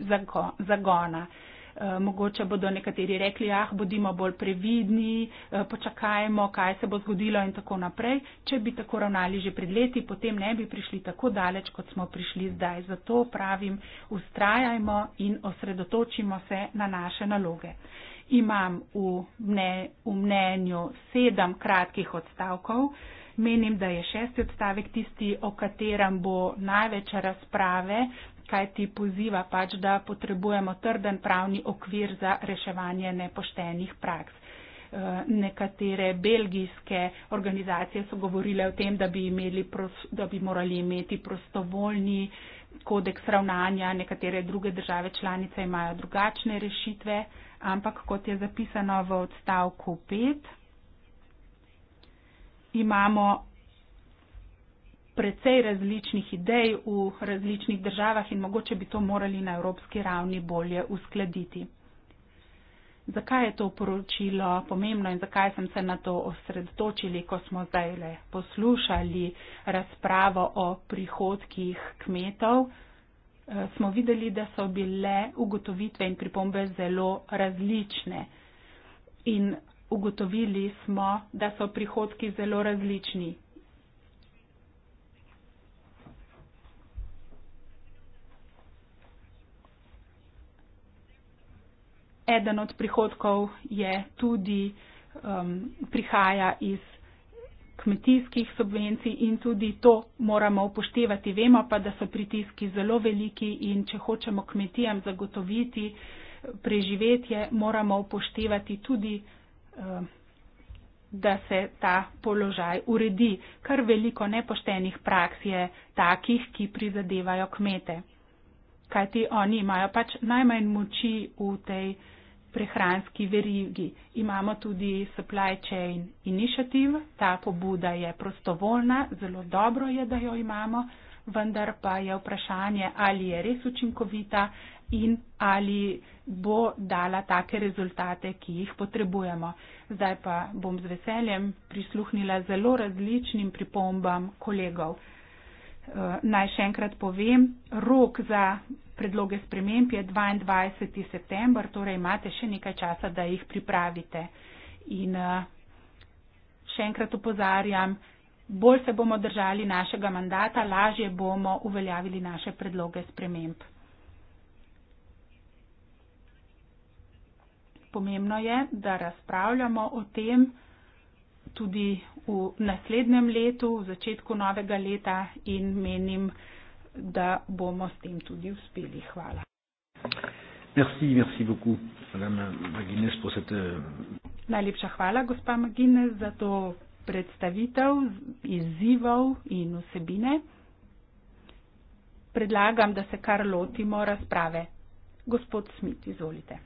zagona. Eh, mogoče bodo nekateri rekli, ah, bodimo bolj previdni, eh, počakajmo, kaj se bo zgodilo in tako naprej. Če bi tako ravnali že pred leti, potem ne bi prišli tako daleč, kot smo prišli zdaj. Zato pravim, ustrajajmo in osredotočimo se na naše naloge. Imam v, mne, v mnenju sedem kratkih odstavkov. Menim, da je šesti odstavek tisti, o katerem bo največ razprave, kaj ti poziva pač, da potrebujemo trden pravni okvir za reševanje nepoštenih praks. Eh, nekatere belgijske organizacije so govorile o tem, da bi, imeli, da bi morali imeti prostovoljni kodeks ravnanja, nekatere druge države članice imajo drugačne rešitve, ampak kot je zapisano v odstavku 5, imamo precej različnih idej v različnih državah in mogoče bi to morali na evropski ravni bolje uskladiti. Zakaj je to poročilo pomembno in zakaj sem se na to osredotočili, ko smo zdaj le poslušali razpravo o prihodkih kmetov, eh, smo videli, da so bile ugotovitve in pripombe zelo različne. In ugotovili smo, da so prihodki zelo različni eden od prihodkov je tudi, um, prihaja iz kmetijskih subvencij in tudi to moramo upoštevati. Vemo pa, da so pritiski zelo veliki in če hočemo kmetijam zagotoviti preživetje, moramo upoštevati tudi, um, da se ta položaj uredi. Kar veliko nepoštenih praks je takih, ki prizadevajo kmete. Kajti oni imajo pač najmanj moči v tej prehranski verigi. Imamo tudi Supply Chain Initiative, ta pobuda je prostovoljna, zelo dobro je, da jo imamo, vendar pa je vprašanje, ali je res učinkovita in ali bo dala take rezultate, ki jih potrebujemo. Zdaj pa bom z veseljem prisluhnila zelo različnim pripombam kolegov. Eh, naj še enkrat povem, rok za predloge sprememb je 22. september, torej imate še nekaj časa, da jih pripravite. In eh, še enkrat upozarjam, bolj se bomo držali našega mandata, lažje bomo uveljavili naše predloge sprememb. Pomembno je, da razpravljamo o tem tudi v naslednjem letu, v začetku novega leta in menim, da da bomo s tem tudi uspeli. Hvala. Merci, merci beaucoup, madame Maginez, pour cette... Euh, Najlepša hvala, gospa Maginez, za to predstavitev izzivov in vsebine. Predlagam, da se kar lotimo razprave. Gospod Smit, izvolite.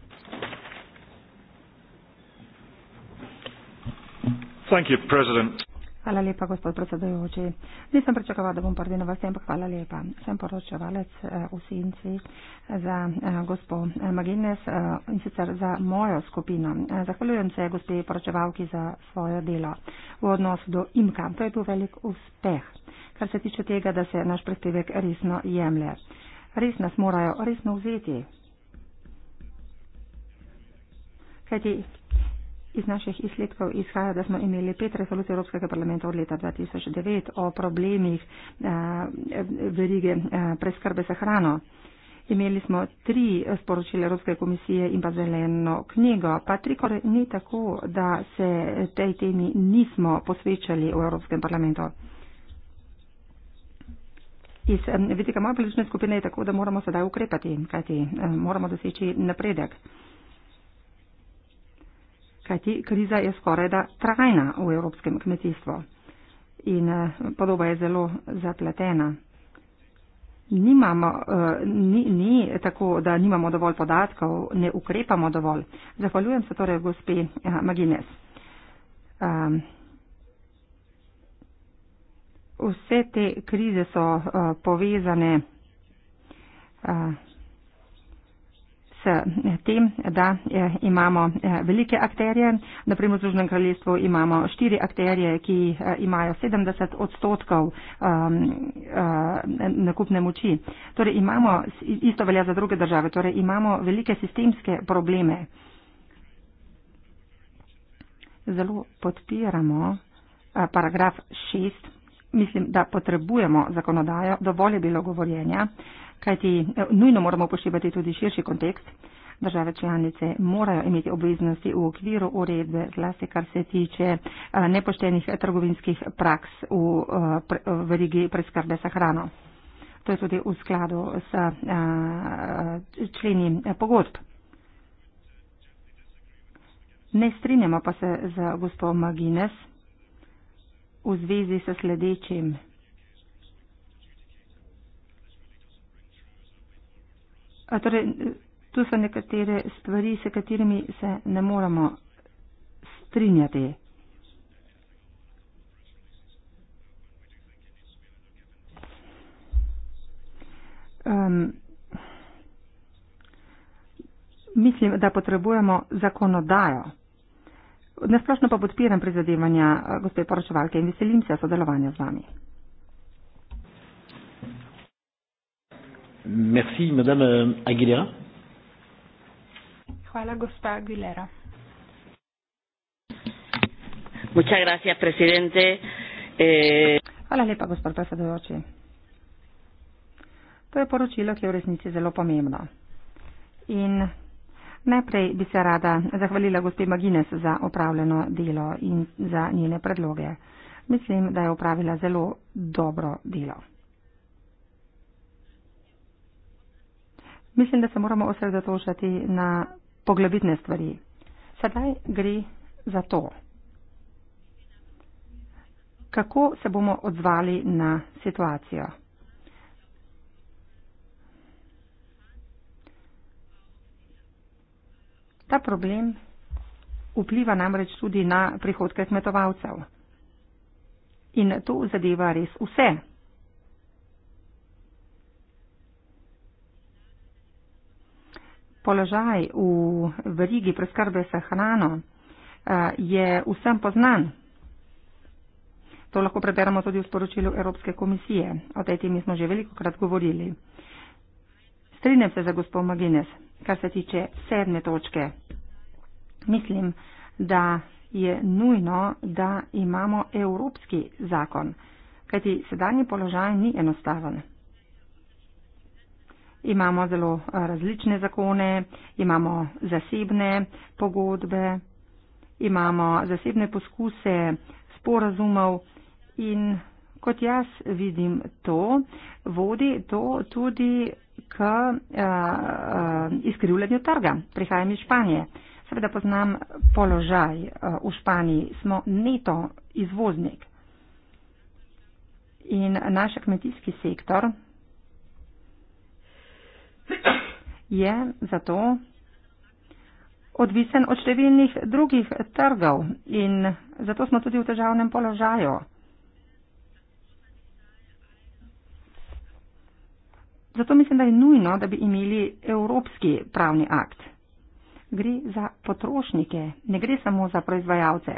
Thank you, President. Hvala lepa, gospod predsedujoči. Nisem pričakovala, da bom prvi na vrsti, ampak hvala lepa. Sem poročevalec eh, v Sinci eh, za eh, gospod Magines in sicer za mojo skupino. Zahvaljujem se gospe poročevalki za svojo delo v odnosu do imka. To je bil velik uspeh, kar se tiče tega, da se naš prispevek resno jemlje. Res nas morajo resno vzeti. Kajti Iz naših izsledkov izhaja, da smo imeli pet resolucij Evropskega parlamenta od leta 2009 o problemih eh, verige eh, preskrbe za hrano. Imeli smo tri sporočile Evropske komisije in pa zeleno knjigo, pa trikor ni tako, da se tej temi nismo posvečali v Evropskem parlamentu. Iz eh, vidika moje politične skupine je tako, da moramo sedaj ukrepati, kajti moramo doseči napredek kajti kriza je skoraj da trajna v evropskem kmetijstvu in eh, podoba je zelo zapletena. Nimamo, eh, ni, ni tako, da nimamo dovolj podatkov, ne ukrepamo dovolj. Zahvaljujem se torej gospe eh, Magines. Ehm, vse te krize so povezane tem, da eh, imamo eh, velike akterje. Naprimer v Združenem kraljestvu imamo štiri akterje, ki eh, imajo 70 odstotkov ehm, nakupne moči. Torej imamo, isto velja za druge države, torej imamo velike sistemske probleme. Zelo podpiramo paragraf 6. Mislim, da potrebujemo zakonodajo, dovolj je bilo govorjenja kajti eh, nujno moramo upoštevati tudi širši kontekst. Države članice morajo imeti obveznosti v okviru uredbe, zlasti kar se tiče eh, nepoštenih eh, trgovinskih praks v verigi preskrbe sa hrano. To je tudi v skladu s členi pogodb. Ne strinjamo pa se z gospod Magines v zvezi s sledečim. A torej, tu so nekatere stvari, s katerimi se ne moramo strinjati. Um, mislim, da potrebujemo zakonodajo. Nasplošno pa podpiram prizadevanja eh, gospe poročevalke in veselim se sodelovanja z vami. Merci, madame euh, Aguilera. Hvala, gospa Aguilera. Muchas gracias, presidente. Eh... Hvala lepa, gospod predsedujoči. To je poročilo, ki je v resnici zelo pomembno. In najprej bi se rada zahvalila gospe Magines za opravljeno delo in za njene predloge. Mislim, da je opravila zelo dobro delo. mislim, da se moramo osredotočati na poglobitne stvari. Sedaj gre za to, kako se bomo odzvali na situacijo. Ta problem vpliva namreč tudi na prihodke kmetovalcev. In to zadeva res vse. položaj v verigi preskrbe s hrano eh, je vsem poznan. To lahko preberemo tudi v sporočilu Evropske komisije. O tej temi smo že veliko krat govorili. Strinjam se za gospod Magines, kar se tiče sedme točke. Mislim, da je nujno, da imamo evropski zakon, kajti sedanji položaj ni enostaven imamo zelo eh, različne zakone, imamo zasebne pogodbe, imamo zasebne poskuse sporazumov in kot jaz vidim to, vodi to tudi k uh, uh, izkrivljanju trga. Prihajam iz Španije. Seveda poznam položaj uh, v Španiji. Smo neto izvoznik. In naš kmetijski sektor, je zato odvisen od številnih drugih trgov in zato smo tudi v težavnem položaju. Zato mislim, da je nujno, da bi imeli evropski pravni akt. Gre za potrošnike, ne gre samo za proizvajalce.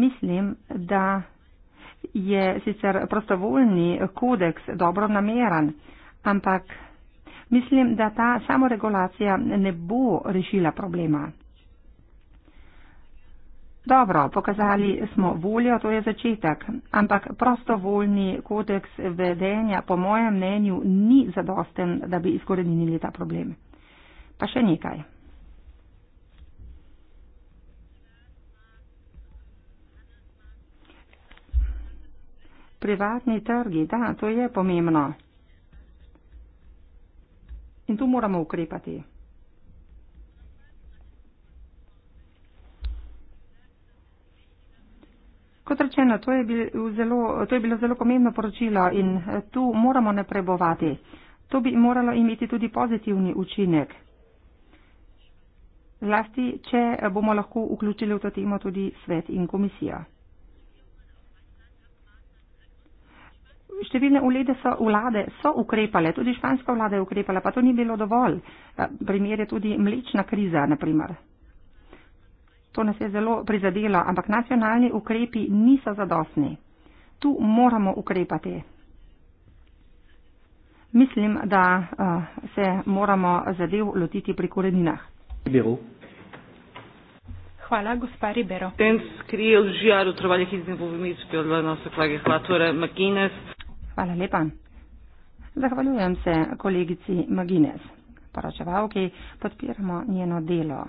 Mislim, da je sicer prostovoljni kodeks dobro nameran, ampak Mislim, da ta samoregulacija ne bo rešila problema. Dobro, pokazali smo voljo, to je začetek, ampak prostovoljni kodeks vedenja po mojem mnenju ni zadosten, da bi izkoreninili ta problem. Pa še nekaj. Privatni trgi, da, to je pomembno. In tu moramo ukrepati. Kot rečeno, to je, zelo, to je bilo zelo pomembno poročilo in eh, tu moramo naprebovati. To bi moralo imeti tudi pozitivni učinek. Zlasti, če eh, bomo lahko vključili v to temo tudi svet in komisija. številne ulede so vlade, so ukrepale, tudi španska vlada je ukrepala, pa to ni bilo dovolj. Primer je tudi mlečna kriza, naprimer. To nas je zelo prizadelo, ampak nacionalni ukrepi niso zadostni. Tu moramo ukrepati. Mislim, da uh, se moramo zadev lotiti pri koreninah. Hvala, gospa Ribero. Ten skril žijar utrovaljih iz nivov misli, odlano se klage hlatore Makines. Hvala lepa. Zahvaljujem se kolegici Magines, poročevalki, podpiramo njeno delo.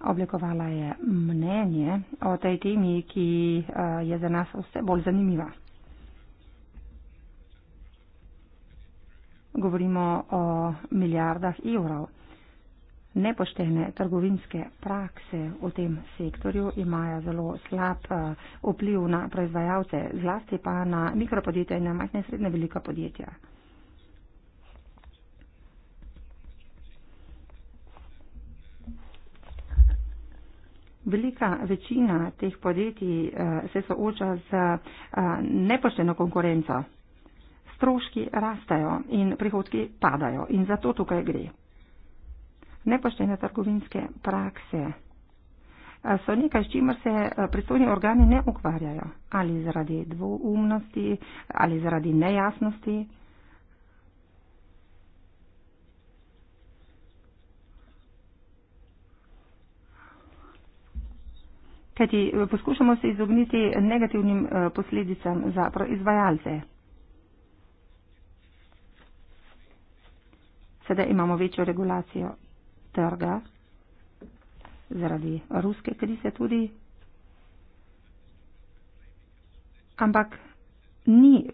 Oblikovala je mnenje o tej temi, ki eh, je za nas vse bolj zanimiva. Govorimo o milijardah evrov nepoštene trgovinske prakse v tem sektorju imajo zelo slab eh, vpliv na proizvajalce, zlasti pa na mikropodjetja in na majhne in srednje velika podjetja. Velika večina teh podjetij eh, se sooča z eh, nepošteno konkurenco. Stroški rastejo in prihodki padajo in zato tukaj gre nepoštene trgovinske prakse. So nekaj, s čimer se pristojni organi ne ukvarjajo, ali zaradi dvoumnosti, ali zaradi nejasnosti. Kajti e, poskušamo se izogniti negativnim e, posledicam za proizvajalce. Sedaj imamo večjo regulacijo trga, zaradi ruske krize tudi. Ampak ni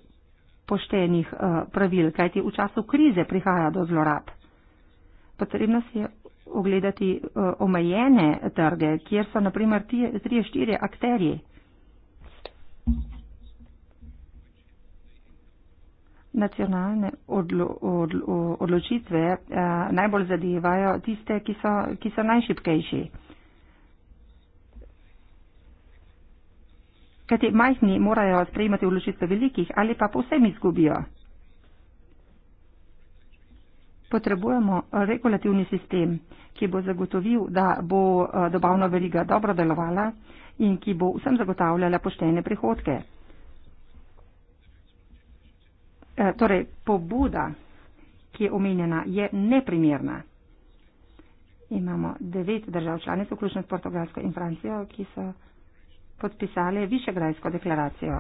poštenih eh, pravil, kajti v času krize prihaja do zlorab. Potrebno si je ogledati eh, omejene trge, kjer so naprimer 3-4 akterji. nacionalne odlo, odlo, odločitve eh, najbolj zadevajo tiste, ki so, ki so najšipkejši. Kajti majhni morajo sprejemati odločitve velikih ali pa povsem izgubijo. Potrebujemo regulativni sistem, ki bo zagotovil, da bo eh, dobavna veriga dobro delovala in ki bo vsem zagotavljala poštene prihodke. Eh, torej pobuda, ki je omenjena, je neprimerna. Imamo devet držav članic, vključno s Portugalsko in Francijo, ki so podpisali Višegrajsko deklaracijo.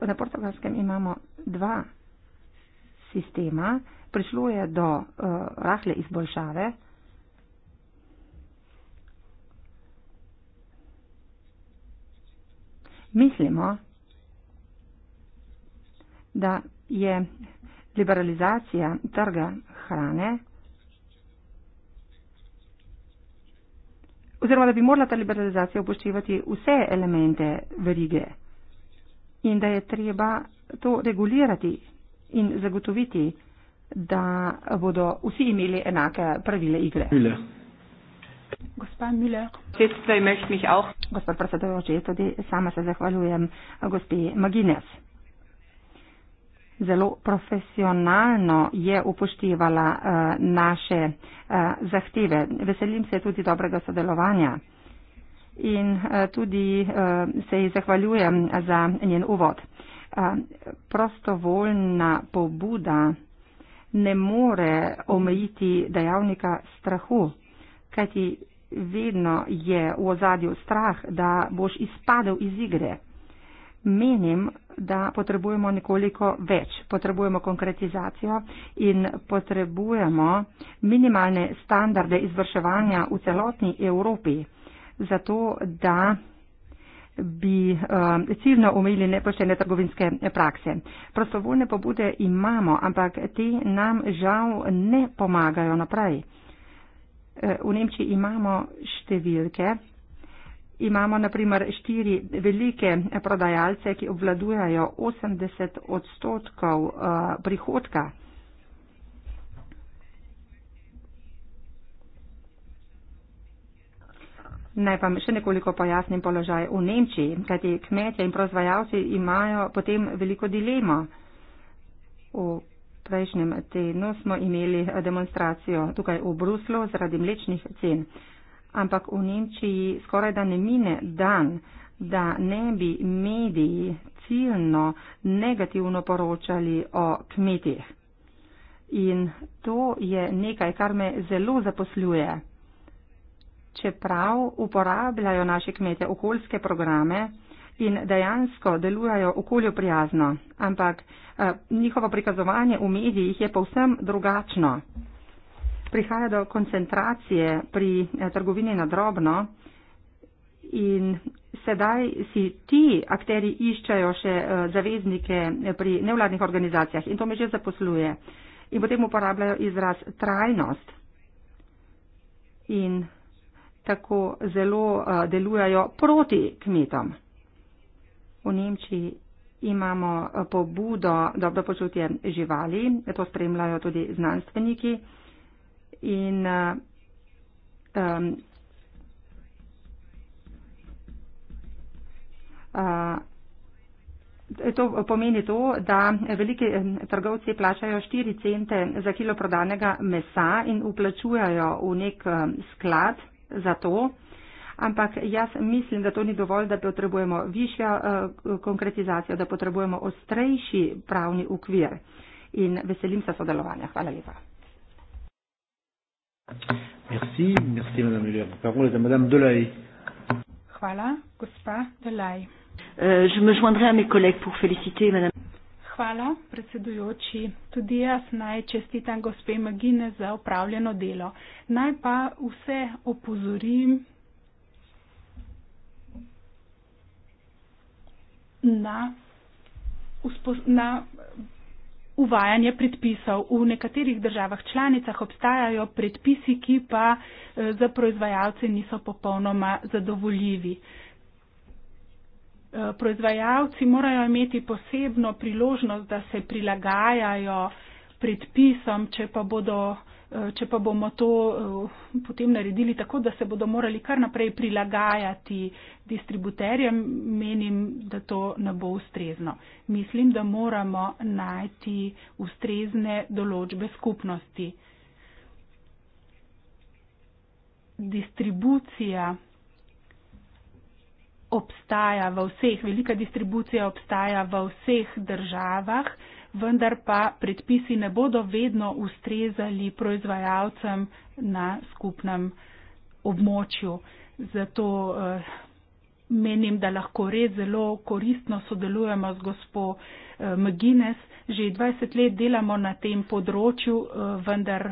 Na Portugalskem imamo dva sistema, prišlo je do uh, rahle izboljšave. Mislimo, da je liberalizacija trga hrane oziroma da bi morala ta liberalizacija upoštevati vse elemente verige in da je treba to regulirati in zagotoviti, da bodo vsi imeli enake pravile igre. Mille. Gospa Müller. Gospod predsedujoči, tudi sama se zahvaljujem gospi Maginez zelo profesionalno je upoštevala uh, naše uh, zahteve. Veselim se tudi dobrega sodelovanja in uh, tudi uh, se ji zahvaljujem za njen uvod. Uh, prostovoljna pobuda ne more omejiti dejavnika strahu, kajti vedno je v ozadju strah, da boš izpadel iz igre menim, da potrebujemo nekoliko več. Potrebujemo konkretizacijo in potrebujemo minimalne standarde izvrševanja v celotni Evropi, zato da bi eh, ciljno omejili nepoštene trgovinske prakse. Prostovoljne pobude imamo, ampak te nam žal ne pomagajo naprej. Eh, v Nemčiji imamo številke, Imamo naprimer štiri velike prodajalce, ki obvladujajo 80 odstotkov eh, prihodka. Naj vam še nekoliko pojasnim položaj v Nemčiji, kajti kmetje in proizvajalci imajo potem veliko dilemo. V prejšnjem tednu smo imeli demonstracijo tukaj v Bruslu zaradi mlečnih cen ampak v Nemčiji skoraj da ne mine dan, da ne bi mediji ciljno negativno poročali o kmetih. In to je nekaj, kar me zelo zaposluje. Čeprav uporabljajo naše kmete okoljske programe in dejansko delujajo okolju prijazno, ampak eh, njihovo prikazovanje v medijih je povsem drugačno prihaja do koncentracije pri eh, trgovini na drobno in sedaj si ti akteri iščajo še eh, zaveznike eh, pri nevladnih organizacijah in to me že zaposluje. In potem uporabljajo izraz trajnost in tako zelo delujajo proti kmetom. V Nemčiji imamo pobudo dobro počutje živali, to spremljajo tudi znanstveniki in uh, um, uh, To pomeni to, da veliki um, trgovci plačajo 4 cente za kilo prodanega mesa in uplačujajo v nek um, sklad za to, ampak jaz mislim, da to ni dovolj, da potrebujemo višjo uh, konkretizacijo, da potrebujemo ostrejši pravni ukvir in veselim se sodelovanja. Hvala lepa. Merci, merci Madame Muller. La parole est à Madame Delahaye. Voilà, Gospa Delahaye. Euh, je me joindrai à mes collègues pour féliciter Madame. Hvala, predsedujoči. Tudi jaz naj čestitam gospe Magine za upravljeno delo. Naj pa vse opozorim na, uspo, na uvajanje predpisov. V nekaterih državah članicah obstajajo predpisi, ki pa eh, za proizvajalce niso popolnoma zadovoljivi. Eh, proizvajalci morajo imeti posebno priložnost, da se prilagajajo predpisom, če pa bodo Eh, če pa bomo to eh, potem naredili tako, da se bodo morali kar naprej prilagajati distributerjem, menim, da to ne bo ustrezno. Mislim, da moramo najti ustrezne določbe skupnosti. Distribucija obstaja v vseh, velika distribucija obstaja v vseh državah vendar pa predpisi ne bodo vedno ustrezali proizvajalcem na skupnem območju. Zato eh, menim, da lahko res zelo koristno sodelujemo z gospo eh, McGuinness. Že 20 let delamo na tem področju, eh, vendar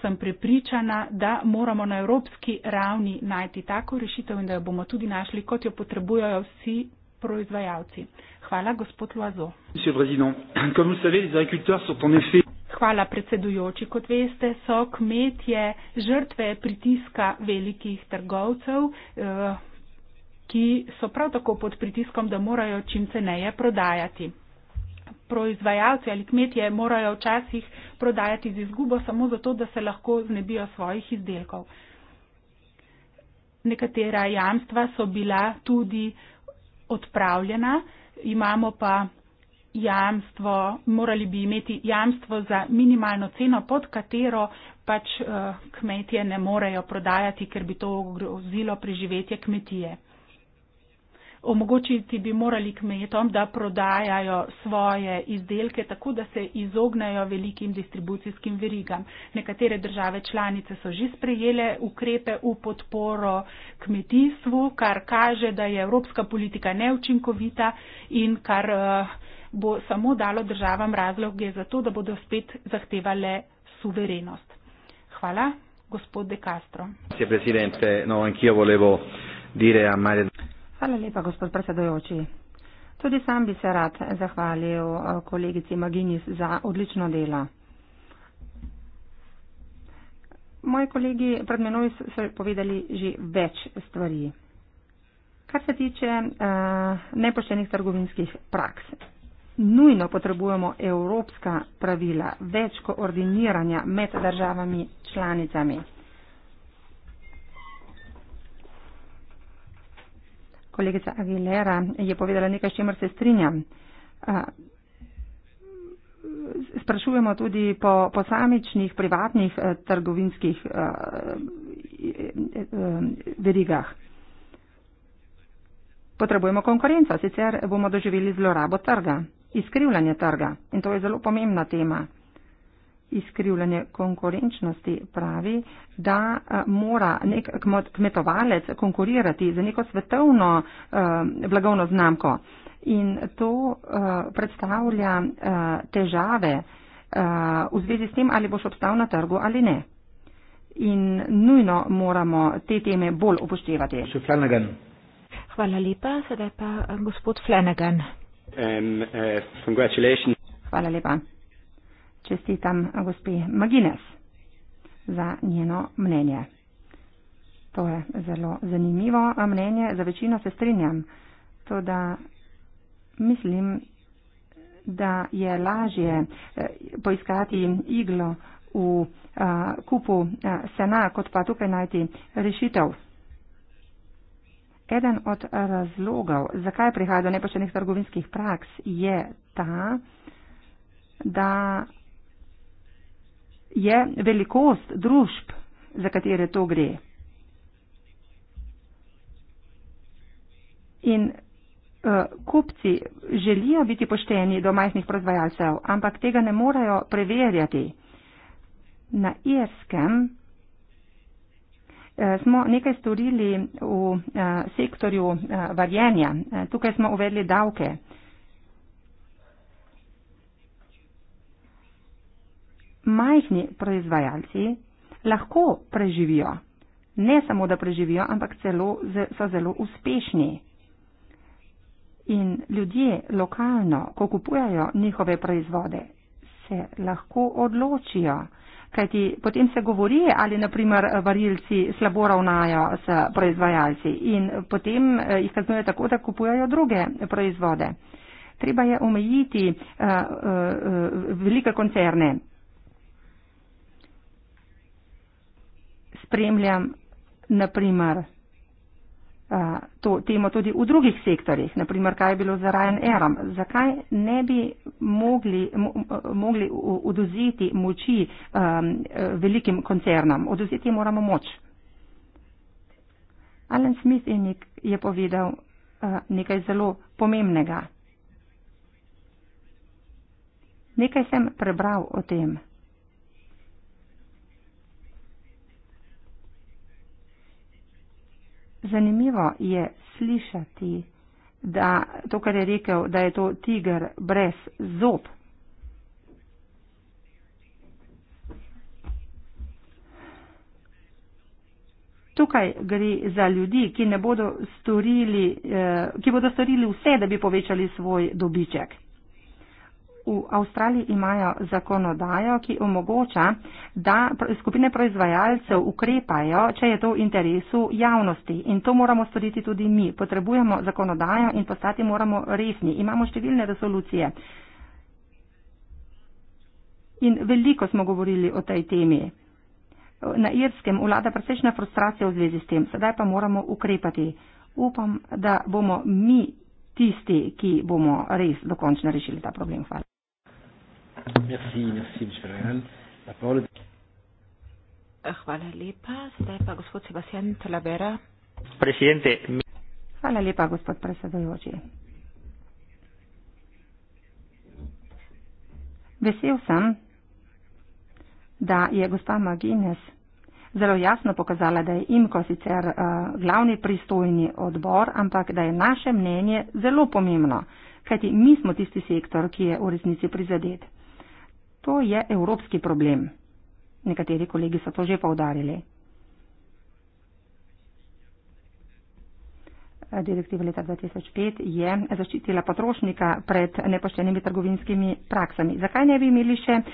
sem prepričana, da moramo na evropski ravni najti tako rešitev in da jo bomo tudi našli, kot jo potrebujejo vsi proizvajalci. Hvala, gospod Loazo. Hvala, predsedujoči. Kot veste, so kmetje žrtve pritiska velikih trgovcev, eh, ki so prav tako pod pritiskom, da morajo čim ceneje prodajati. Proizvajalci ali kmetje morajo včasih prodajati z izgubo samo zato, da se lahko znebijo svojih izdelkov. Nekatera jamstva so bila tudi uh, odpravljena, imamo pa jamstvo, morali bi imeti jamstvo za minimalno ceno, pod katero pač eh, kmetje ne morejo prodajati, ker bi to ogrozilo preživetje kmetije omogočiti bi morali kmetom, da prodajajo svoje izdelke tako, da se izognajo velikim distribucijskim verigam. Nekatere države članice so že sprejele ukrepe v podporo kmetijstvu, kar kaže, da je evropska politika neučinkovita in kar eh, bo samo dalo državam razloge za to, da bodo spet zahtevale suverenost. Hvala, gospod De Castro. Hvala lepa, gospod predsedojoči. Tudi sam bi se rad zahvalil eh, kolegici Maginis za odlično delo. Moji kolegi pred menoj so povedali že več stvari. Kar se tiče uh, nepoštenih trgovinskih praks, nujno potrebujemo evropska pravila, več koordiniranja med državami članicami. Kolegica Aguilera je povedala nekaj, s čimer se strinjam. Sprašujemo tudi po posamičnih privatnih eh, trgovinskih eh, eh, verigah. Potrebujemo konkurenco, sicer bomo doživeli zlorabo trga, izkrivljanje trga in to je zelo pomembna tema izkrivljanje konkurenčnosti pravi, da eh, mora nek kmetovalec konkurirati za neko svetovno eh, blagovno znamko. In to eh, predstavlja težave v zvezi s tem, ali boš obstal na trgu ali ne. In nujno moramo te teme bolj upoštevati. Hvala lepa, sedaj pa gospod Flanagan. And, uh, Hvala lepa čestitam gospe Magines za njeno mnenje. To je zelo zanimivo mnenje, za večino se strinjam. To, da mislim, da je lažje eh, poiskati iglo v eh, kupu eh, sena, kot pa tukaj najti rešitev. Eden od razlogov, zakaj prihaja do nepoštenih trgovinskih praks, je ta, da je velikost družb, za katere to gre. In uh, kupci želijo biti pošteni do majhnih proizvajalcev, ampak tega ne morejo preverjati. Na Irskem uh, smo nekaj storili v uh, sektorju uh, varjenja. Uh, tukaj smo uvedli davke. Uh, majhni proizvajalci lahko preživijo. Ne samo, da preživijo, ampak celo so zelo uspešni. In ljudje lokalno, ko kupujajo njihove proizvode, se lahko odločijo, kajti potem se govori, ali naprimer varilci slabo ravnajo s proizvajalci in potem eh, jih kaznuje tako, da kupujajo druge proizvode. Treba je omejiti uh, uh, velike koncerne, spremljam naprimer a, to temo tudi v drugih sektorjih, naprimer kaj je bilo za Ryanairom. Zakaj ne bi mogli, mo, mogli oduzeti moči a, a, velikim koncernam? Oduzeti moramo moč. Alan Smith je povedal a, nekaj zelo pomembnega. Nekaj sem prebral o tem. Zanimivo je slišati, da to, kar je rekel, da je to tiger brez zob. Tukaj gre za ljudi, ki, storili, eh, ki bodo storili vse, da bi povečali svoj dobiček v Avstraliji imajo zakonodajo, ki omogoča, da skupine proizvajalcev ukrepajo, če je to v interesu javnosti. In to moramo storiti tudi mi. Potrebujemo zakonodajo in postati moramo resni. Imamo številne resolucije. In veliko smo govorili o tej temi. Na Irskem vlada presečna frustracija v zvezi s tem. Sedaj pa moramo ukrepati. Upam, da bomo mi tisti, ki bomo res dokončno rešili ta problem. Hvala. Merci, merci, M. Ferrand. La parole est. Hvala lepa. Zdaj pa gospod Sebastian Talavera. Presidente. Hvala lepa, gospod predsedujoči. Vesel sem, da je gospa Magines zelo jasno pokazala, da je IMKO sicer uh, glavni pristojni odbor, ampak da je naše mnenje zelo pomembno, kajti mi smo tisti sektor, ki je v resnici prizadet. To je evropski problem. Nekateri kolegi so to že povdarjali. Direktiva leta 2005 je zaščitila potrošnika pred nepoštenimi trgovinskimi praksami. Zakaj ne bi imeli še eh,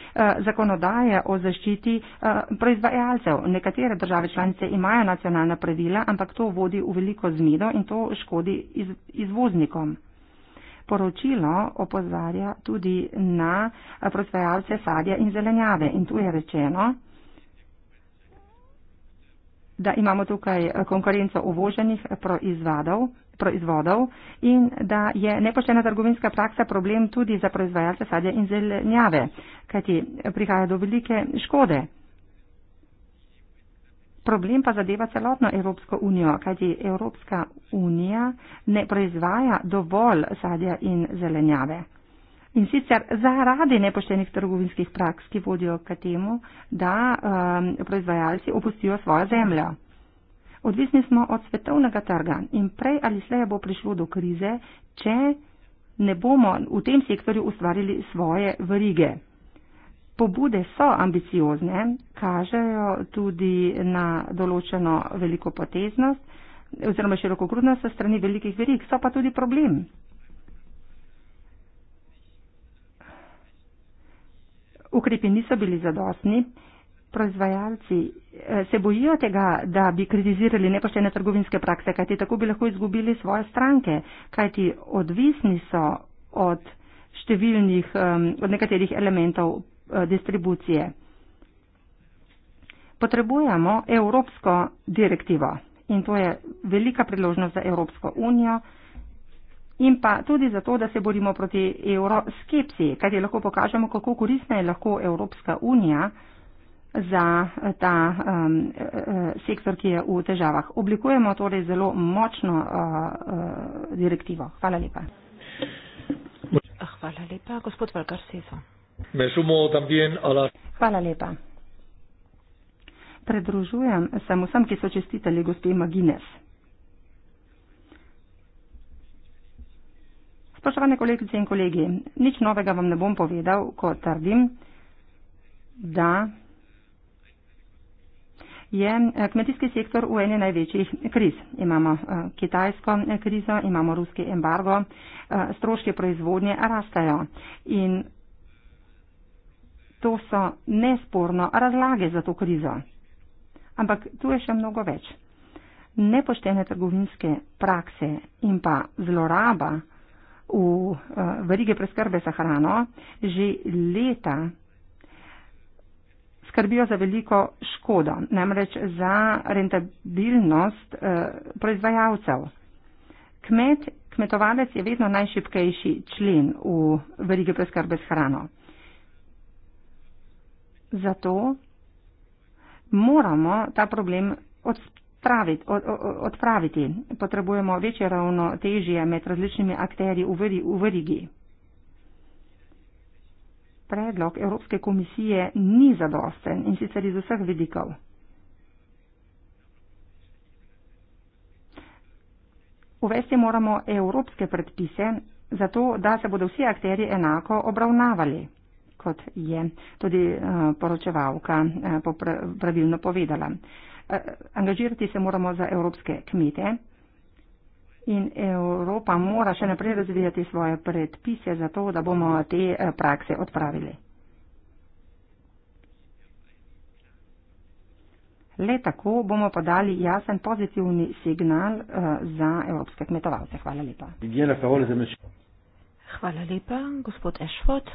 zakonodaje o zaščiti eh, proizvajalcev? Nekatere države članice imajo nacionalna pravila, ampak to vodi v veliko zmedo in to škodi izvoznikom. Iz poročilo opozarja tudi na proizvajalce sadja in zelenjave. In tu je rečeno, da imamo tukaj konkurenco uvoženih proizvodov proizvodov in da je nepoštena trgovinska praksa problem tudi za proizvajalce sadja in zelenjave, kajti prihaja do velike škode. Problem pa zadeva celotno Evropsko unijo, kajti Evropska unija ne proizvaja dovolj sadja in zelenjave. In sicer zaradi nepoštenih trgovinskih praks, ki vodijo k temu, da um, proizvajalci opustijo svojo zemljo. Odvisni smo od svetovnega trga in prej ali slej bo prišlo do krize, če ne bomo v tem sektorju ustvarili svoje vrige. Pobude so ambiciozne, kažejo tudi na določeno veliko poteznost oziroma široko grudnost strani velikih verik, so pa tudi problem. Ukrepi niso bili zadostni. Proizvajalci eh, se bojijo tega, da bi kritizirali nepoštene trgovinske prakse, kajti tako bi lahko izgubili svoje stranke, kajti odvisni so od številnih, od nekaterih elementov Eh, distribucije. Potrebujemo evropsko direktivo in to je velika priložnost za Evropsko unijo in pa tudi zato, da se borimo proti euroskepsi, kajti lahko pokažemo, kako koristna je lahko Evropska unija za eh, ta um, sektor, ki je v težavah. Oblikujemo torej zelo močno uh, direktivo. Hvala lepa. Hvala lepa, gospod Valkar Sezo. Me sumo también a la... Hvala lepa. Predružujem se vsem, ki so čestitali gospe Magines. Spoštovane kolegice in kolegi, nič novega vam ne bom povedal, ko trdim, da je eh, kmetijski sektor v eni največjih kriz. Imamo eh, kitajsko eh, krizo, imamo ruski embargo, stroške proizvodnje rastejo. To so nesporno razlage za to krizo. Ampak tu je še mnogo več. Nepoštene trgovinske prakse in pa zloraba v eh, verige preskrbe sa hrano že leta skrbijo za veliko škodo, namreč za rentabilnost eh, proizvajalcev. Kmet, kmetovalec je vedno najšipkejši člen v verige preskrbe s hrano zato moramo ta problem odpraviti, odpraviti. Potrebujemo večje ravnotežje med različnimi akterji v verigi. Predlog Evropske komisije ni zadosten in sicer iz vseh vidikov. Uvesti moramo evropske predpise, zato da se bodo vsi akteri enako obravnavali kot je tudi eh, poročevalka eh, pravilno povedala. Eh, angažirati se moramo za evropske kmete in Evropa mora še naprej razvijati svoje predpise za to, da bomo te prakse odpravili. Le tako bomo podali jasen pozitivni signal za evropske kmetovalce. Hvala lepa. Hvala lepa, gospod Ešvot.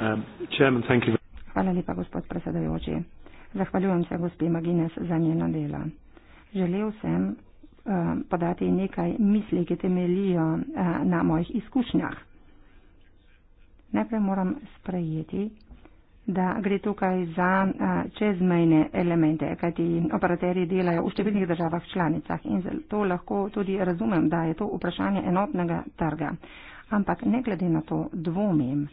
Um, Chairman, thank you. Hvala lepa, gospod predsedajoči. Zahvaljujem se gospe Magines za njeno delo. Želel sem um, podati nekaj misli, ki temelijo uh, na mojih izkušnjah. Najprej moram sprejeti, da gre tukaj za uh, čezmejne elemente, kajti operaterji delajo v številnih državah članicah in to lahko tudi razumem, da je to vprašanje enotnega trga. Ampak ne glede na to dvomim,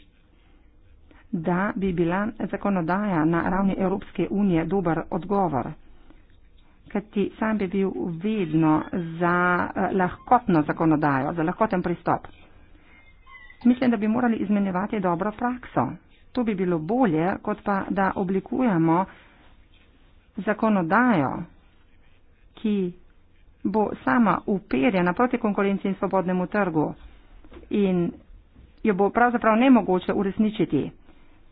da bi bila zakonodaja na ravni Evropske unije dober odgovor. Kajti sam bi bil vedno za eh, lahkotno zakonodajo, za lahkoten pristop. Mislim, da bi morali izmenjevati dobro prakso. To bi bilo bolje, kot pa da oblikujemo zakonodajo, ki bo sama uperjena proti konkurenci in svobodnemu trgu in jo bo pravzaprav nemogoče uresničiti.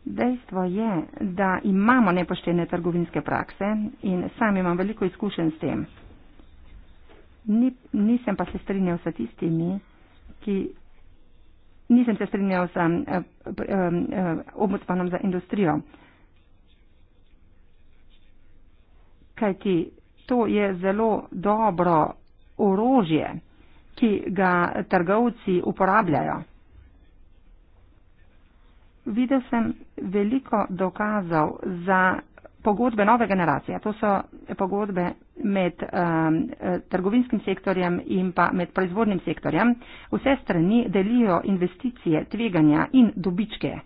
Dejstvo je, da imamo nepoštene trgovinske prakse in sam imam veliko izkušenj s tem. Ni, nisem pa se strinjal s tistimi, ki. Nisem se strinjal s eh, eh, eh, obotvanom za industrijo. Kajti to je zelo dobro orožje, ki ga trgovci uporabljajo videl sem veliko dokazov za pogodbe nove generacije. To so pogodbe med um, trgovinskim sektorjem in pa med proizvodnim sektorjem. Vse strani delijo investicije, tveganja in dobičke.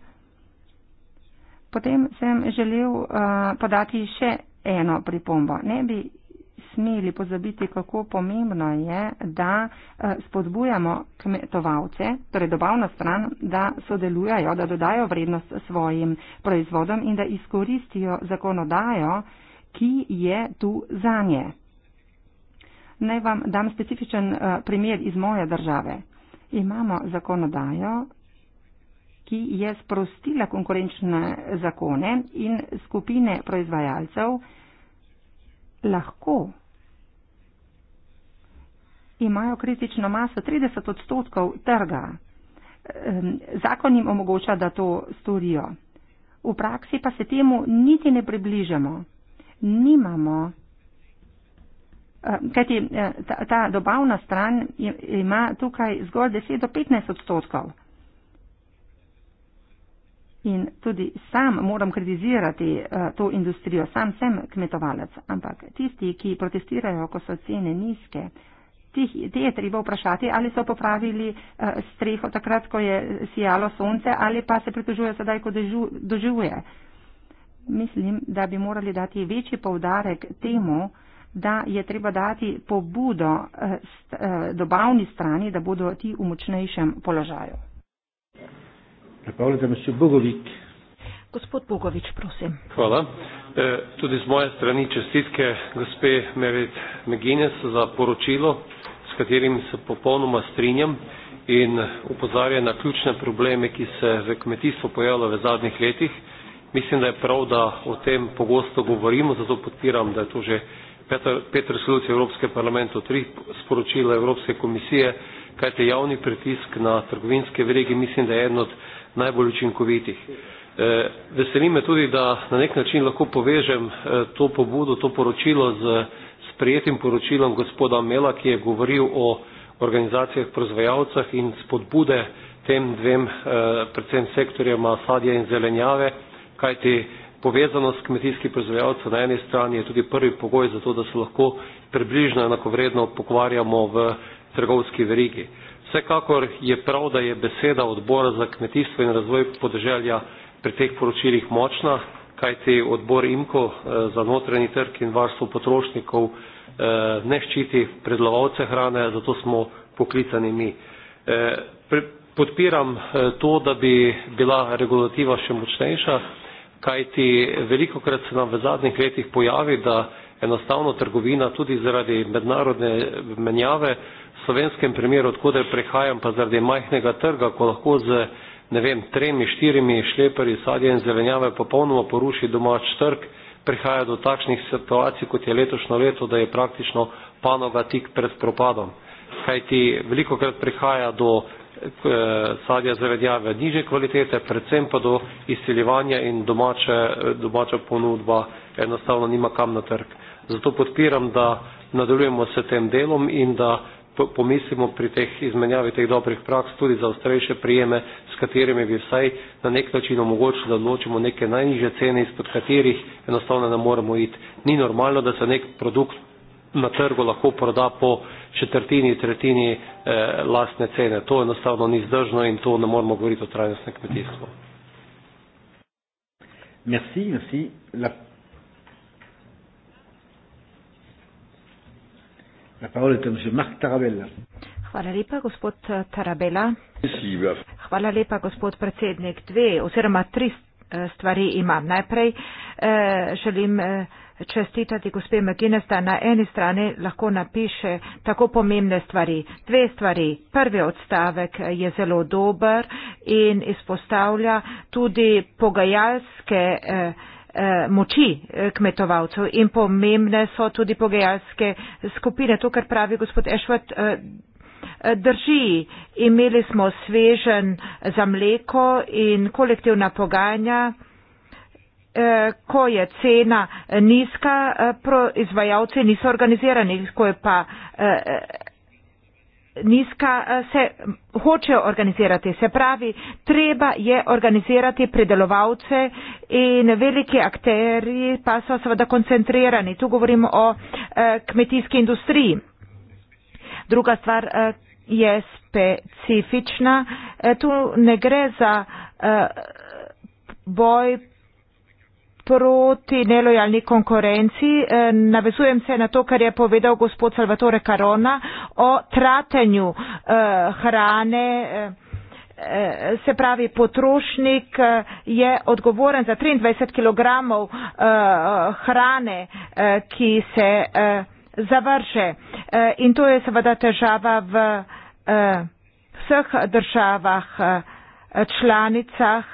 Potem sem želel uh, podati še eno pripombo. Ne bi smeli pozabiti, kako pomembno je, da eh, spodbujamo kmetovalce, torej dobavna stran, da sodelujajo, da dodajo vrednost svojim proizvodom in da izkoristijo zakonodajo, ki je tu za nje. Naj vam dam specifičen eh, primer iz moje države. Imamo zakonodajo, ki je sprostila konkurenčne zakone in skupine proizvajalcev, lahko imajo kritično maso 30 odstotkov trga. Ehm, zakon jim omogoča, da to storijo. V praksi pa se temu niti ne približamo. Nimamo. Ehm, kajti eh, ta, ta dobavna stran ima tukaj zgolj 10 do 15 odstotkov. In tudi sam moram kritizirati eh, to industrijo, sam sem kmetovalec, ampak tisti, ki protestirajo, ko so cene nizke, tih, te je treba vprašati, ali so popravili eh, streho takrat, ko je sijalo sonce, ali pa se pritožuje sedaj, ko dežu, dožuje. Mislim, da bi morali dati večji povdarek temu, da je treba dati pobudo eh, dobavni strani, da bodo ti v močnejšem položaju. Prepravljate me še Bogovik. Gospod Bogovič, prosim. Hvala. E, tudi z moje strani čestitke gospe Merit Megines za poročilo, s katerim se popolnoma strinjam in upozarja na ključne probleme, ki se v kmetijstvu pojavljajo v zadnjih letih. Mislim, da je prav, da o tem pogosto govorimo, zato podpiram, da je to že pet resolucij Evropske parlamentu, tri sporočila Evropske komisije, kajte javni pritisk na trgovinske verige mislim, da je eno od najbolj učinkovitih. Eh, veseli me tudi, da na nek način lahko povežem eh, to pobudo, to poročilo z sprejetim poročilom gospoda Mela, ki je govoril o organizacijah proizvajalcah in spodbude tem dvem, eh, predvsem sektorjem sadja in zelenjave, kajti povezanost kmetijskih proizvajalcev na eni strani je tudi prvi pogoj za to, da se lahko približno enakovredno pokvarjamo v trgovski verigi. Vsekakor je prav, da je beseda odbora za kmetijstvo in razvoj podeželja pri teh poročilih močna, kajti odbor IMKO eh, za notranji trg in varstvo potrošnikov eh, ne ščiti predlovalce hrane, zato smo poklicani mi. Eh, podpiram to, da bi bila regulativa še močnejša, kajti veliko krat se nam v zadnjih letih pojavi, da enostavno trgovina tudi zaradi mednarodne menjave slovenskem primeru, odkuder prihajam, pa zaradi majhnega trga, ko lahko z ne vem, tremi, štirimi šleperi sadja in zelenjave popolnoma poruši domač trg, prihaja do takšnih situacij, kot je letošnjo leto, da je praktično panoga tik pred propadom. Kajti veliko krat prihaja do eh, sadja zelenjave niže kvalitete, predvsem pa do izsiljevanja in domače, domača ponudba enostavno nima kam na trg. Zato podpiram, da nadaljujemo s tem delom in da pomislimo pri teh izmenjavi teh dobrih praks tudi za ostrejše prijeme, s katerimi bi vsaj na nek način omogočili, da odločimo neke najnižje cene, izpod katerih enostavno ne moremo iti. Ni normalno, da se nek produkt na trgu lahko proda po četrtini, tretjini eh, lastne cene. To enostavno ni zdržno in to ne moremo govoriti o trajnostnem kmetijstvu. Merci, merci. La La parola è il Marc Tarabella. Hvala lepa, gospod eh, Tarabela. Hvala lepa, gospod predsednik. Dve oziroma tri eh, stvari imam. Najprej eh, želim čestitati gospe McGuinness, da na eni strani lahko napiše tako pomembne stvari. Dve stvari. Prvi odstavek je zelo dober in izpostavlja tudi pogajalske. Eh, Eh, moči eh, kmetovalcev in pomembne so tudi pogajalske skupine. To, kar pravi gospod Ešvat, eh, drži. Imeli smo svežen za mleko in kolektivna pogajanja. Ko je cena nizka, proizvajalci niso organizirani, ko je pa nizka, eh, se hoče organizirati. Se pravi, treba je organizirati predelovalce in veliki akteri pa so seveda koncentrirani. Tu govorimo o eh, kmetijski industriji. Druga stvar eh, je specifična. Tu ne gre za boj proti nelojalni konkurenci. E, navezujem se na to, kar je povedal gospod Salvatore Karona o tratenju e, hrane. E, se pravi, potrošnik je odgovoren za 23 kg hrane, ki se zavrže. In to je seveda težava v vseh državah članicah.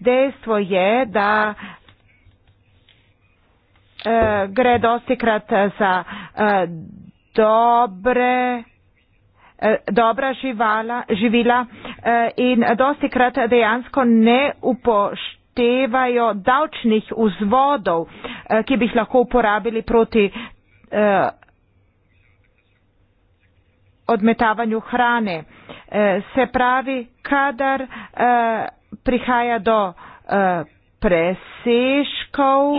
Dejstvo je, da Eh, gre dosti krat eh, za eh, dobre, dobra živala, živila in dosti krat dejansko ne upoštevajo davčnih vzvodov, ki bi jih lahko uporabili proti odmetavanju hrane. Se pravi, kadar prihaja do presežkov,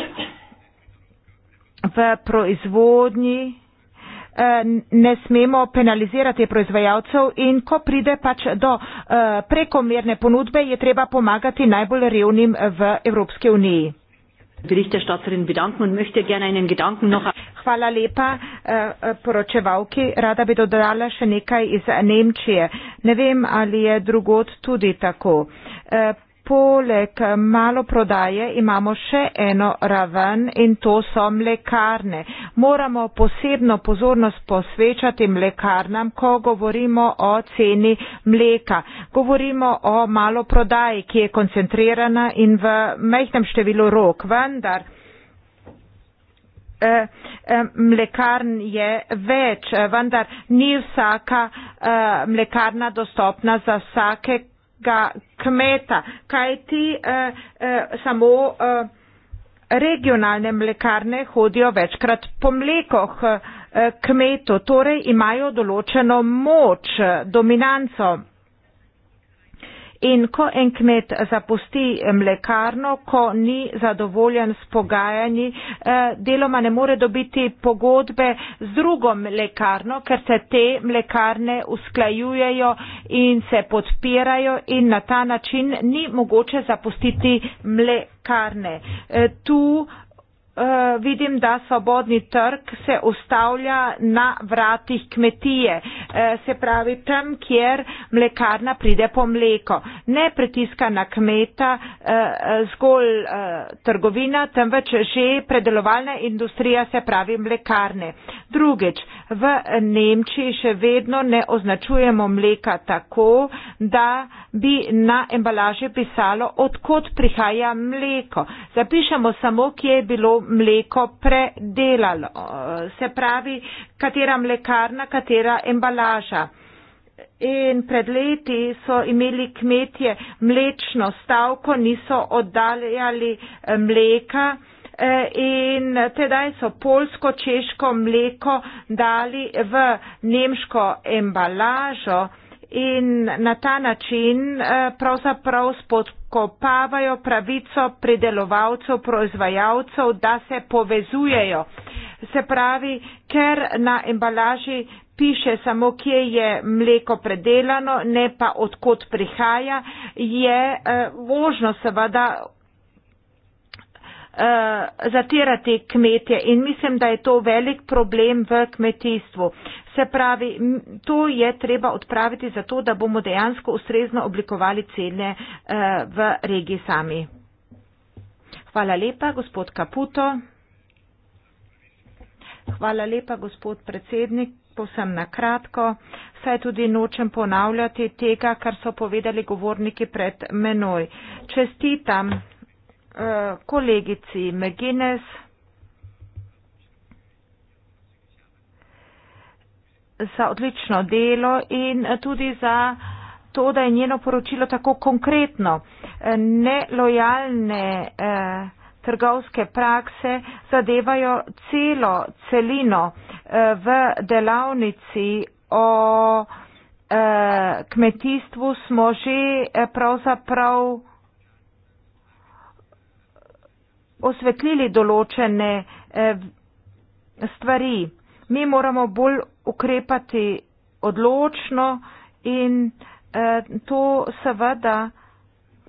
v proizvodnji, eh, ne smemo penalizirati proizvajalcev in ko pride pač do eh, prekomerne ponudbe, je treba pomagati najbolj revnim v Evropske uniji. Hvala lepa eh, poročevalki. Rada bi dodala še nekaj iz Nemčije. Ne vem, ali je drugod tudi tako poleg maloprodaje imamo še eno raven in to so mlekarne. Moramo posebno pozornost posvečati mlekarnam, ko govorimo o ceni mleka. Govorimo o maloprodaji, ki je koncentrirana in v majhnem številu rok, vendar. Eh, eh, mlekarn je več, vendar ni vsaka eh, mlekarna dostopna za vsake ga kmeta, kaj ti eh, eh, samo eh, regionalne mlekarne hodijo večkrat po mlekoh eh, kmetu, torej imajo določeno moč, eh, dominanco. In ko en kmet zapusti eh, mlekarno, ko ni zadovoljen s pogajanji, eh, deloma ne more dobiti pogodbe z drugo mlekarno, ker se te mlekarne usklajujejo in se podpirajo in na ta način ni mogoče zapustiti mlekarne. Eh, tu Eh, vidim, da svobodni trg se ustavlja na vratih kmetije, eh, se pravi tam, kjer mlekarna pride po mleko ne pritiska na kmeta eh, eh, zgolj eh, trgovina, temveč že predelovalna industrija, se pravi mlekarne. Drugič, v Nemčiji še vedno ne označujemo mleka tako, da bi na embalaži pisalo, odkot prihaja mleko. Zapišemo samo, kje je bilo mleko predelalo, se pravi, katera mlekarna, katera embalaža. In pred leti so imeli kmetje mlečno stavko, niso oddaljali eh, mleka eh, in tedaj so polsko, češko mleko dali v nemško embalažo in na ta način eh, pravzaprav spodkopavajo pravico pridelovalcev, proizvajalcev, da se povezujejo. Se pravi, ker na embalaži piše samo, kje je mleko predelano, ne pa odkot prihaja, je eh, možno seveda eh, zatirati kmetje in mislim, da je to velik problem v kmetijstvu. Se pravi, to je treba odpraviti zato, da bomo dejansko ustrezno oblikovali cene eh, v regiji sami. Hvala lepa, gospod Kaputo. Hvala lepa, gospod predsednik povsem na kratko, saj tudi nočem ponavljati tega, kar so povedali govorniki pred menoj. Čestitam uh, kolegici Megines za odlično delo in tudi za to, da je njeno poročilo tako konkretno. Eh, nelojalne uh, trgovske prakse zadevajo celo celino eh, v delavnici o eh, kmetijstvu smo že eh, pravzaprav osvetlili določene stvari. Mi moramo bolj ukrepati odločno in to seveda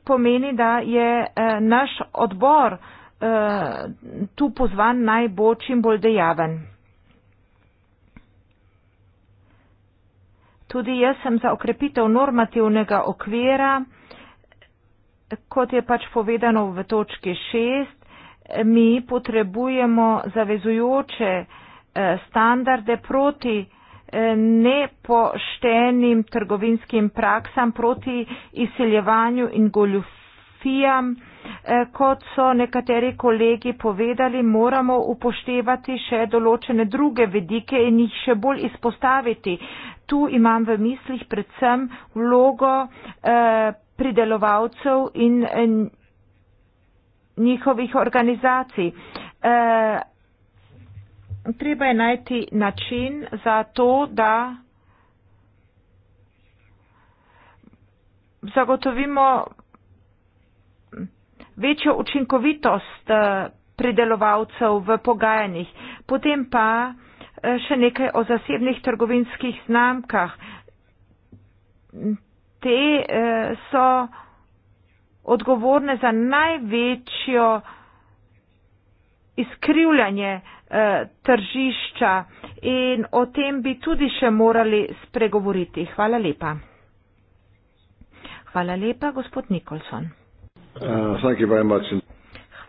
pomeni, da je naš odbor uh, tu pozvan naj bo čim bolj dejaven. Tudi jaz sem za okrepitev normativnega okvira, kot je pač povedano v točki 6, mi potrebujemo zavezujoče eh, standarde proti eh, nepoštenim trgovinskim praksam, proti izseljevanju in goljufijam Eh, kot so nekateri kolegi povedali, moramo upoštevati še določene druge vedike in jih še bolj izpostaviti. Tu imam v mislih predvsem vlogo eh, pridelovalcev in eh, njihovih organizacij. Treba je najti način za to, da zagotovimo večjo učinkovitost eh, pridelovalcev v pogajanjih. Potem pa eh, še nekaj o zasebnih trgovinskih znamkah. Te eh, so odgovorne za največjo izkrivljanje tržišča in o tem bi tudi še morali spregovoriti. Hvala lepa. Hvala lepa, gospod Nikolson. Uh,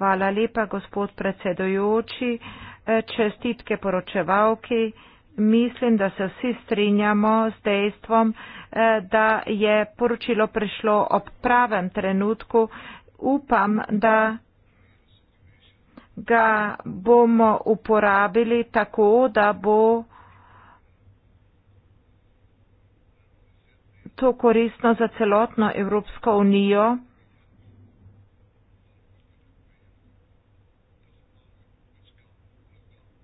Hvala lepa, gospod predsedojoči. Eh, čestitke poročevalki. Mislim, da se vsi strinjamo z dejstvom, eh, da je poročilo prišlo ob pravem trenutku. Upam, da ga bomo uporabili tako, da bo to koristno za celotno Evropsko unijo.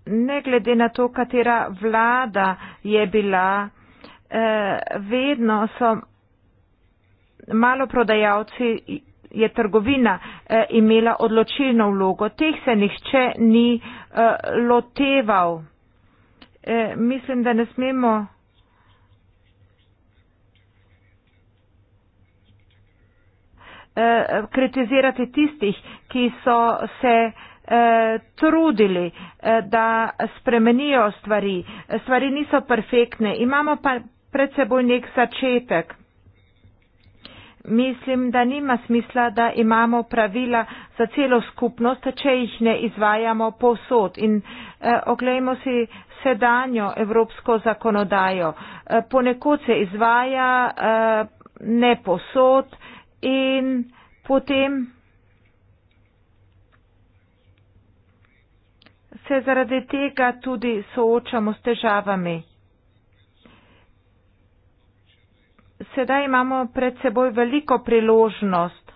ne glede na to, katera vlada je bila, eh, vedno so malo prodajalci, je trgovina eh, imela odločilno vlogo. Teh se nihče ni eh, loteval. Eh, mislim, da ne smemo. Eh, kritizirati tistih, ki so se eh, eh, trudili, eh, da spremenijo stvari. Stvari niso perfektne, imamo pa pred seboj nek začetek. Mislim, da nima smisla, da imamo pravila za celo skupnost, če jih ne izvajamo povsod. In eh, oglejmo si sedanjo evropsko zakonodajo. Eh, ponekod se izvaja eh, ne posod in potem. se zaradi tega tudi soočamo s težavami. Sedaj imamo pred seboj veliko priložnost.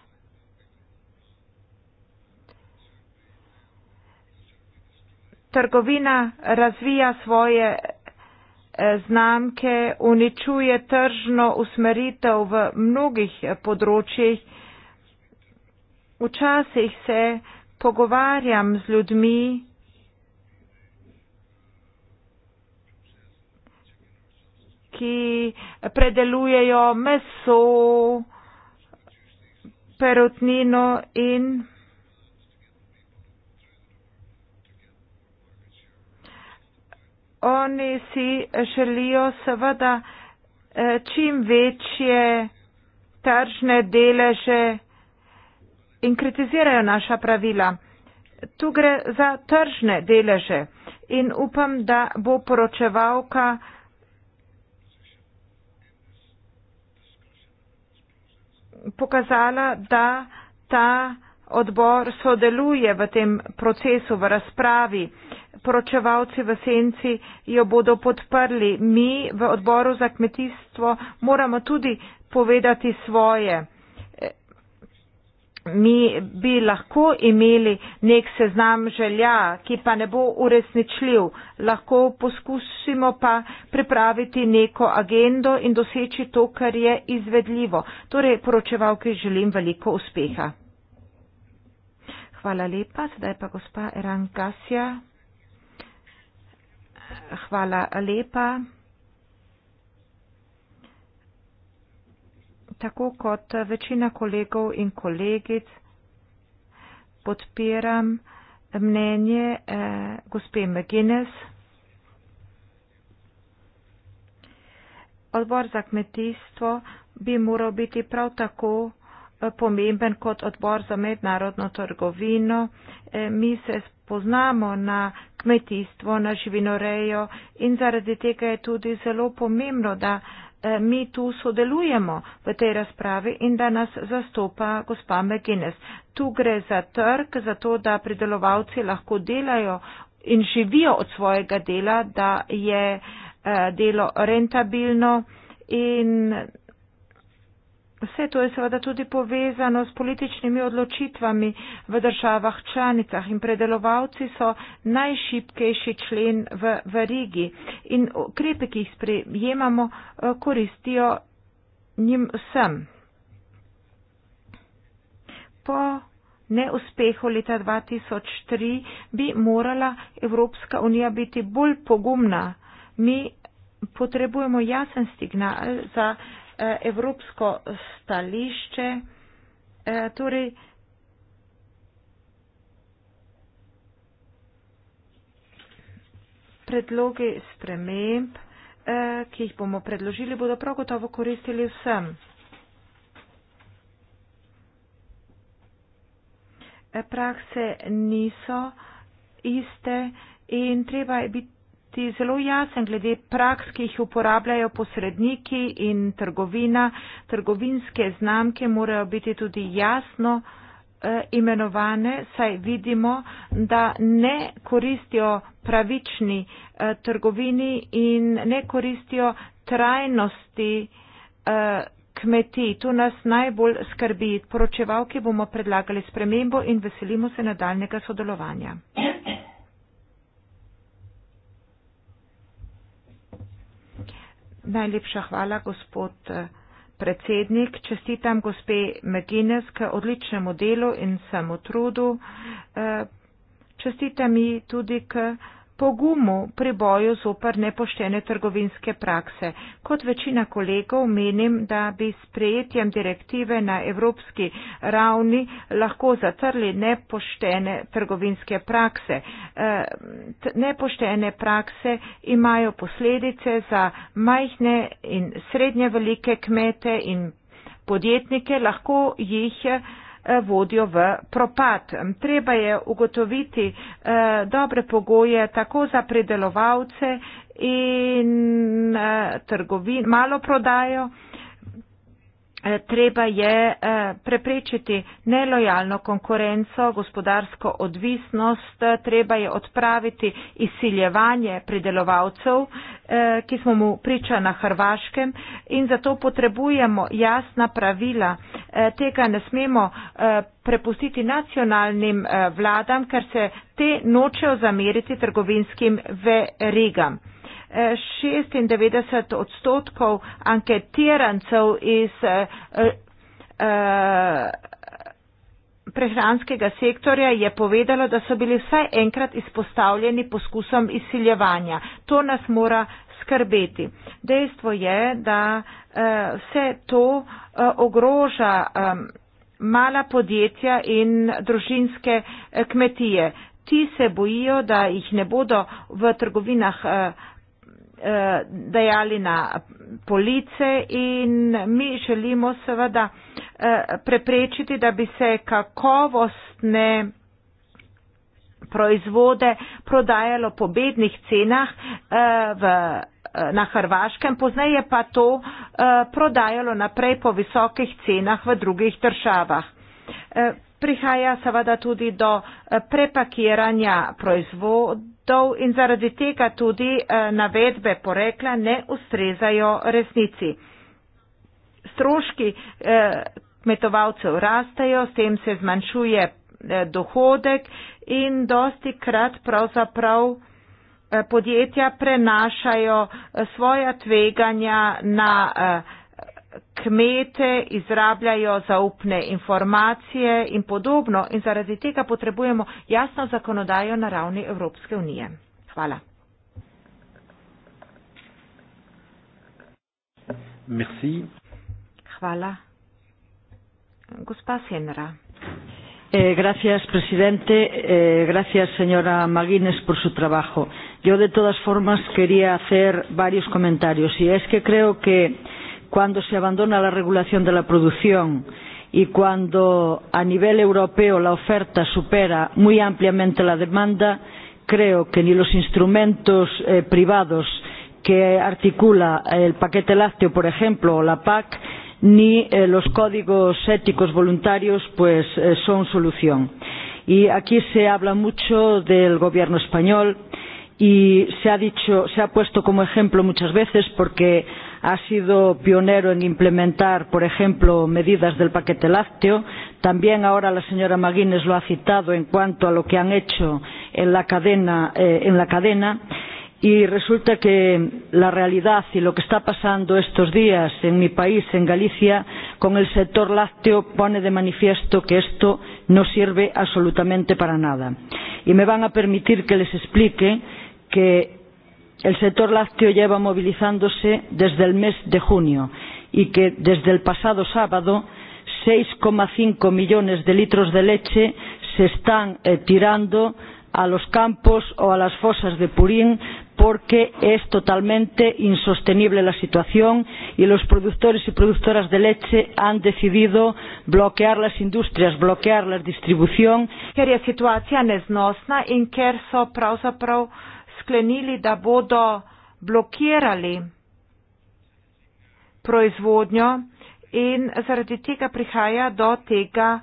Trgovina razvija svoje eh, znamke, uničuje tržno usmeritev v mnogih eh, področjih. Včasih se pogovarjam z ljudmi, ki predelujejo meso, perutnino in oni si želijo seveda eh, čim večje tržne deleže in kritizirajo naša pravila. Tu gre za tržne deleže in upam, da bo poročevalka pokazala, da ta odbor sodeluje v tem procesu, v razpravi. Poročevalci v senci jo bodo podprli. Mi v odboru za kmetijstvo moramo tudi povedati svoje mi bi lahko imeli nek seznam želja, ki pa ne bo uresničljiv. Lahko poskusimo pa pripraviti neko agendo in doseči to, kar je izvedljivo. Torej, poročevalki želim veliko uspeha. Hvala lepa. Zdaj pa gospa Eran Gasja. Hvala lepa. tako kot večina kolegov in kolegic, podpiram mnenje eh, gospe McGuinness. Odbor za kmetijstvo bi moral biti prav tako eh, pomemben kot odbor za mednarodno trgovino. Eh, mi se spoznamo na kmetijstvo, na živinorejo in zaradi tega je tudi zelo pomembno, da Eh, mi tu sodelujemo v tej razpravi in da nas zastopa gospa McGuinness. Tu gre za trg, za to, da pridelovalci lahko delajo in živijo od svojega dela, da je eh, delo rentabilno in Vse to je seveda tudi povezano s političnimi odločitvami v državah članicah in predelovalci so najšipkejši člen v, v regiji in ukrepe, ki jih sprejemamo, eh, koristijo njim vsem. Po neuspehu leta 2003 bi morala Evropska unija biti bolj pogumna. Mi potrebujemo jasen signal za. Eh, evropsko stališče, eh, torej predloge sprememb, eh, ki jih bomo predložili, bodo prav gotovo koristili vsem. Prakse niso iste in treba je biti biti zelo jasen glede praks, ki jih uporabljajo posredniki in trgovina. Trgovinske znamke morajo biti tudi jasno eh, imenovane, saj vidimo, da ne koristijo pravični eh, trgovini in ne koristijo trajnosti eh, kmetij. To nas najbolj skrbi. Poročevalki bomo predlagali spremembo in veselimo se nadaljnega sodelovanja. Ja. Najlepša hvala, gospod eh, predsednik. Čestitam gospe McGuinness k odličnemu delu in samotrudu. Eh, Čestitam ji tudi k pogumu pri boju zoper nepoštene trgovinske prakse. Kot večina kolegov menim, da bi s prejetjem direktive na evropski ravni lahko zatrli nepoštene trgovinske prakse. Eh, nepoštene prakse imajo posledice za majhne in srednje velike kmete in podjetnike, lahko jih je eh, Eh, vodijo v propad. Treba je ugotoviti eh, dobre pogoje tako za predelovalce in eh, trgovin, malo prodajo, Eh, treba je eh, preprečiti nelojalno konkurenco, gospodarsko odvisnost, eh, treba je odpraviti izsiljevanje pridelovalcev, ki smo mu priča na Hrvaškem in zato potrebujemo jasna pravila. Tega ne smemo prepustiti nacionalnim vladam, ker se te nočejo zameriti trgovinskim verigam. 96 eh, odstotkov anketirancev iz eh, eh, prehranskega sektorja je povedalo, da so bili vsaj enkrat izpostavljeni poskusom izsiljevanja. To nas mora skrbeti. Dejstvo je, da vse to ogroža mala podjetja in družinske kmetije. Ti se bojijo, da jih ne bodo v trgovinah Eh, dejali na police in mi želimo seveda eh, preprečiti, da bi se kakovostne proizvode prodajalo po bednih cenah eh, v, na Hrvaškem, poznaje pa to prodajalo naprej po visokih cenah v drugih državah. Prihaja seveda tudi do prepakiranja proizvod, to in zaradi tega tudi eh, navedbe porekla ne ustrezajo resnici. Stroški eh, kmetovalcev rastejo, s tem se zmanjšuje eh, dohodek in dosti krat pravzaprav podjetja prenašajo svoja tveganja na eh, kmete izrabljajo zaupne informacije in podobno in zaradi tega potrebujemo jasno zakonodajo na ravni Evropske unije. Hvala. Merci. Hvala. Gospa Senra. Eh, gracias, presidente. Eh, gracias, señora Maguines, por su trabajo. Yo, de todas formas, quería hacer varios comentarios. Y es que creo que cuando se abandona la regulación de la producción y cuando a nivel europeo la oferta supera muy ampliamente la demanda, creo que ni los instrumentos eh, privados que articula el paquete lácteo, por ejemplo, o la PAC, ni eh, los códigos éticos voluntarios pues, eh, son solución. Y aquí se habla mucho del gobierno español y se ha, dicho, se ha puesto como ejemplo muchas veces porque eh, ha sido pionero en implementar por ejemplo medidas del paquete lácteo también ahora la señora mcguinness lo ha citado en cuanto a lo que han hecho en la cadena, eh, en la cadena y resulta que la realidad y lo que está pasando estos días en mi país en galicia con el sector lácteo pone de manifiesto que esto no sirve absolutamente para nada y me van a permitir que les explique que el sector lácteo lleva movilizándose desde el mes de junio y que desde el pasado sábado seis cinco millones de litros de leche se están eh, tirando a los campos o a las fosas de Purín porque es totalmente insostenible la situación y los productores y productoras de leche han decidido bloquear las industrias, bloquear la distribución. Ker je situacija neznosna in ker so pravzaprav prav sklenili, da bodo blokirali proizvodnjo in zaradi tega prihaja do tega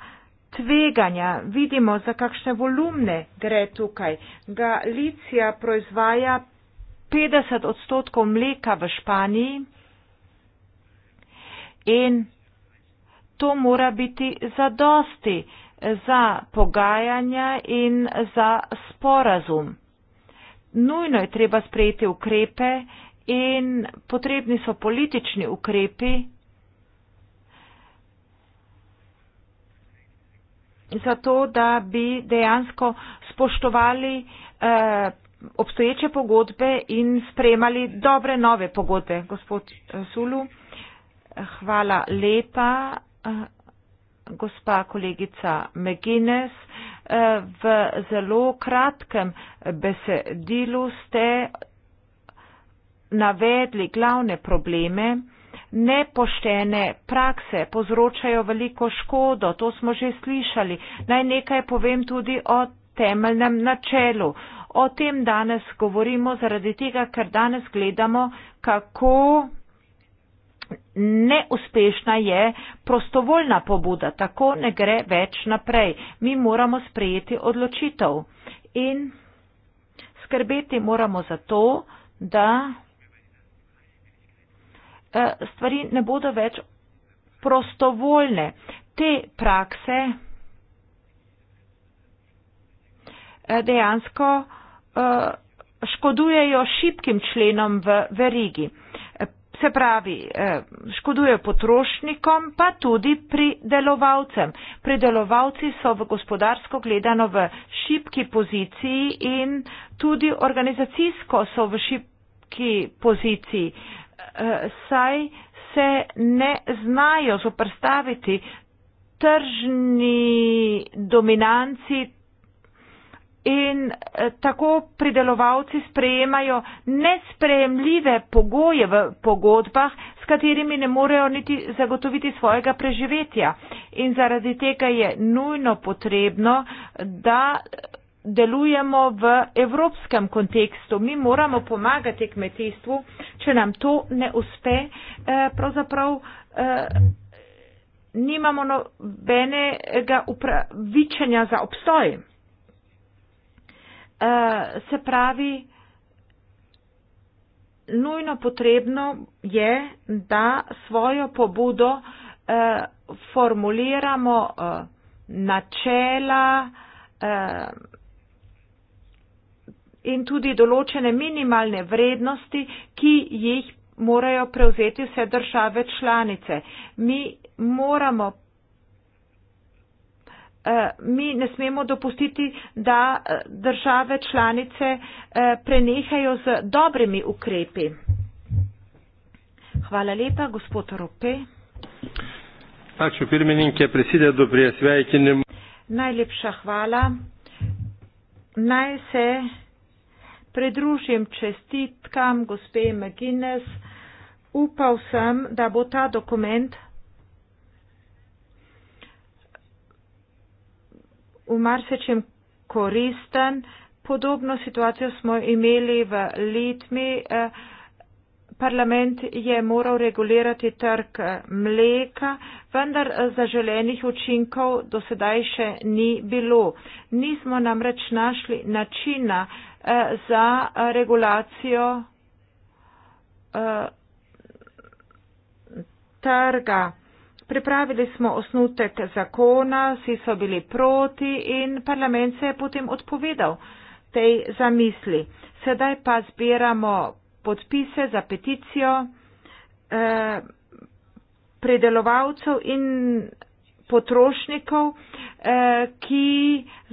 tveganja. Vidimo, za kakšne volumne gre tukaj. Galicija proizvaja 50 odstotkov mleka v Španiji in to mora biti zadosti za pogajanja in za sporazum nujno je treba sprejeti ukrepe in potrebni so politični ukrepi, zato da bi dejansko spoštovali eh, obstoječe pogodbe in spremali dobre nove pogodbe. Gospod eh, Sulu, hvala lepa. Eh, gospa kolegica Megines, eh, v zelo kratkem besedilu ste navedli glavne probleme. Nepoštene prakse povzročajo veliko škodo, to smo že slišali. Naj nekaj povem tudi o temeljnem načelu. O tem danes govorimo zaradi tega, ker danes gledamo, kako neuspešna je prostovoljna pobuda, tako ne gre več naprej. Mi moramo sprejeti odločitev in skrbeti moramo za to, da eh, stvari ne bodo več prostovoljne. Te prakse eh, dejansko eh, škodujejo šipkim členom v verigi se pravi, eh, škoduje potrošnikom, pa tudi pridelovalcem. Pridelovalci so v gospodarsko gledano v šipki poziciji in tudi organizacijsko so v šipki poziciji, eh, saj se ne znajo zoprstaviti tržni dominanci, in eh, tako pridelovalci sprejemajo nespremljive pogoje v pogodbah, s katerimi ne morejo niti zagotoviti svojega preživetja. In zaradi tega je nujno potrebno, da delujemo v evropskem kontekstu. Mi moramo pomagati kmetijstvu, če nam to ne uspe, eh, pravzaprav eh, nimamo nobenega upravičenja za obstoj. Eh, se pravi, nujno potrebno je, da svojo pobudo eh, formuliramo eh, načela eh, in tudi določene minimalne vrednosti, ki jih morajo prevzeti vse države članice. Mi moramo Eh, mi ne smemo dopustiti, da eh, države članice eh, prenehajo z dobrimi ukrepi. Hvala lepa, gospod Rope. Ačiū, pirmininkė, prisidedu prie sveikinimų. Najlepša hvala. Naj se pridružim čestitkam gospe McGuinness. Upal sem, da bo ta dokument v marsičem koristen. Podobno situacijo smo imeli v Litmi. Parlament je moral regulirati trg mleka, vendar zaželenih učinkov do sedaj še ni bilo. Nismo namreč našli načina eh, za eh, regulacijo eh, trga. Pripravili smo osnutek zakona, vsi so bili proti in parlament se je potem odpovedal tej zamisli. Sedaj pa zbiramo podpise za peticijo eh, predelovalcev in potrošnikov, eh, ki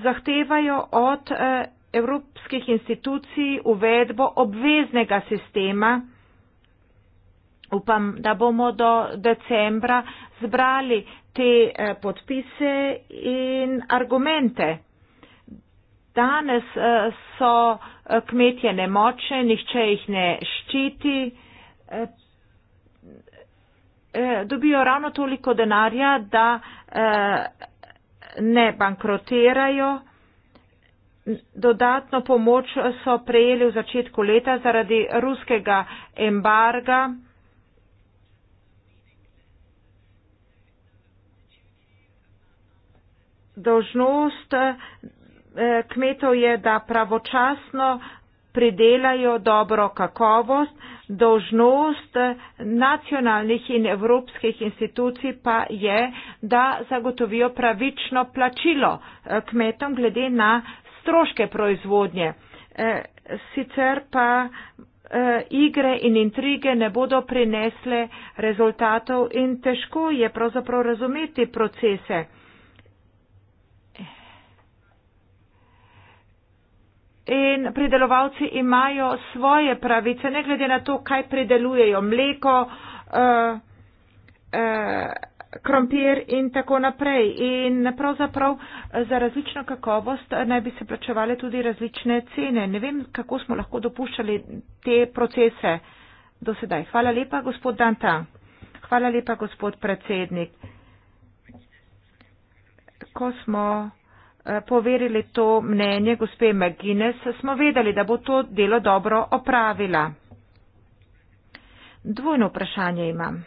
zahtevajo od eh, evropskih institucij uvedbo obveznega sistema upam, da bomo do decembra zbrali te eh, podpise in argumente. Danes eh, so eh, kmetje nemočne, nihče jih ne ščiti, dobijo ravno toliko denarja, da ne bankrotirajo. Dodatno pomoč so prejeli v začetku leta zaradi ruskega embarga. dožnost eh, kmetov je, da pravočasno pridelajo dobro kakovost, dožnost eh, nacionalnih in evropskih institucij pa je, da zagotovijo pravično plačilo eh, kmetom glede na stroške proizvodnje. Sicer pa igre in intrige ne bodo prinesle rezultatov in težko je pravzaprav razumeti procese. in pridelovalci imajo svoje pravice, ne glede na to, kaj pridelujejo, mleko, uh, uh, krompir in tako naprej. In pravzaprav eh, za različno kakovost naj bi se plačevale tudi različne cene. Ne vem, kako smo lahko dopuščali te procese do sedaj. Hvala lepa, gospod Danta. Hvala lepa, gospod predsednik. Ko smo. Eh, poverili to mnenje gospe McGuinness, smo vedeli, da bo to delo dobro opravila. Dvojno vprašanje imam.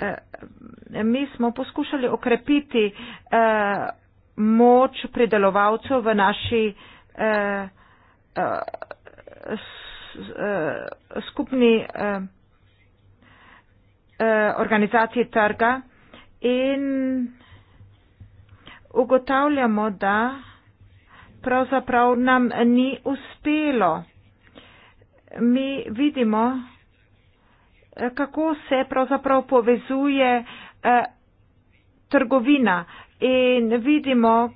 Eh, mi smo poskušali okrepiti eh, moč predelovalcev v naši skupni organizaciji trga in ugotavljamo, da pravzaprav nam ni uspelo. Mi vidimo, eh, kako se pravzaprav povezuje eh, trgovina in vidimo,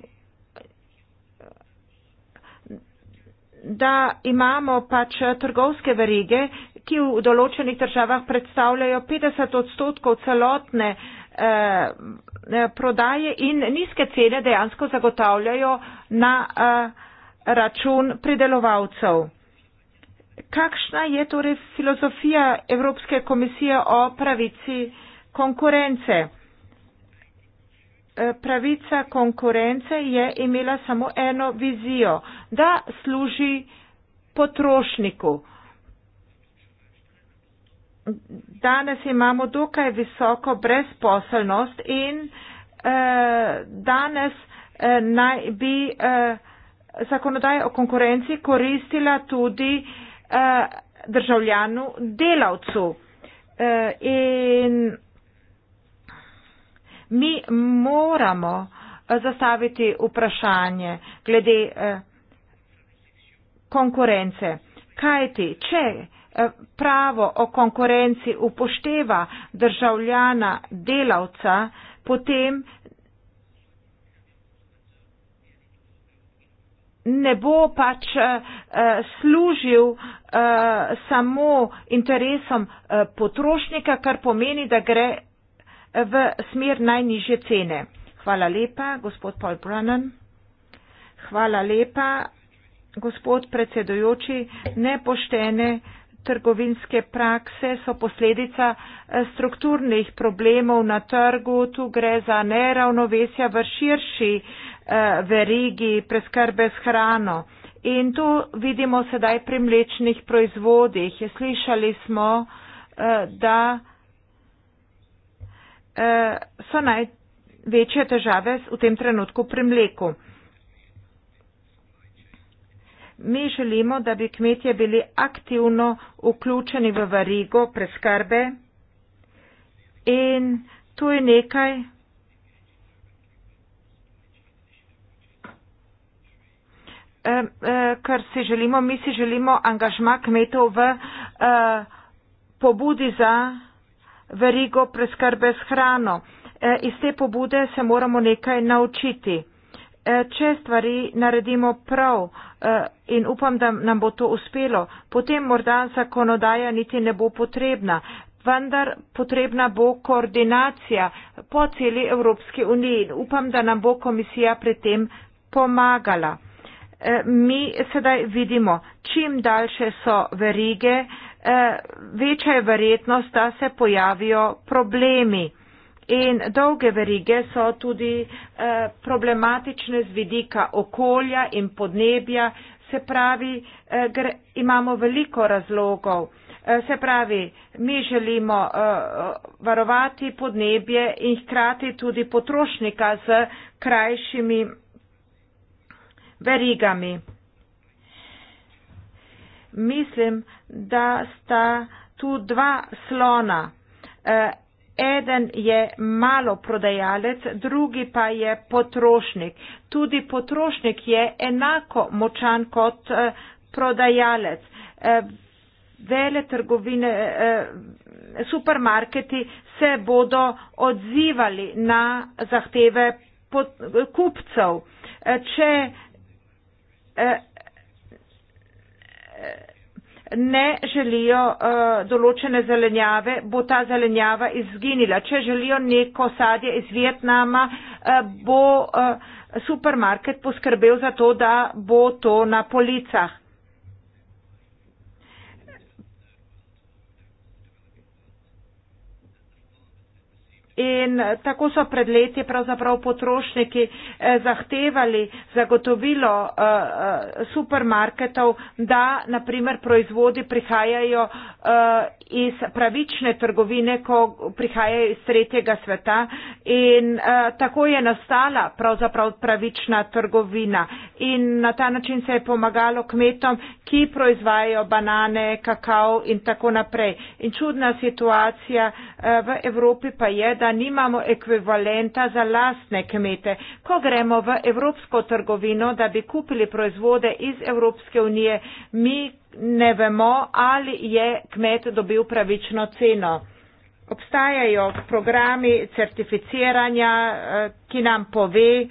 da imamo pač trgovske verige, ki v določenih državah predstavljajo 50 odstotkov celotne eh, Eh, prodaje in nizke cene dejansko zagotavljajo na eh, račun pridelovalcev. Kakšna je torej filozofija Evropske komisije o pravici konkurence? Eh, pravica konkurence je imela samo eno vizijo, da služi potrošniku danes imamo dokaj visoko brezposelnost in eh, danes eh, naj bi eh, zakonodaja o konkurenci koristila tudi eh, državljanu delavcu. Eh, in mi moramo eh, zastaviti vprašanje glede eh, konkurence. Kaj ti? Če? Eh, pravo o konkurenci upošteva državljana delavca, potem ne bo pač eh, služil eh, samo interesom potrošnika, kar pomeni, da gre v smer najnižje cene. Hvala lepa, gospod Paul Brennan. Hvala lepa, gospod predsedujoči, nepoštene trgovinske prakse so posledica eh, strukturnih problemov na trgu. Tu gre za neravnovesja v širši eh, verigi preskrbe s hrano. In to vidimo sedaj pri mlečnih proizvodih. Slišali smo, eh, da so največje težave v tem trenutku pri mleku. Mi želimo, da bi kmetje bili aktivno vključeni v varigo preskrbe in tu je nekaj, eh, kar si želimo. Mi si želimo angažma kmetov v eh, pobudi za verigo preskrbe s hrano. Eh, iz te pobude se moramo nekaj naučiti. Eh, če stvari naredimo prav eh, in upam, da nam bo to uspelo, potem morda zakonodaja niti ne bo potrebna. Vendar potrebna bo koordinacija po celi Evropski uniji in upam, da nam bo komisija pri tem pomagala. Eh, mi sedaj vidimo, čim daljše so verige, večja je verjetnost, da se pojavijo problemi. In dolge verige so tudi eh, problematične z vidika okolja in podnebja, se pravi, eh, gre, imamo veliko razlogov. Eh, se pravi, mi želimo eh, varovati podnebje in hkrati tudi potrošnika z krajšimi verigami. Mislim, da sta tu dva slona. Eh, Eden je malo prodajalec, drugi pa je potrošnik. Tudi potrošnik je enako močan kot eh, prodajalec. Eh, vele trgovine, eh, supermarketi se bodo odzivali na zahteve pot, eh, kupcev. Eh, če, eh, ne želijo uh, določene zelenjave, bo ta zelenjava izginila. Če želijo neko sadje iz Vietnama, uh, bo uh, supermarket poskrbel za to, da bo to na policah. In eh, tako so pred leti pravzaprav potrošniki eh, zahtevali zagotovilo eh, supermarketov, da naprimer proizvodi prihajajo iz pravične trgovine, ko prihajajo iz tretjega sveta. In tako je nastala pravzaprav pravična trgovina. In na ta način se je pomagalo kmetom, ki proizvajajo banane, kakav in tako naprej. In čudna situacija v Evropi pa je, seveda nimamo ekvivalenta za lastne kmete. Ko gremo v evropsko trgovino, da bi kupili proizvode iz Evropske unije, mi ne vemo, ali je kmet dobil pravično ceno. Obstajajo programi certificiranja, eh, ki nam pove,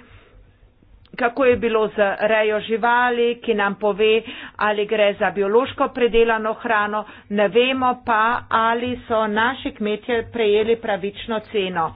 kako je bilo z rejo živali, ki nam pove, ali gre za biološko predelano hrano, ne vemo pa, ali so naši kmetje prejeli pravično ceno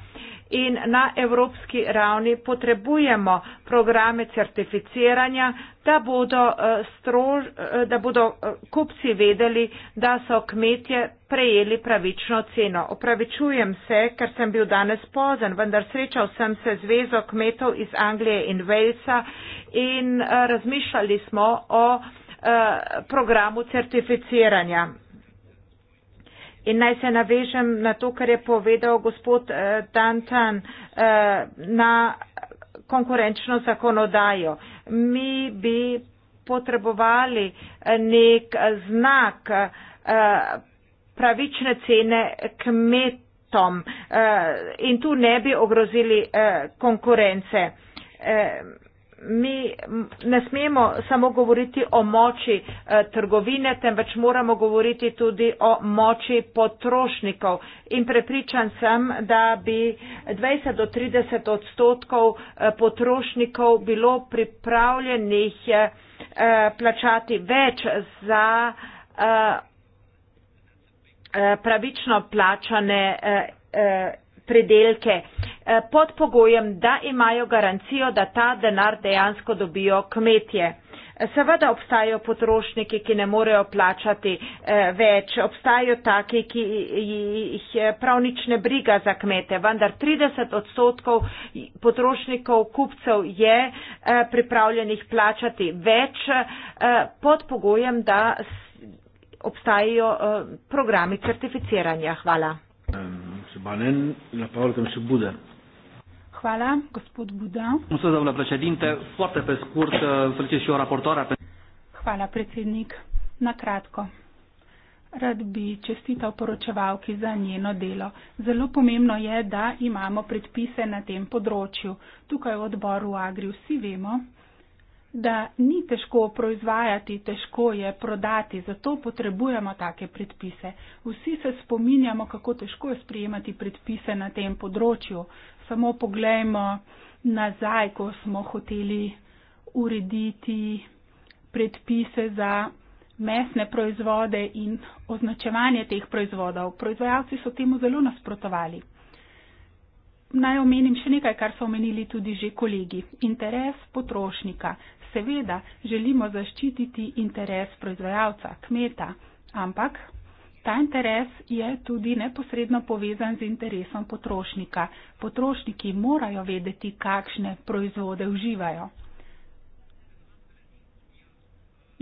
in na evropski ravni potrebujemo programe certificiranja, da bodo, eh, strož, eh, da bodo eh, kupci vedeli, da so kmetje prejeli pravično ceno. Opravičujem se, ker sem bil danes pozen, vendar srečal sem se zvezo kmetov iz Anglije in Velsa in razmišljali smo o programu certificiranja. In naj se navežem na to, kar je povedal gospod uh, Dantan uh, na konkurenčno zakonodajo. Mi bi potrebovali eh, nek znak pravične cene kmetom in tu ne bi ogrozili konkurence mi ne smemo samo govoriti o moči eh, trgovine, temveč moramo govoriti tudi o moči potrošnikov. In prepričan sem, da bi 20 do 30 odstotkov eh, potrošnikov bilo pripravljenih eh, plačati več za pravično plačane predelke eh, pod pogojem, da imajo garancijo, da ta denar dejansko dobijo kmetje. Eh, seveda obstajajo potrošniki, ki ne morejo plačati eh, več, obstajajo taki, ki jih prav nič ne briga za kmete, vendar 30 odstotkov potrošnikov, kupcev je pripravljenih plačati več pod pogojem, da obstajajo programi certificiranja. Hvala. Um. Banen, la parola cu domnul Buda. Hvala, gospod Buda. Mulțumesc, președinte. Foarte pe scurt, uh, felicit și eu raportoarea. Hvala, predsednik. Na kratko. Rad bi čestital poročevalki za njeno delo. Zelo pomembno je, da imamo predpise na tem področju. Tukaj v odboru Agri vsi vemo, da ni težko proizvajati, težko je prodati, zato potrebujemo take predpise. Vsi se spominjamo, kako težko je sprijemati predpise na tem področju. Samo pogledajmo nazaj, ko smo hoteli urediti predpise za mesne proizvode in označevanje teh proizvodov. Proizvajalci so temu zelo nasprotovali. Naj omenim še nekaj, kar so omenili tudi že kolegi. Interes potrošnika. Seveda želimo zaščititi interes proizvajalca, kmeta, ampak ta interes je tudi neposredno povezan z interesom potrošnika. Potrošniki morajo vedeti, kakšne proizvode uživajo.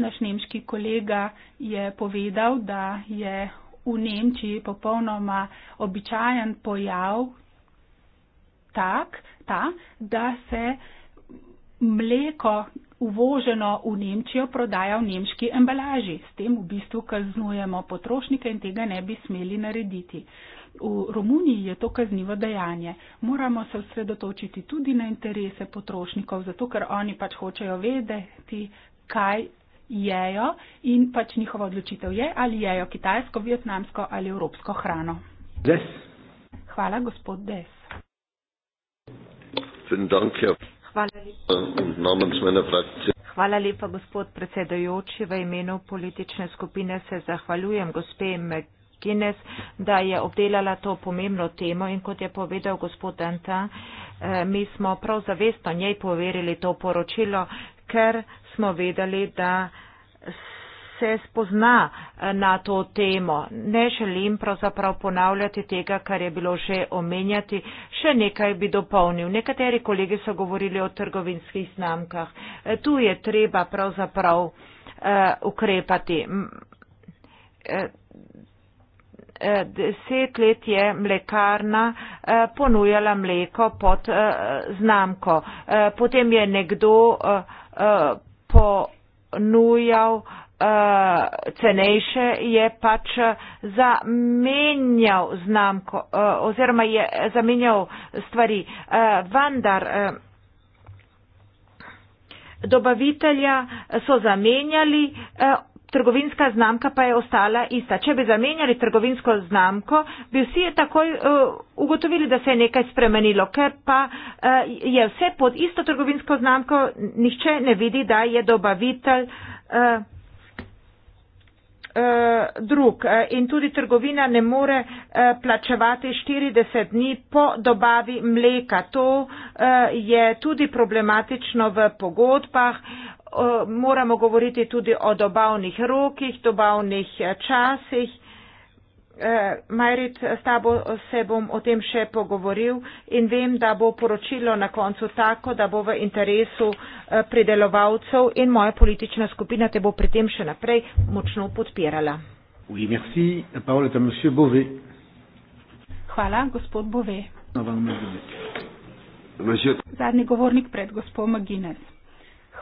Naš nemški kolega je povedal, da je v Nemčiji popolnoma običajen pojav tak, ta, da se mleko uvoženo v Nemčijo prodaja v nemški embalaži. S tem v bistvu kaznujemo potrošnike in tega ne bi smeli narediti. V Romuniji je to kaznivo dejanje. Moramo se osredotočiti tudi na interese potrošnikov, zato ker oni pač hočejo vedeti, kaj jejo in pač njihova odločitev je, ali jejo kitajsko, vietnamsko ali evropsko hrano. Des. Hvala, gospod Des. Vielen Dank, Herr Hvala lepa, gospod predsedajoči. V imenu politične skupine se zahvaljujem gospe McGuinness, da je obdelala to pomembno temo in kot je povedal gospod Danta, eh, mi smo prav zavestno njej poverili to poročilo, ker smo vedeli, da se spozna eh, na to temo. Ne želim pravzaprav ponavljati tega, kar je bilo že omenjati. Še nekaj bi dopolnil. Nekateri kolegi so govorili o trgovinskih znamkah. Eh, tu je treba pravzaprav eh, ukrepati. Deset let je mlekarna ponujala mleko pod znamko. Potem je nekdo ponujal uh, cenejše je pač zamenjal znamko uh, oziroma je zamenjal stvari. Uh, vendar uh, dobavitelja so zamenjali. Uh, Trgovinska znamka pa je ostala ista. Če bi zamenjali trgovinsko znamko, bi vsi takoj uh, ugotovili, da se je nekaj spremenilo, ker pa uh, je vse pod isto trgovinsko znamko, nihče ne vidi, da je dobavitelj. Uh, uh, drug. Eh, in tudi trgovina ne more uh, plačevati 40 dni po dobavi mleka. To uh, je tudi problematično v pogodbah. Moramo govoriti tudi o dobavnih rokih, dobavnih časih, Eh, Majrit, s tabo se bom o tem še pogovoril in vem, da bo poročilo na koncu tako, da bo v interesu eh, pridelovalcev in moja politična skupina te bo pri tem še naprej močno podpirala. Oui, merci. La parole est à monsieur Bové. Hvala, gospod Bové. Monsieur... Zadnji govornik pred gospod Maginez.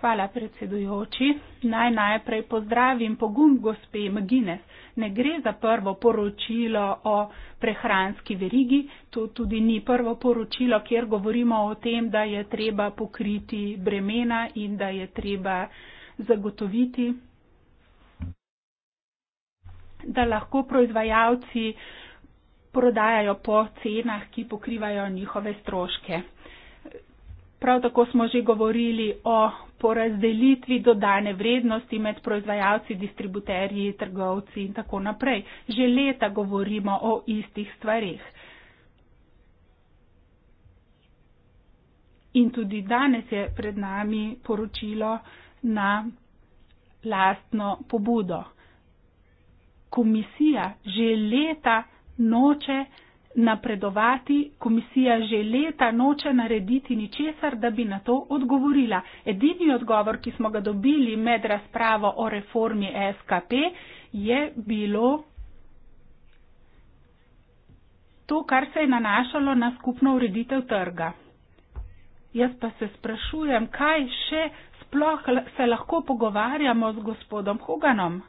Hvala, predsedujoči. Naj najprej pozdravim pogum gospe Magines. Ne gre za prvo poročilo o prehranski verigi, to tudi ni prvo poročilo, kjer govorimo o tem, da je treba pokriti bremena in da je treba zagotoviti, da lahko proizvajalci prodajajo po cenah, ki pokrivajo njihove stroške. Prav tako smo že govorili o porazdelitvi dodane vrednosti med proizvajalci, distributerji, trgovci in tako naprej. Že leta govorimo o istih stvarih. In tudi danes je pred nami poročilo na lastno pobudo. Komisija že leta noče napredovati, komisija že leta noče narediti ničesar, da bi na to odgovorila. Edini odgovor, ki smo ga dobili med razpravo o reformi SKP, je bilo to, kar se je nanašalo na skupno ureditev trga. Jaz pa se sprašujem, kaj še sploh se lahko pogovarjamo z gospodom Hoganom.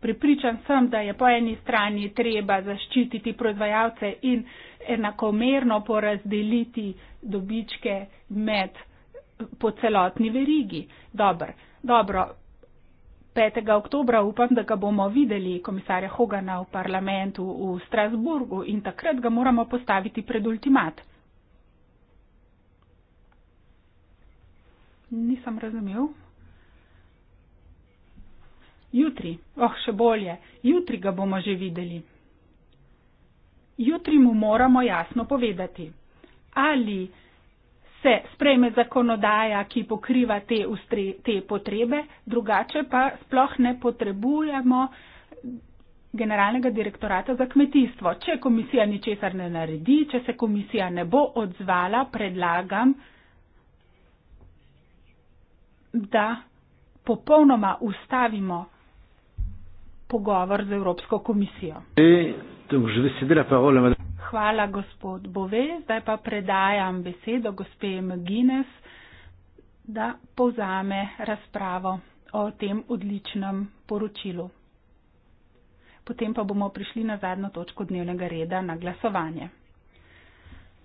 Pripričan sem, da je po eni strani treba zaščititi proizvajalce in enakomerno porazdeliti dobičke med po celotni verigi. Dobro, dobro. 5. oktobra upam, da ga bomo videli komisarja Hogana v parlamentu v Strasburgu in takrat ga moramo postaviti pred ultimat. Nisem razumel. Jutri, oh še bolje, jutri ga bomo že videli. Jutri mu moramo jasno povedati, ali se sprejme zakonodaja, ki pokriva te, ustre, te potrebe, drugače pa sploh ne potrebujemo generalnega direktorata za kmetijstvo. Če komisija ničesar ne naredi, če se komisija ne bo odzvala, predlagam, da popolnoma ustavimo pogovor z Evropsko komisijo. E, hvala, gospod Bove. Zdaj pa predajam besedo gospe Magines, da povzame razpravo o tem odličnem poročilu. Potem pa bomo prišli na zadnjo točko dnevnega reda na glasovanje.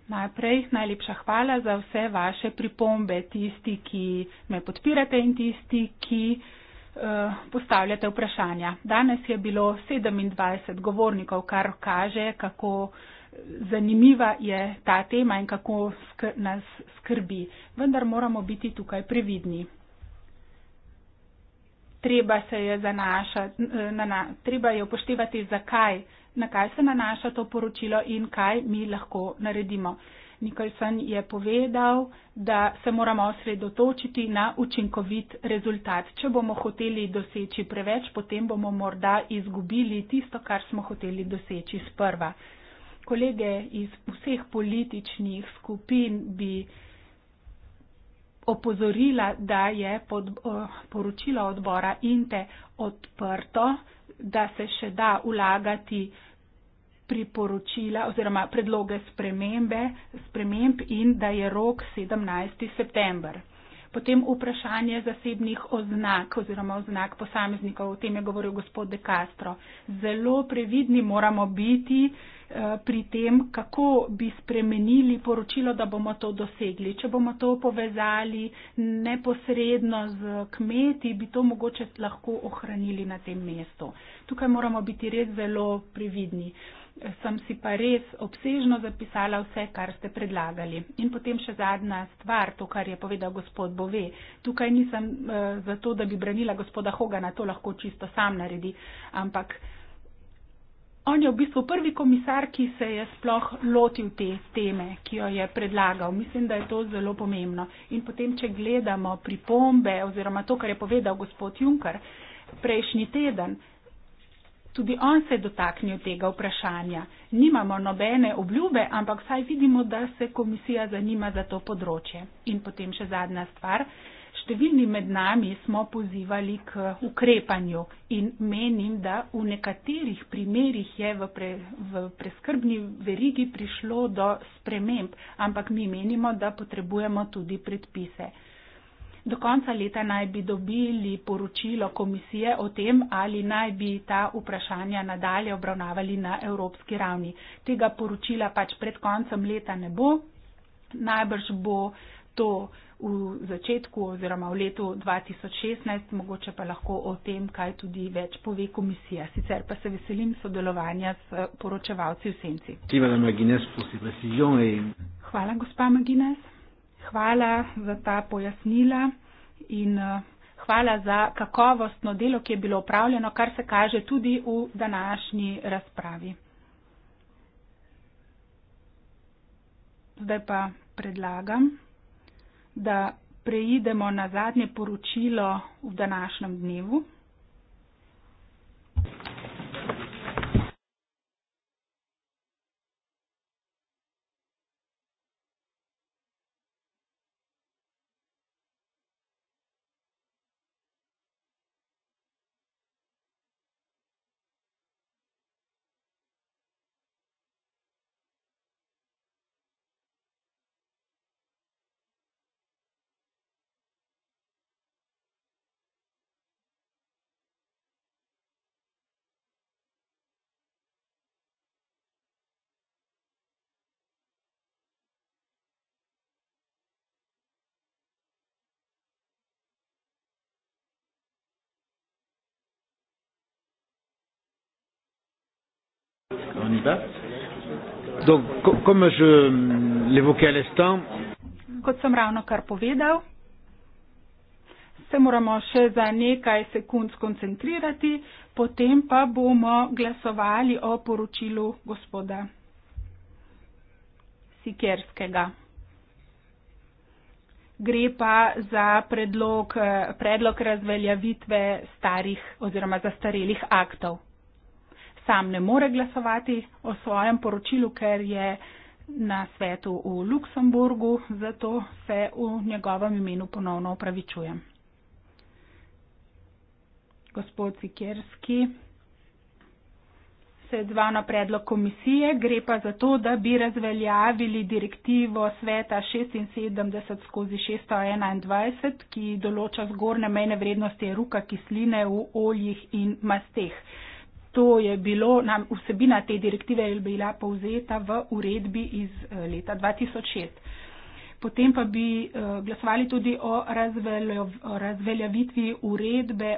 Najprej najlepša hvala za vse vaše pripombe, tisti, ki me podpirate in tisti, ki uh, Eh, postavljate vprašanja. Danes je bilo 27 govornikov, kar kaže, kako zanimiva je ta tema in kako skr nas skrbi. Vendar moramo biti tukaj previdni. Treba, se je zanaša, eh, na, na, treba je upoštevati, zakaj, na kaj se nanaša to poročilo in kaj mi lahko naredimo. Uh, Nicholson je povedal, da se moramo osredotočiti na učinkovit rezultat. Če bomo hoteli doseči preveč, potem bomo morda izgubili tisto, kar smo hoteli doseči sprva. Kolege iz vseh političnih skupin bi opozorila, da je pod, o, poročilo odbora INTE odprto, da se še da vlagati priporočila oziroma predloge spremembe, sprememb in da je rok 17. september. Potem vprašanje zasebnih oznak oziroma oznak posameznikov, o tem je govoril gospod De Castro. Zelo previdni moramo biti eh, pri tem, kako bi spremenili poročilo, da bomo to dosegli. Če bomo to povezali neposredno z kmeti, bi to mogoče lahko ohranili na tem mestu. Tukaj moramo biti res zelo previdni. Eh, sem si pa res obsežno zapisala vse, kar ste predlagali. In potem še zadnja stvar, to, kar je povedal gospod Bove. Tukaj nisem eh, zato, da bi branila gospoda Hogana, to lahko čisto sam naredi, ampak on je v bistvu prvi komisar, ki se je sploh lotil te teme, ki jo je predlagal. Mislim, da je to zelo pomembno. In potem, če gledamo pripombe oziroma to, kar je povedal gospod Juncker prejšnji teden, Tudi on se je dotaknil tega vprašanja. Nimamo nobene obljube, ampak vsaj vidimo, da se komisija zanima za to področje. In potem še zadnja stvar. Številni med nami smo pozivali k ukrepanju in menim, da v nekaterih primerjih je v, pre, v preskrbni verigi prišlo do sprememb, ampak mi menimo, da potrebujemo tudi predpise. Do konca leta naj bi dobili poročilo komisije o tem, ali naj bi ta vprašanja nadalje obravnavali na evropski ravni. Tega poročila pač pred koncem leta ne bo. Najbrž bo to v začetku oziroma v letu 2016, mogoče pa lahko o tem, kaj tudi več pove komisija. Sicer pa se veselim sodelovanja s poročevalci v Senci. Hvala, gospa Magines. Hvala za ta pojasnila in eh, hvala za kakovostno delo, ki je bilo upravljeno, kar se kaže tudi v današnji razpravi. Zdaj pa predlagam, da preidemo na zadnje poročilo v današnjem dnevu. On y va. Donc, co comme je l'évoquais à l'instant, Kot sem ravno kar povedal, se moramo še za nekaj sekund skoncentrirati, potem pa bomo glasovali o poročilu gospoda Sikerskega. Gre pa za predlog, predlog razveljavitve starih oziroma zastarelih aktov sam ne more glasovati o svojem poročilu, ker je na svetu v Luksemburgu, zato se v njegovem imenu ponovno opravičujem. Gospod Sikerski se je zval na predlog komisije, gre pa za to, da bi razveljavili direktivo sveta 76 skozi 621, ki določa zgornje mejne vrednosti ruka kisline v oljih in masteh. To je bilo, nam, vsebina te direktive je bila povzeta v uredbi iz eh, leta 2006. Potem pa bi eh, glasovali tudi o razveljavitvi uredbe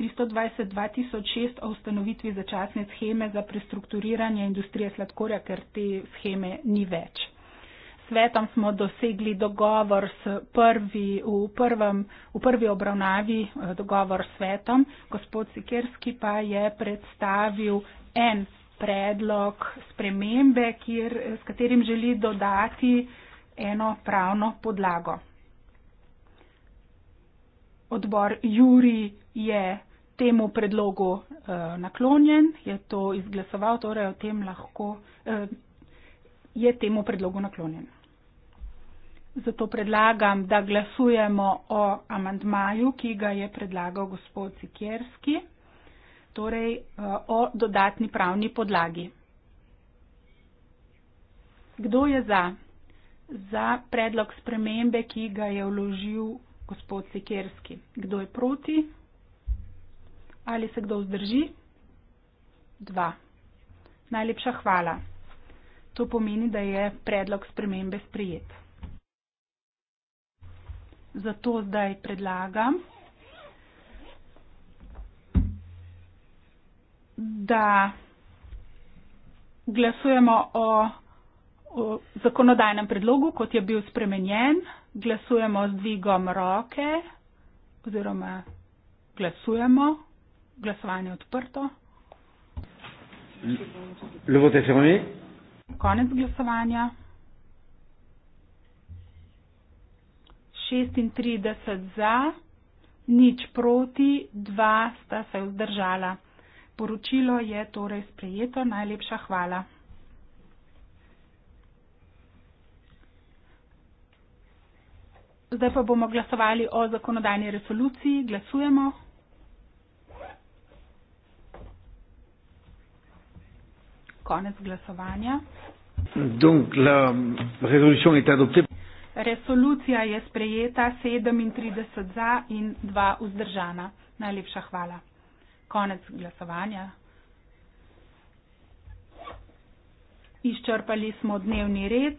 320-2006 o ustanovitvi začasne scheme za prestrukturiranje industrije sladkorja, ker te scheme ni več svetom smo dosegli dogovor prvi, v, prvem, v prvi obravnavi eh, dogovor s svetom. Gospod Sikerski pa je predstavil en predlog spremembe, kjer, eh, s katerim želi dodati eno pravno podlago. Odbor Juri je temu predlogu eh, naklonjen, je to izglasoval, torej o tem lahko. Eh, je temu predlogu naklonjen. Zato predlagam, da glasujemo o amandmaju, ki ga je predlagal gospod Sikerski, torej eh, o dodatni pravni podlagi. Kdo je za? Za predlog spremembe, ki ga je vložil gospod Sikerski. Kdo je proti? Ali se kdo vzdrži? Dva. Najlepša hvala. To pomeni, da je predlog spremembe sprijet zato zdaj predlagam, da glasujemo o, o zakonodajnem predlogu, kot je bil spremenjen, glasujemo z dvigom roke oziroma glasujemo, glasovanje je odprto. Konec glasovanja. 36 za, nič proti, dva sta se vzdržala. Poročilo je torej sprejeto. Najlepša hvala. Zdaj pa bomo glasovali o zakonodajni resoluciji. Glasujemo. Konec glasovanja. Donc, la résolution est adoptée. Resolucija je sprejeta 37 za in 2 vzdržana. Najlepša hvala. Konec glasovanja. Izčrpali smo dnevni red,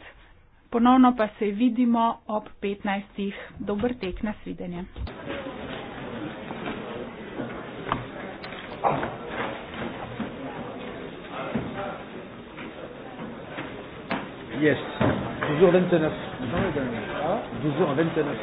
ponovno pa se vidimo ob 15. Dober tek na svidenje. Yes. Jour 29. Jour 29.